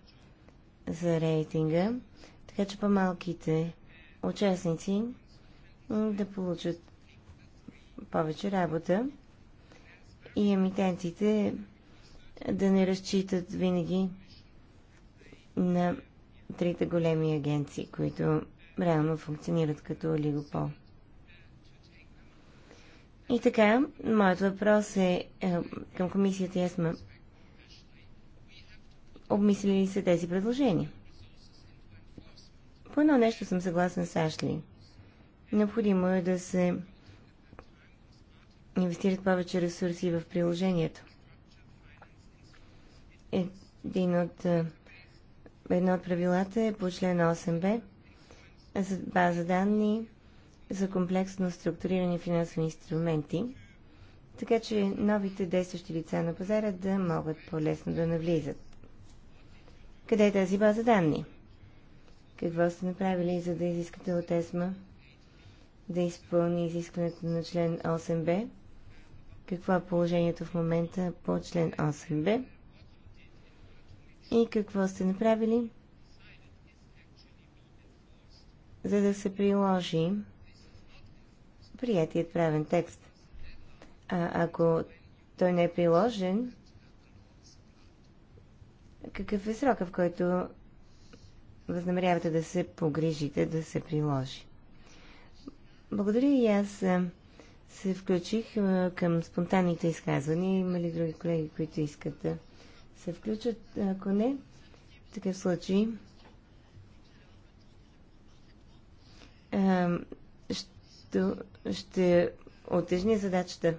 за рейтинга, така че по-малките участници да получат повече работа и емитентите да не разчитат винаги на трите големи агенции, които реално функционират като олигопол. И така, моят въпрос е, е към комисията сме Обмислили ли се тези предложения? По едно нещо съм съгласен с Ашли. Необходимо е да се инвестират повече ресурси в приложението. Един от, е, едно от правилата е по член 8б за база данни за комплексно структурирани финансови инструменти, така че новите действащи лица на пазара да могат по-лесно да навлизат. Къде е тази база данни? Какво сте направили, за да изискате от ЕСМА да изпълни изискването на член 8б? Какво е положението в момента по член 8б? И какво сте направили, за да се приложи приятият правен текст. А ако той не е приложен, какъв е срока, в който възнамерявате да се погрижите да се приложи? Благодаря и аз се включих към спонтанните изказвания. Има ли други колеги, които искат да се включат? Ако не, в такъв случай което ще отежни задачата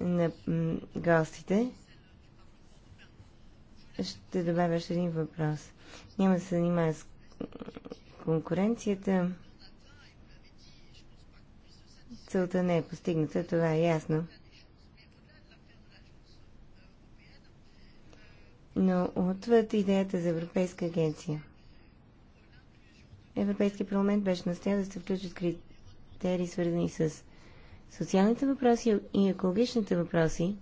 на гостите. Ще добавя още един въпрос. Няма да се занимава с конкуренцията. Целта не е постигната, това е ясно. Но отвъд идеята за Европейска агенция. Европейския парламент беше настоял да се включат материи, свързани с социалните въпроси и екологичните въпроси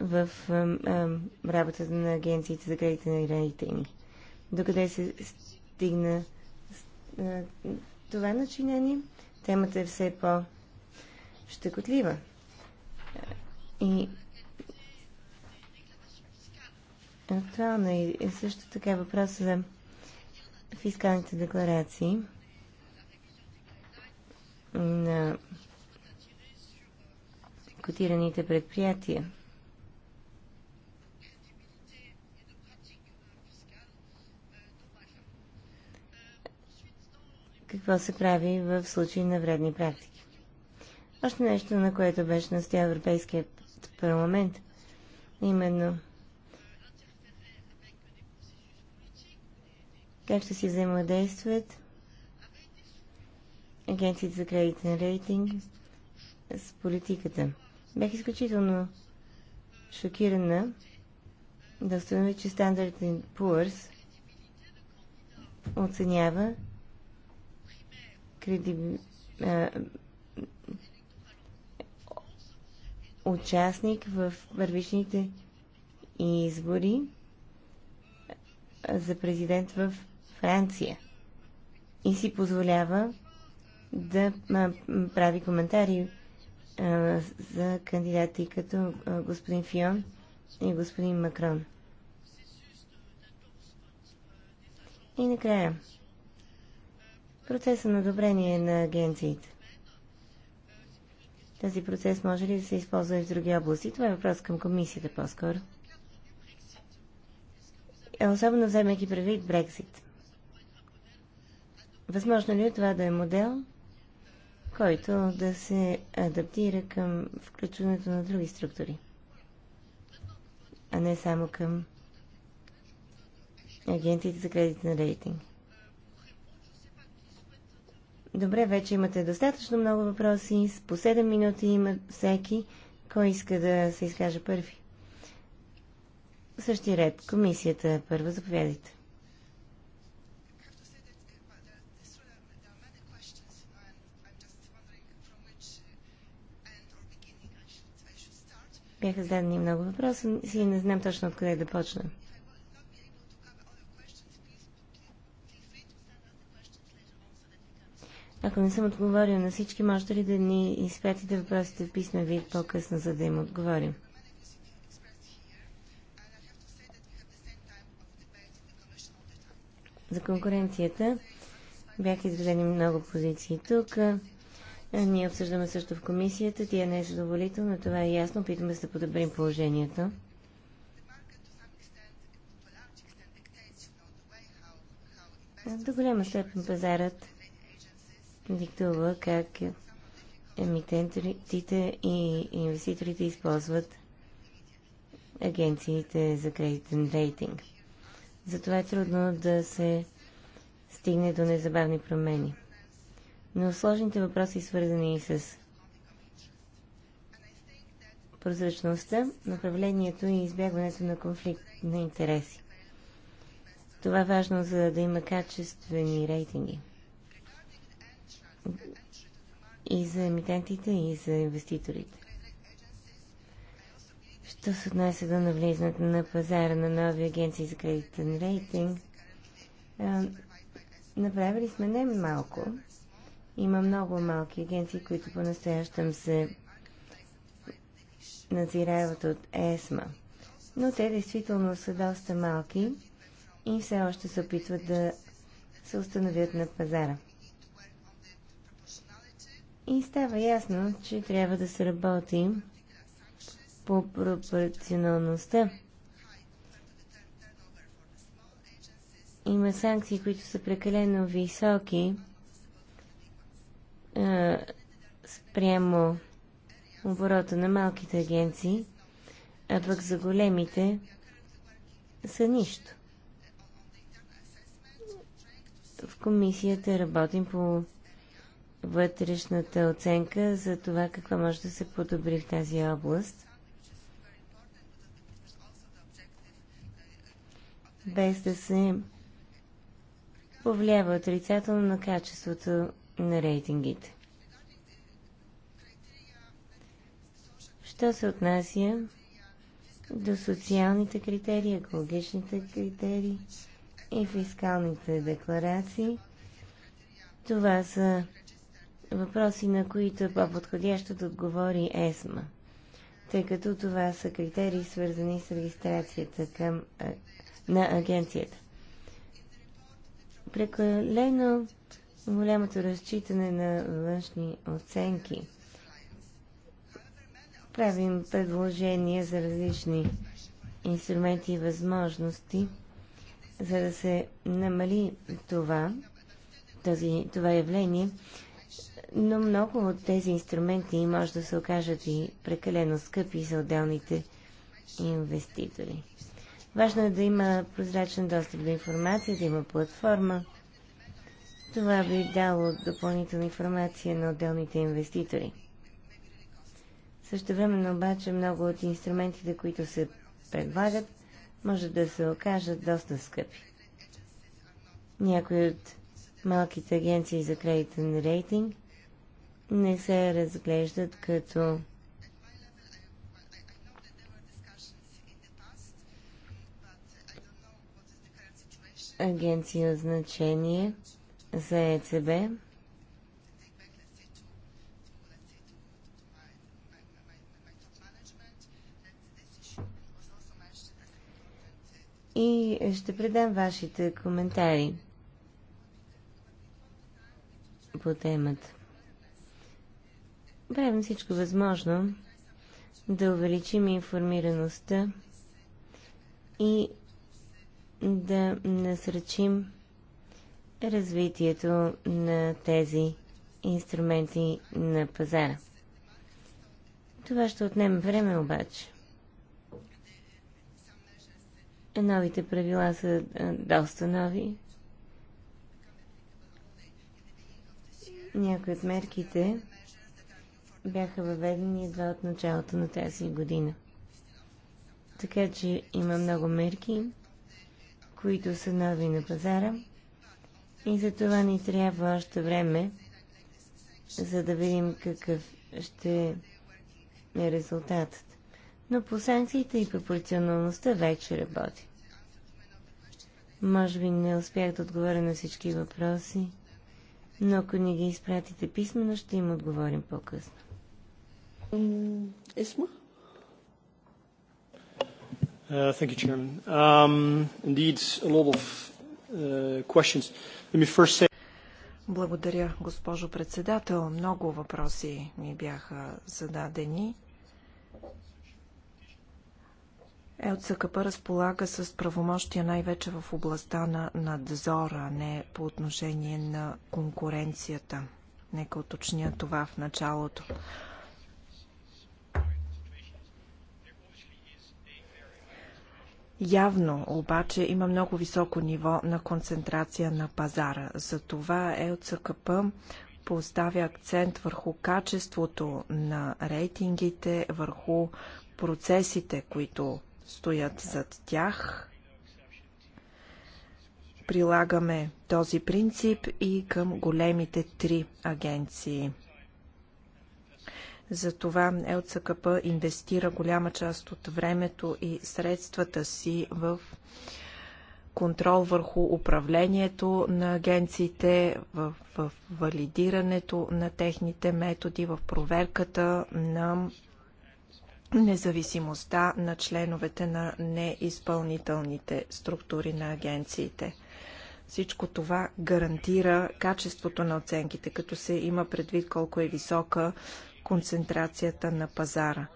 в а, а, работата на агенциите за кредите на Докъде се стигна а, това начинение, темата е все по-щекотлива. И актуална е също така въпроса за фискалните декларации – на котираните предприятия. Какво се прави в случай на вредни практики? Още нещо, на което беше настоя Европейският парламент, именно как ще си взаимодействат Агенцията за кредитен рейтинг с политиката. Бях изключително шокирана да установя, че Standard Poor's оценява креди... а... участник в първичните избори за президент в Франция и си позволява да прави коментари за кандидати като господин Фион и господин Макрон. И накрая. Процесът на одобрение на агенциите. Този процес може ли да се използва и в други области? Това е въпрос към комисията по-скоро. Особено вземайки предвид Брексит. Възможно ли е това да е модел, който да се адаптира към включването на други структури, а не само към агентите за кредитен рейтинг. Добре, вече имате достатъчно много въпроси. по 7 минути има всеки. Кой иска да се изкаже първи? Същия ред. Комисията е първа. Заповядайте. Бяха зададени много въпроси и не знам точно откъде да почна. Ако не съм отговорил на всички, можете ли да ни изпратите въпросите в писмен вид по-късно, за да им отговорим? За конкуренцията бяха изведени много позиции тук. Е, ние обсъждаме също в комисията. Тя не е задоволителна, това е ясно. Опитваме се да подобрим положението. До голяма степен пазарът диктува как емитентите и инвеститорите използват агенциите за кредитен рейтинг. Затова е трудно да се стигне до незабавни промени. Но сложните въпроси, свързани с прозрачността, направлението и избягването на конфликт на интереси. Това е важно, за да има качествени рейтинги. И за емитентите, и за инвеститорите. Що се отнася до навлизането на пазара на нови агенции за кредитен рейтинг, направили сме не малко, има много малки агенции, които по-настоящем се надзирават от ЕСМА. Но те действително са доста малки и все още се опитват да се установят на пазара. И става ясно, че трябва да се работи по пропорционалността. Има санкции, които са прекалено високи а, е, спрямо оборота на малките агенции, а пък за големите са нищо. В комисията работим по вътрешната оценка за това какво може да се подобри в тази област. Без да се повлиява отрицателно на качеството на рейтингите. Що се отнася до социалните критерии, екологичните критерии и фискалните декларации, това са въпроси, на които е по-подходящо да отговори ЕСМА, тъй като това са критерии, свързани с регистрацията към, на агенцията. Прекалено голямото разчитане на външни оценки. Правим предложения за различни инструменти и възможности, за да се намали това, този, това явление, но много от тези инструменти може да се окажат и прекалено скъпи за отделните инвеститори. Важно е да има прозрачен достъп до информация, да има платформа, това би дало допълнителна информация на отделните инвеститори. Също времено обаче много от инструментите, които се предлагат, може да се окажат доста скъпи. Някои от малките агенции за кредитен рейтинг не се разглеждат като агенция значение – за ЕЦБ. И ще предам вашите коментари по темата. Правим всичко възможно да увеличим информираността и да насръчим развитието на тези инструменти на пазара. Това ще отнеме време обаче. Новите правила са доста нови. Някои от мерките бяха въведени едва от началото на тази година. Така че има много мерки, които са нови на пазара – и за това ни трябва още време, за да видим какъв ще е резултатът. Но по санкциите и пропорционалността вече работи. Може би не успях да отговоря на всички въпроси, но ако ни ги изпратите писменно, ще им отговорим по-късно. Uh, thank you, Chairman. Um, indeed, a lot of Uh, Благодаря, госпожо председател. Много въпроси ми бяха зададени. ЕЛЦКП разполага с правомощия най-вече в областта на надзора, не по отношение на конкуренцията. Нека уточня това в началото. Явно обаче има много високо ниво на концентрация на пазара. Затова ЕОЦКП поставя акцент върху качеството на рейтингите, върху процесите, които стоят зад тях. Прилагаме този принцип и към големите три агенции – затова ЛЦКП инвестира голяма част от времето и средствата си в контрол върху управлението на агенциите, в, в валидирането на техните методи, в проверката на независимостта на членовете на неизпълнителните структури на агенциите. Всичко това гарантира качеството на оценките, като се има предвид колко е висока концентрацията на пазара.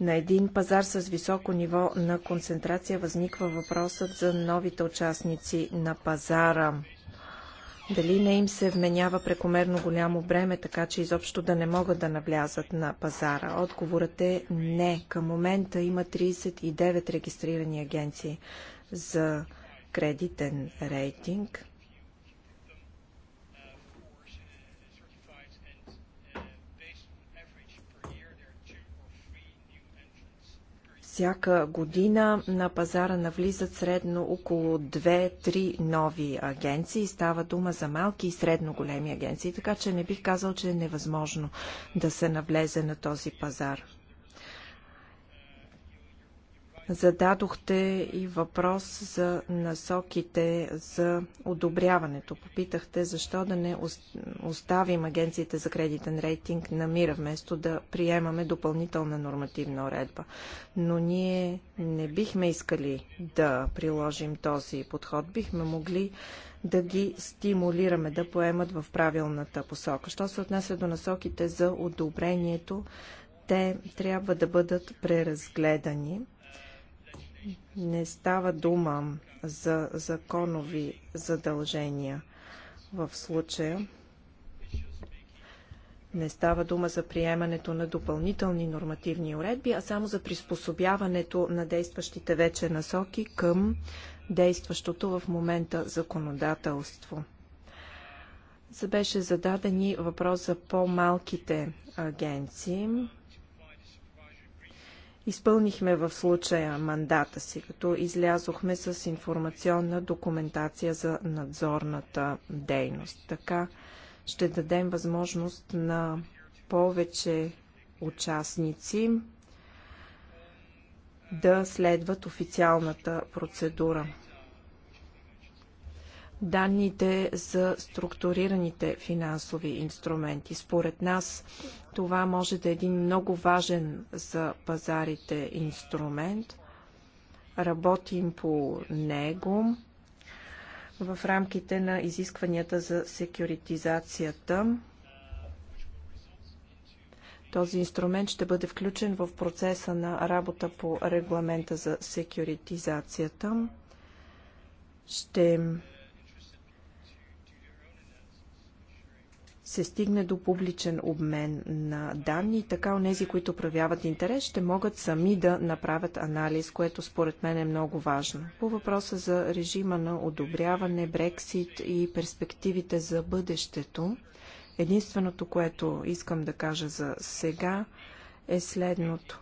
На един пазар с високо ниво на концентрация възниква въпросът за новите участници на пазара. Дали не им се вменява прекомерно голямо бреме, така че изобщо да не могат да навлязат на пазара? Отговорът е не. Към момента има 39 регистрирани агенции за кредитен рейтинг. Всяка година на пазара навлизат средно около 2-3 нови агенции. Става дума за малки и средно големи агенции, така че не бих казал, че е невъзможно да се навлезе на този пазар. Зададохте и въпрос за насоките за одобряването. Попитахте защо да не оставим агенциите за кредитен рейтинг на мира, вместо да приемаме допълнителна нормативна уредба. Но ние не бихме искали да приложим този подход. Бихме могли да ги стимулираме да поемат в правилната посока. Що се отнася до насоките за одобрението, те трябва да бъдат преразгледани не става дума за законови задължения в случая. Не става дума за приемането на допълнителни нормативни уредби, а само за приспособяването на действащите вече насоки към действащото в момента законодателство. За беше зададени въпрос за по-малките агенции. Изпълнихме в случая мандата си, като излязохме с информационна документация за надзорната дейност. Така ще дадем възможност на повече участници да следват официалната процедура данните за структурираните финансови инструменти. Според нас това може да е един много важен за пазарите инструмент. Работим по него в рамките на изискванията за секюритизацията. Този инструмент ще бъде включен в процеса на работа по регламента за секюритизацията. Ще се стигне до публичен обмен на данни, така онези, които проявяват интерес, ще могат сами да направят анализ, което според мен е много важно. По въпроса за режима на одобряване, Брексит и перспективите за бъдещето, единственото, което искам да кажа за сега е следното.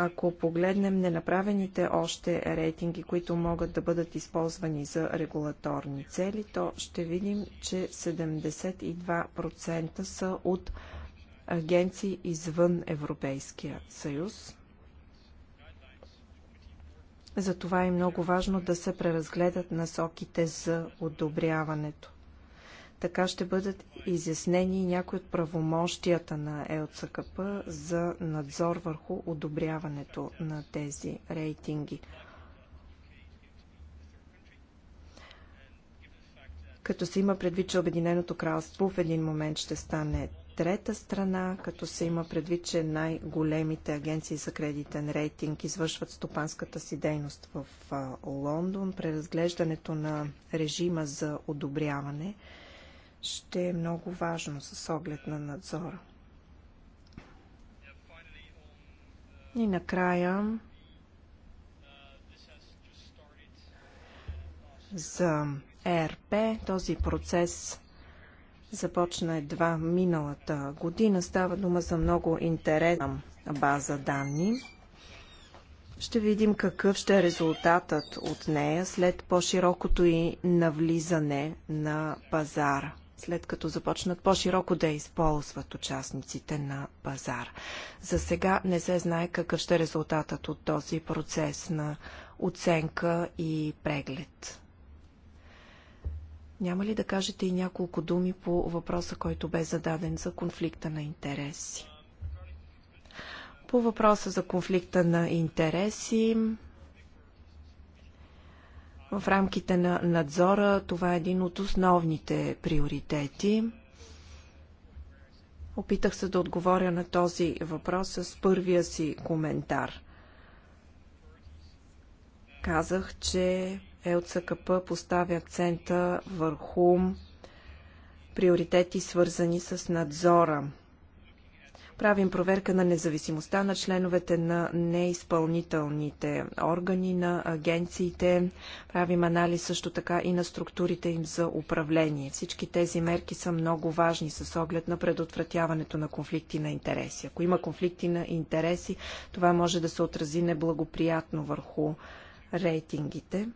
Ако погледнем ненаправените още рейтинги, които могат да бъдат използвани за регулаторни цели, то ще видим, че 72% са от агенции извън Европейския съюз. Затова е много важно да се преразгледат насоките за одобряването. Така ще бъдат изяснени някои от правомощията на ЕЛЦКП за надзор върху одобряването на тези рейтинги. Като се има предвид, че Обединеното кралство в един момент ще стане трета страна, като се има предвид, че най-големите агенции за кредитен рейтинг извършват стопанската си дейност в Лондон, преразглеждането на режима за одобряване – ще е много важно с оглед на надзора. И накрая за ЕРП този процес започна едва миналата година. Става дума за много интересна база данни. Ще видим какъв ще е резултатът от нея след по-широкото и навлизане на пазара след като започнат по-широко да използват участниците на пазар. За сега не се знае какъв ще е резултатът от този процес на оценка и преглед. Няма ли да кажете и няколко думи по въпроса, който бе зададен за конфликта на интереси? По въпроса за конфликта на интереси, в рамките на надзора това е един от основните приоритети. Опитах се да отговоря на този въпрос с първия си коментар. Казах, че ЛЦКП поставя акцента върху приоритети, свързани с надзора. Правим проверка на независимостта на членовете на неизпълнителните органи, на агенциите. Правим анализ също така и на структурите им за управление. Всички тези мерки са много важни с оглед на предотвратяването на конфликти на интереси. Ако има конфликти на интереси, това може да се отрази неблагоприятно върху рейтингите.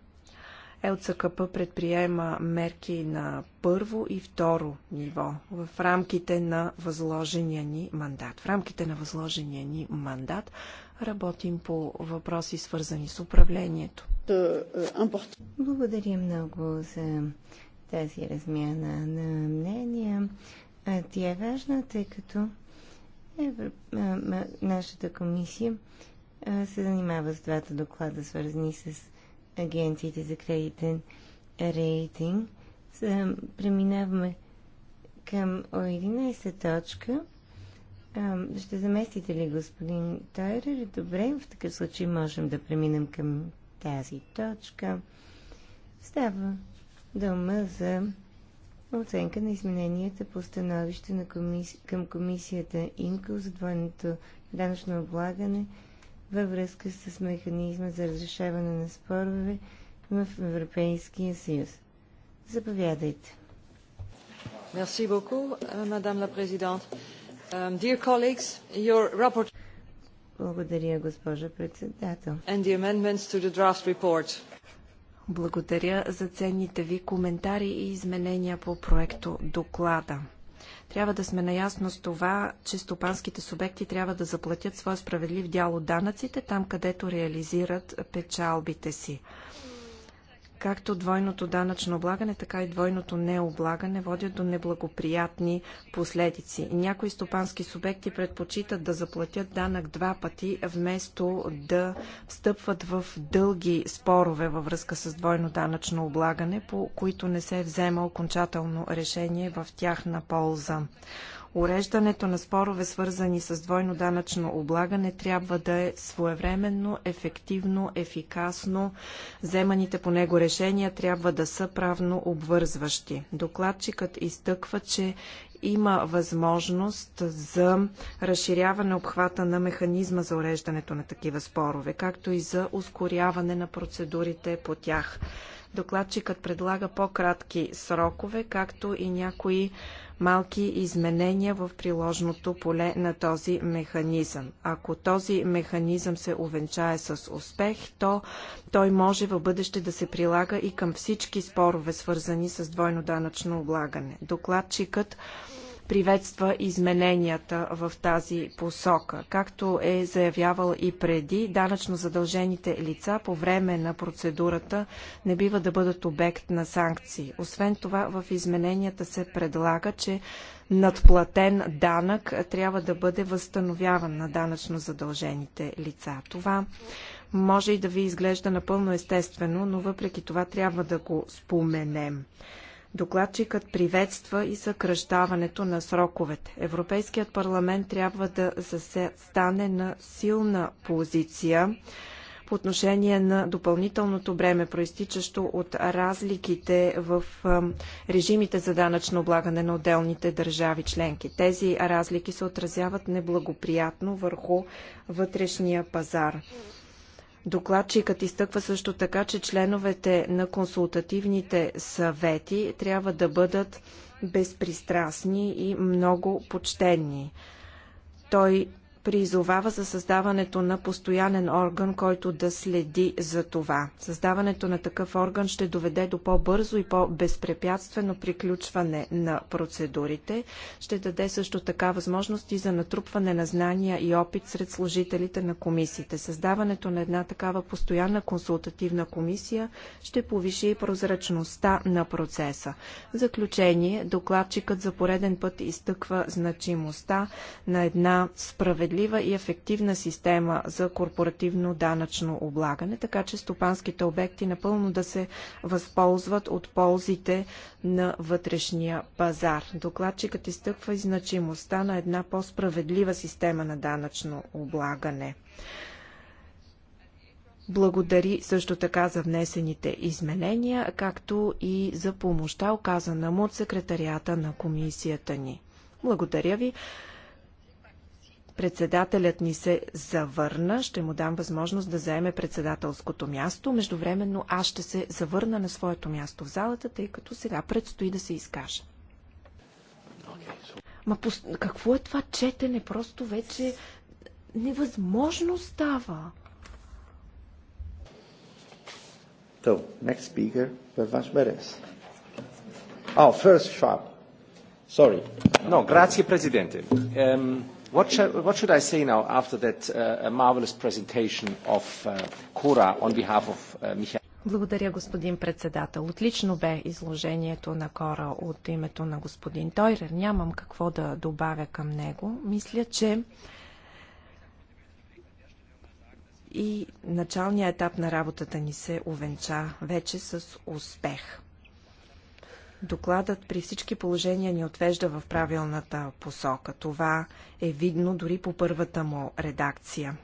ЛЦКП предприема мерки на първо и второ ниво в рамките на възложения ни мандат. В рамките на възложения ни мандат работим по въпроси свързани с управлението. Благодаря много за тази размяна на мнения. Тя е важна, тъй като Евро... нашата комисия се занимава с двата доклада, свързани с агенциите за кредитен рейтинг. Преминаваме към 11 точка. Ще заместите ли господин Тойрер? Добре, в такъв случай можем да преминем към тази точка. Става дума за оценка на измененията по становище на комис... към комисията ИМКО за двойното данъчно облагане – във връзка с механизма за разрешаване на спорове в Европейския съюз. Заповядайте. Merci beaucoup, euh, Madame la Présidente. Um, dear colleagues, your rapport... Благодаря, госпожа председател. And the amendments to the draft report. Благодаря за ценните ви коментари и изменения по проекто доклада. Трябва да сме наясно с това, че стопанските субекти трябва да заплатят своя справедлив дял от данъците там, където реализират печалбите си. Както двойното данъчно облагане, така и двойното необлагане водят до неблагоприятни последици. Някои стопански субекти предпочитат да заплатят данък два пъти, вместо да встъпват в дълги спорове във връзка с двойно данъчно облагане, по които не се взема окончателно решение в тяхна полза. Уреждането на спорове, свързани с двойно данъчно облагане, трябва да е своевременно, ефективно, ефикасно. Вземаните по него решения трябва да са правно обвързващи. Докладчикът изтъква, че има възможност за разширяване обхвата на механизма за уреждането на такива спорове, както и за ускоряване на процедурите по тях. Докладчикът предлага по-кратки срокове, както и някои малки изменения в приложното поле на този механизъм. Ако този механизъм се увенчае с успех, то той може в бъдеще да се прилага и към всички спорове, свързани с двойно данъчно облагане. Докладчикът приветства измененията в тази посока. Както е заявявал и преди, данъчно задължените лица по време на процедурата не бива да бъдат обект на санкции. Освен това, в измененията се предлага, че надплатен данък трябва да бъде възстановяван на данъчно задължените лица. Това може и да ви изглежда напълно естествено, но въпреки това трябва да го споменем. Докладчикът приветства и съкръщаването на сроковете. Европейският парламент трябва да стане на силна позиция по отношение на допълнителното бреме, проистичащо от разликите в режимите за данъчно облагане на отделните държави членки. Тези разлики се отразяват неблагоприятно върху вътрешния пазар. Докладчикът изтъква също така, че членовете на консултативните съвети трябва да бъдат безпристрастни и много почтени. Той призовава за създаването на постоянен орган, който да следи за това. Създаването на такъв орган ще доведе до по-бързо и по-безпрепятствено приключване на процедурите. Ще даде също така възможности за натрупване на знания и опит сред служителите на комисиите. Създаването на една такава постоянна консултативна комисия ще повиши и прозрачността на процеса. В заключение, докладчикът за пореден път изтъква значимостта на една справедлива справедлива и ефективна система за корпоративно данъчно облагане, така че стопанските обекти напълно да се възползват от ползите на вътрешния пазар. Докладчикът изтъква и значимостта на една по-справедлива система на данъчно облагане. Благодари също така за внесените изменения, както и за помощта оказана му от секретарията на комисията ни. Благодаря ви. Председателят ни се завърна. Ще му дам възможност да заеме председателското място. Междувременно аз ще се завърна на своето място в залата, тъй като сега предстои да се изкажа. Ма пос... какво е това четене? Просто вече невъзможно става. So, next speaker, Pervash Beres. Oh, first Schwab. Sorry. No, grazie Presidente. Um, What, sh what should I say now after that uh, marvelous presentation of uh, Cora on behalf of uh, Michael? Благодаря, господин председател. Отлично бе изложението на Кора от името на господин Тойрер. Нямам какво да добавя към него. Мисля, че и началният етап на работата ни се увенча вече с успех. Докладът при всички положения ни отвежда в правилната посока. Това е видно дори по първата му редакция.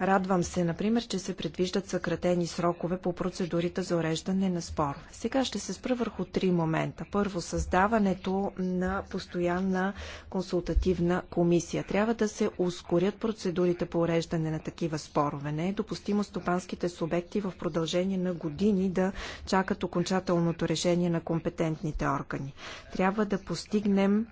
Радвам се, например, че се предвиждат съкратени срокове по процедурите за уреждане на спорове. Сега ще се спра върху три момента. Първо, създаването на постоянна консултативна комисия. Трябва да се ускорят процедурите по уреждане на такива спорове. Не е допустимо стопанските субекти в продължение на години да чакат окончателното решение на компетентните органи. Трябва да постигнем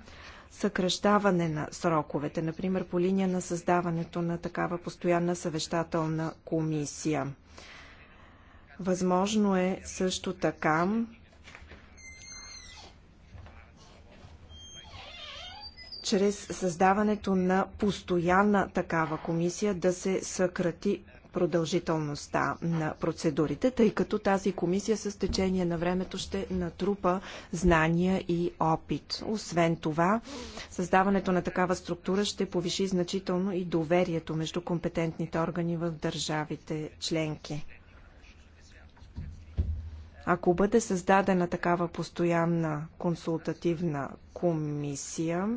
съкръщаване на сроковете, например по линия на създаването на такава постоянна съвещателна комисия. Възможно е също така чрез създаването на постоянна такава комисия да се съкрати продължителността на процедурите, тъй като тази комисия с течение на времето ще натрупа знания и опит. Освен това, създаването на такава структура ще повиши значително и доверието между компетентните органи в държавите членки. Ако бъде създадена такава постоянна консултативна комисия,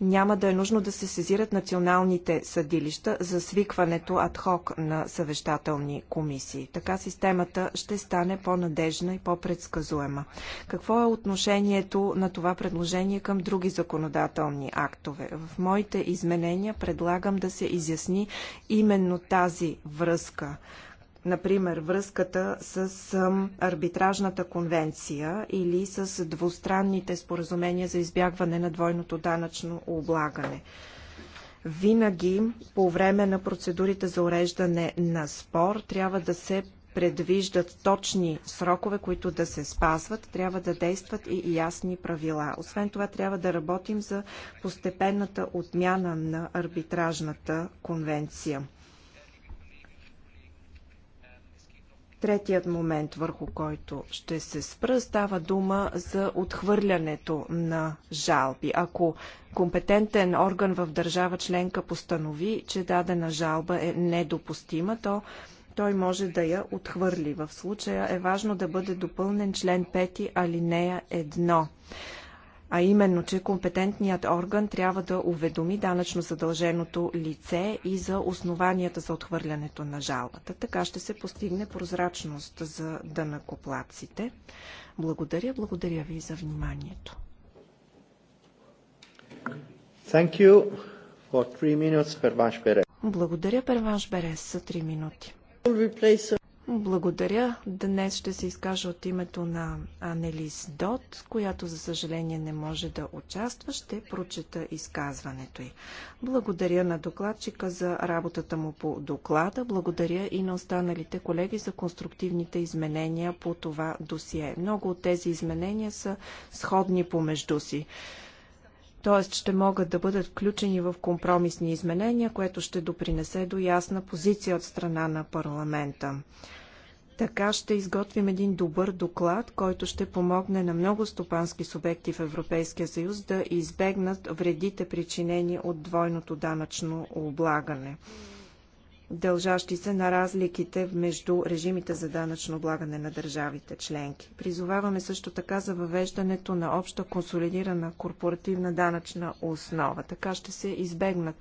няма да е нужно да се сезират националните съдилища за свикването адхок на съвещателни комисии. Така системата ще стане по-надежна и по-предсказуема. Какво е отношението на това предложение към други законодателни актове? В моите изменения предлагам да се изясни именно тази връзка Например, връзката с арбитражната конвенция или с двустранните споразумения за избягване на двойното данъчно облагане винаги по време на процедурите за уреждане на спор трябва да се предвиждат точни срокове, които да се спазват, трябва да действат и ясни правила. Освен това, трябва да работим за постепенната отмяна на арбитражната конвенция. Третият момент, върху който ще се спра, става дума за отхвърлянето на жалби. Ако компетентен орган в държава членка постанови, че дадена жалба е недопустима, то той може да я отхвърли. В случая е важно да бъде допълнен член 5 алинея 1 а именно, че компетентният орган трябва да уведоми данъчно задълженото лице и за основанията за отхвърлянето на жалбата. Така ще се постигне прозрачност за дънакоплаците. Благодаря, благодаря ви за вниманието. Thank you for three minutes, Перванш Берес. Благодаря, Перванш Берес, за 3 минути. Благодаря. Днес ще се изкажа от името на Анелис Дот, която за съжаление не може да участва. Ще прочета изказването й. Благодаря на докладчика за работата му по доклада. Благодаря и на останалите колеги за конструктивните изменения по това досие. Много от тези изменения са сходни помежду си т.е. ще могат да бъдат включени в компромисни изменения, което ще допринесе до ясна позиция от страна на парламента. Така ще изготвим един добър доклад, който ще помогне на много стопански субекти в Европейския съюз да избегнат вредите причинени от двойното данъчно облагане дължащи се на разликите между режимите за данъчно облагане на държавите членки. Призоваваме също така за въвеждането на обща консолидирана корпоративна данъчна основа. Така ще се избегнат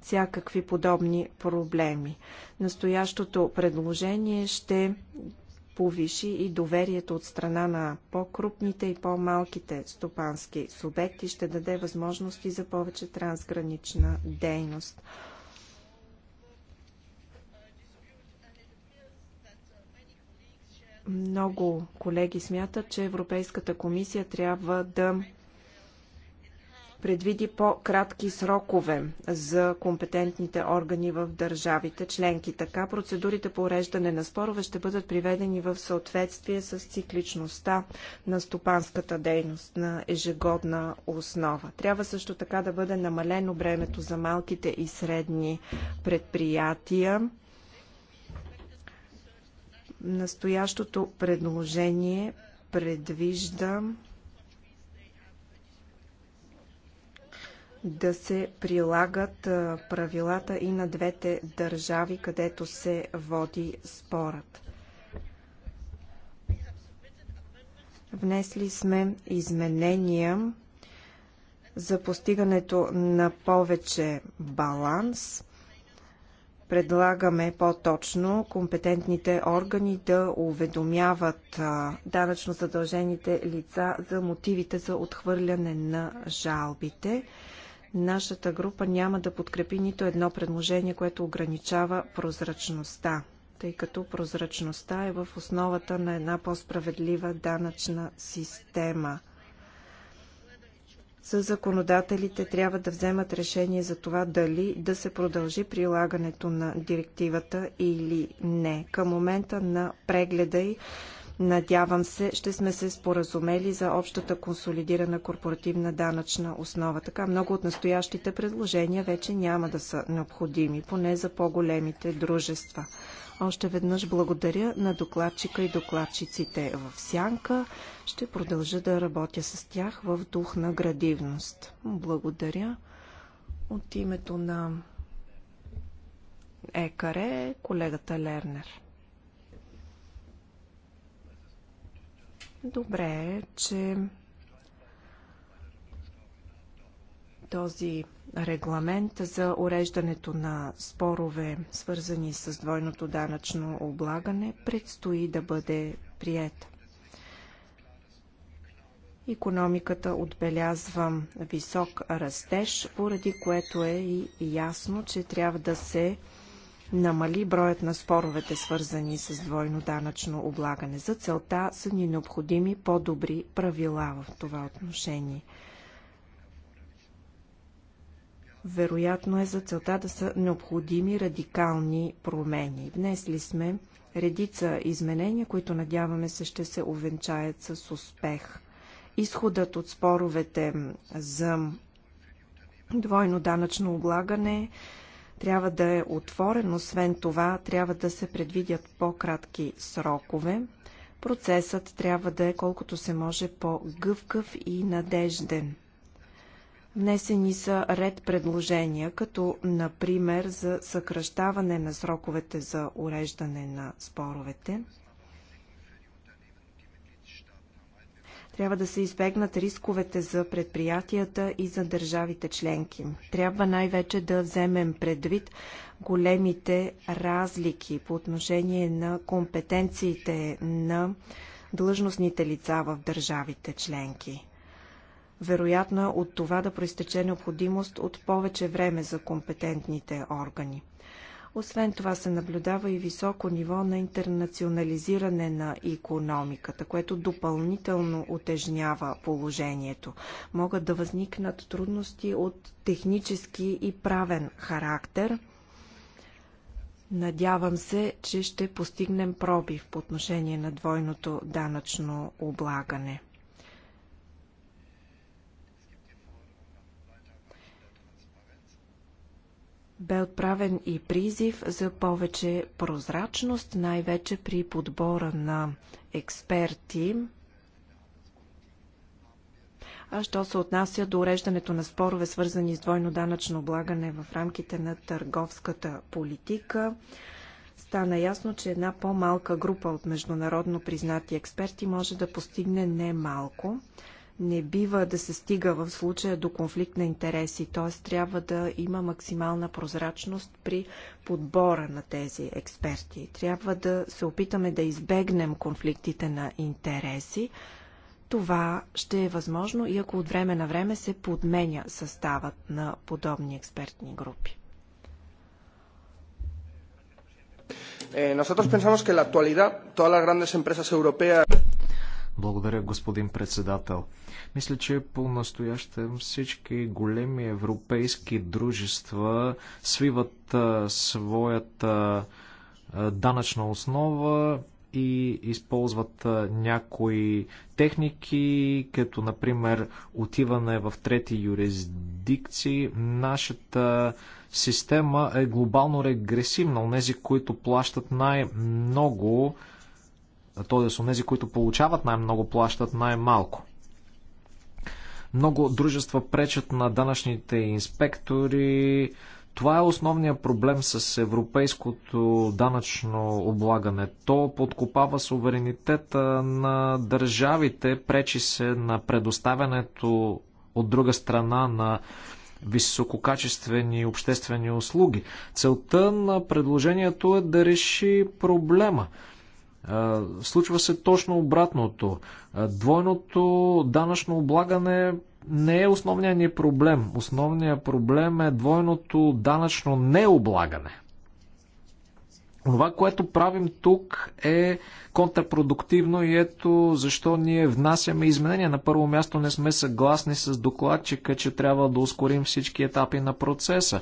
всякакви подобни проблеми. Настоящото предложение ще повиши и доверието от страна на по-крупните и по-малките стопански субекти, ще даде възможности за повече трансгранична дейност. Много колеги смятат, че Европейската комисия трябва да предвиди по-кратки срокове за компетентните органи в държавите членки. Така процедурите по уреждане на спорове ще бъдат приведени в съответствие с цикличността на стопанската дейност на ежегодна основа. Трябва също така да бъде намалено бремето за малките и средни предприятия Настоящото предложение предвижда да се прилагат правилата и на двете държави, където се води спорът. Внесли сме изменения за постигането на повече баланс Предлагаме по-точно компетентните органи да уведомяват данъчно задължените лица за мотивите за отхвърляне на жалбите. Нашата група няма да подкрепи нито едно предложение, което ограничава прозрачността тъй като прозрачността е в основата на една по-справедлива данъчна система – с законодателите трябва да вземат решение за това дали да се продължи прилагането на директивата или не. Към момента на прегледа й Надявам се, ще сме се споразумели за общата консолидирана корпоративна данъчна основа. Така много от настоящите предложения вече няма да са необходими, поне за по-големите дружества. Още веднъж благодаря на докладчика и докладчиците в Сянка. Ще продължа да работя с тях в дух на градивност. Благодаря от името на Екаре, колегата Лернер. Добре е, че този регламент за уреждането на спорове, свързани с двойното данъчно облагане, предстои да бъде прият. Економиката отбелязва висок растеж, поради което е и ясно, че трябва да се намали броят на споровете, свързани с двойно данъчно облагане. За целта са ни необходими по-добри правила в това отношение – вероятно е за целта да са необходими радикални промени. Внесли сме редица изменения, които надяваме се ще се увенчаят с успех. Изходът от споровете за двойно данъчно облагане трябва да е отворен. Освен това, трябва да се предвидят по-кратки срокове. Процесът трябва да е колкото се може по-гъвкав и надежден. Внесени са ред предложения, като например за съкръщаване на сроковете за уреждане на споровете. Трябва да се избегнат рисковете за предприятията и за държавите членки. Трябва най-вече да вземем предвид големите разлики по отношение на компетенциите на длъжностните лица в държавите членки. Вероятно е от това да проистече необходимост от повече време за компетентните органи. Освен това се наблюдава и високо ниво на интернационализиране на економиката, което допълнително отежнява положението. Могат да възникнат трудности от технически и правен характер. Надявам се, че ще постигнем проби в отношение на двойното данъчно облагане. Бе отправен и призив за повече прозрачност, най-вече при подбора на експерти. А що се отнася до уреждането на спорове, свързани с двойно данъчно облагане в рамките на търговската политика, стана ясно, че една по-малка група от международно признати експерти може да постигне не малко. Не бива да се стига в случая до конфликт на интереси, т.е. трябва да има максимална прозрачност при подбора на тези експерти. Трябва да се опитаме да избегнем конфликтите на интереси. Това ще е възможно и ако от време на време се подменя съставът на подобни експертни групи. Е, nosotros pensamos que en la actualidad todas las grandes empresas europeas благодаря, господин председател. Мисля, че по-настоящем всички големи европейски дружества свиват а, своята а, данъчна основа и използват а, някои техники, като например отиване в трети юрисдикции. Нашата система е глобално регресивна. Онези, които плащат най-много, т.е. онези, които получават най-много, плащат най-малко. Много дружества пречат на данъчните инспектори. Това е основният проблем с европейското данъчно облагане. То подкопава суверенитета на държавите, пречи се на предоставянето от друга страна на висококачествени обществени услуги. Целта на предложението е да реши проблема. Случва се точно обратното. Двойното данъчно облагане не е основният ни проблем. Основният проблем е двойното данъчно необлагане. Това, което правим тук е контрпродуктивно и ето защо ние внасяме изменения. На първо място не сме съгласни с докладчика, че трябва да ускорим всички етапи на процеса.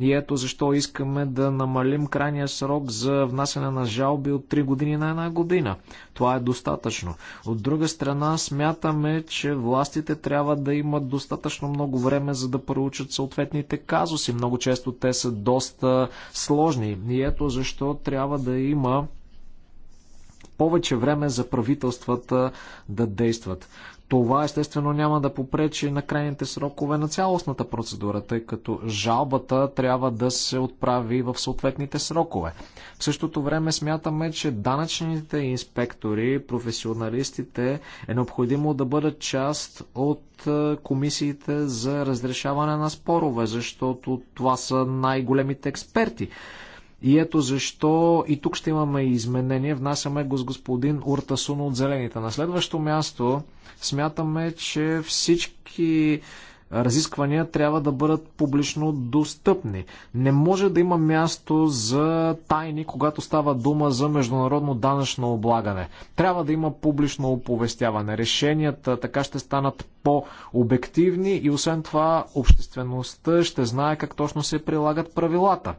И ето защо искаме да намалим крайния срок за внасяне на жалби от 3 години на една година. Това е достатъчно. От друга страна, смятаме, че властите трябва да имат достатъчно много време за да проучат съответните казуси. Много често те са доста сложни. И ето защо трябва да има повече време за правителствата да действат. Това естествено няма да попречи на крайните срокове на цялостната процедура, тъй като жалбата трябва да се отправи в съответните срокове. В същото време смятаме, че данъчните инспектори, професионалистите е необходимо да бъдат част от е, комисиите за разрешаване на спорове, защото това са най-големите експерти и ето защо и тук ще имаме изменение. Внасяме го с господин Уртасун от Зелените. На следващо място смятаме, че всички разисквания трябва да бъдат публично достъпни. Не може да има място за тайни, когато става дума за международно данъчно облагане. Трябва да има публично оповестяване. Решенията така ще станат по-обективни и освен това обществеността ще знае как точно се прилагат правилата.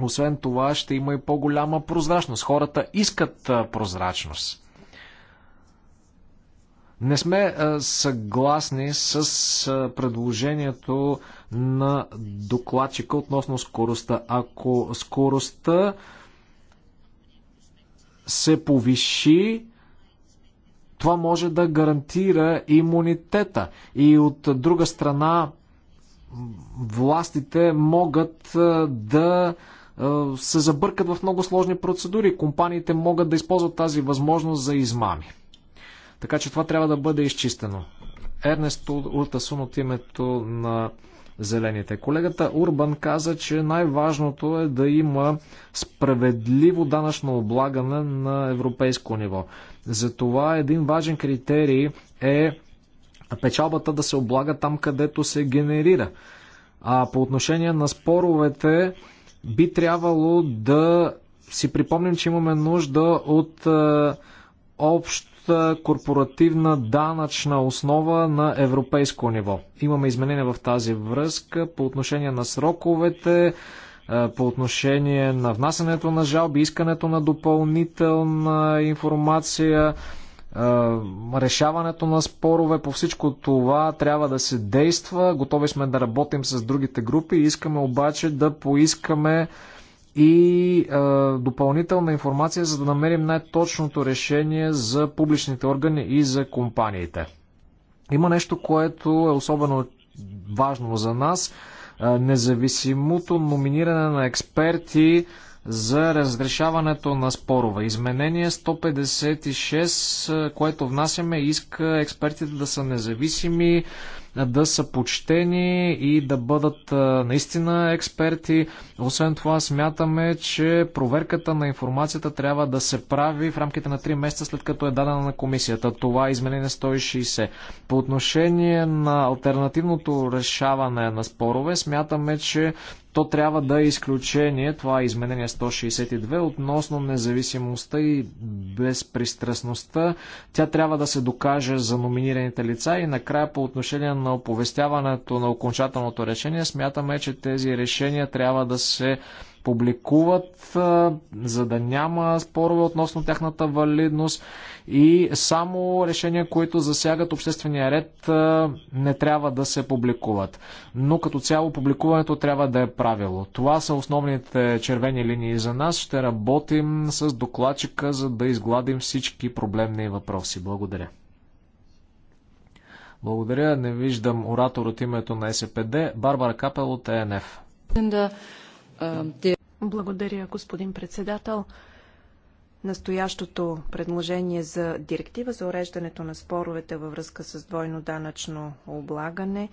Освен това ще има и по-голяма прозрачност. Хората искат прозрачност. Не сме съгласни с предложението на докладчика относно скоростта. Ако скоростта се повиши, това може да гарантира имунитета. И от друга страна, властите могат да се забъркат в много сложни процедури. Компаниите могат да използват тази възможност за измами. Така че това трябва да бъде изчистено. Ернест Уртасун от името на зелените. Колегата Урбан каза, че най-важното е да има справедливо данъчно облагане на европейско ниво. Затова един важен критерий е печалбата да се облага там, където се генерира. А по отношение на споровете, би трябвало да си припомним, че имаме нужда от е, обща корпоративна данъчна основа на европейско ниво. Имаме изменения в тази връзка по отношение на сроковете, е, по отношение на внасянето на жалби, искането на допълнителна информация, е, решаването на спорове, по всичко това трябва да се действа. Готови сме да работим с другите групи. Искаме обаче да поискаме и е, допълнителна информация, за да намерим най-точното решение за публичните органи и за компаниите. Има нещо, което е особено важно за нас. Е, независимото номиниране на експерти за разрешаването на спорове. Изменение 156, което внасяме, иска експертите да са независими, да са почтени и да бъдат наистина експерти. Освен това, смятаме, че проверката на информацията трябва да се прави в рамките на 3 месеца след като е дадена на комисията. Това е изменение 160. По отношение на альтернативното решаване на спорове, смятаме, че то трябва да е изключение. Това е изменение 162 относно независимостта и безпристрастността. Тя трябва да се докаже за номинираните лица и накрая по отношение на оповестяването на окончателното решение смятаме, че тези решения трябва да се публикуват, за да няма спорове относно тяхната валидност и само решения, които засягат обществения ред, не трябва да се публикуват. Но като цяло публикуването трябва да е правило. Това са основните червени линии за нас. Ще работим с докладчика, за да изгладим всички проблемни въпроси. Благодаря. Благодаря. Не виждам оратор от името на СПД. Барбара Капел от ЕНФ. Благодаря, господин председател. Настоящото предложение за директива за уреждането на споровете във връзка с двойно данъчно облагане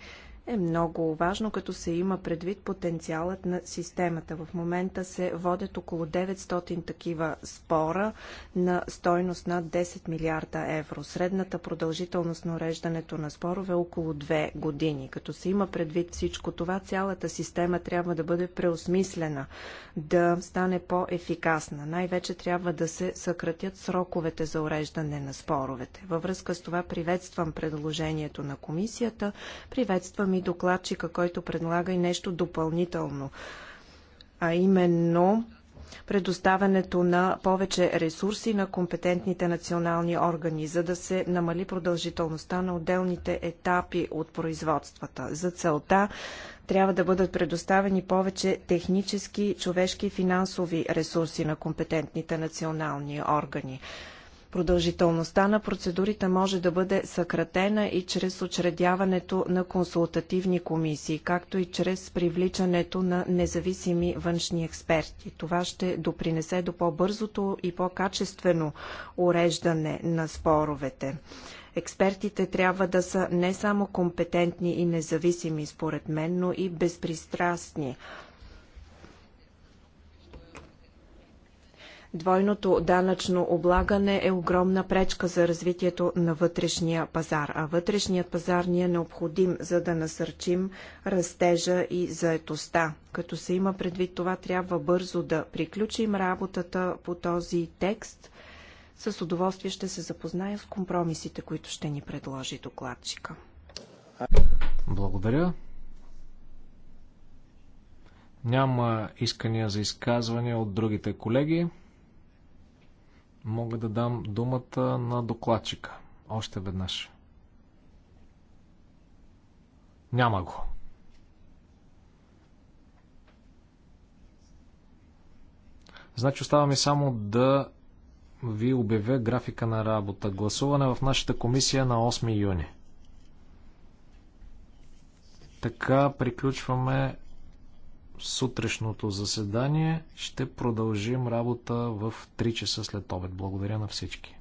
е много важно, като се има предвид потенциалът на системата. В момента се водят около 900 такива спора на стойност над 10 милиарда евро. Средната продължителност на уреждането на спорове е около 2 години. Като се има предвид всичко това, цялата система трябва да бъде преосмислена, да стане по-ефикасна. Най-вече трябва да се съкратят сроковете за уреждане на споровете. Във връзка с това приветствам предложението на комисията, приветствам и докладчика, който предлага и нещо допълнително, а именно предоставянето на повече ресурси на компетентните национални органи, за да се намали продължителността на отделните етапи от производствата. За целта трябва да бъдат предоставени повече технически, човешки и финансови ресурси на компетентните национални органи. Продължителността на процедурите може да бъде съкратена и чрез учредяването на консултативни комисии, както и чрез привличането на независими външни експерти. Това ще допринесе до по-бързото и по-качествено уреждане на споровете. Експертите трябва да са не само компетентни и независими, според мен, но и безпристрастни. Двойното данъчно облагане е огромна пречка за развитието на вътрешния пазар, а вътрешният пазар ни е необходим, за да насърчим растежа и заетостта. Като се има предвид това, трябва бързо да приключим работата по този текст. С удоволствие ще се запозная с компромисите, които ще ни предложи докладчика. Благодаря. Няма искания за изказване от другите колеги мога да дам думата на докладчика. Още веднъж. Няма го. Значи остава ми само да ви обявя графика на работа. Гласуване в нашата комисия на 8 юни. Така приключваме сутрешното заседание. Ще продължим работа в 3 часа след обед. Благодаря на всички.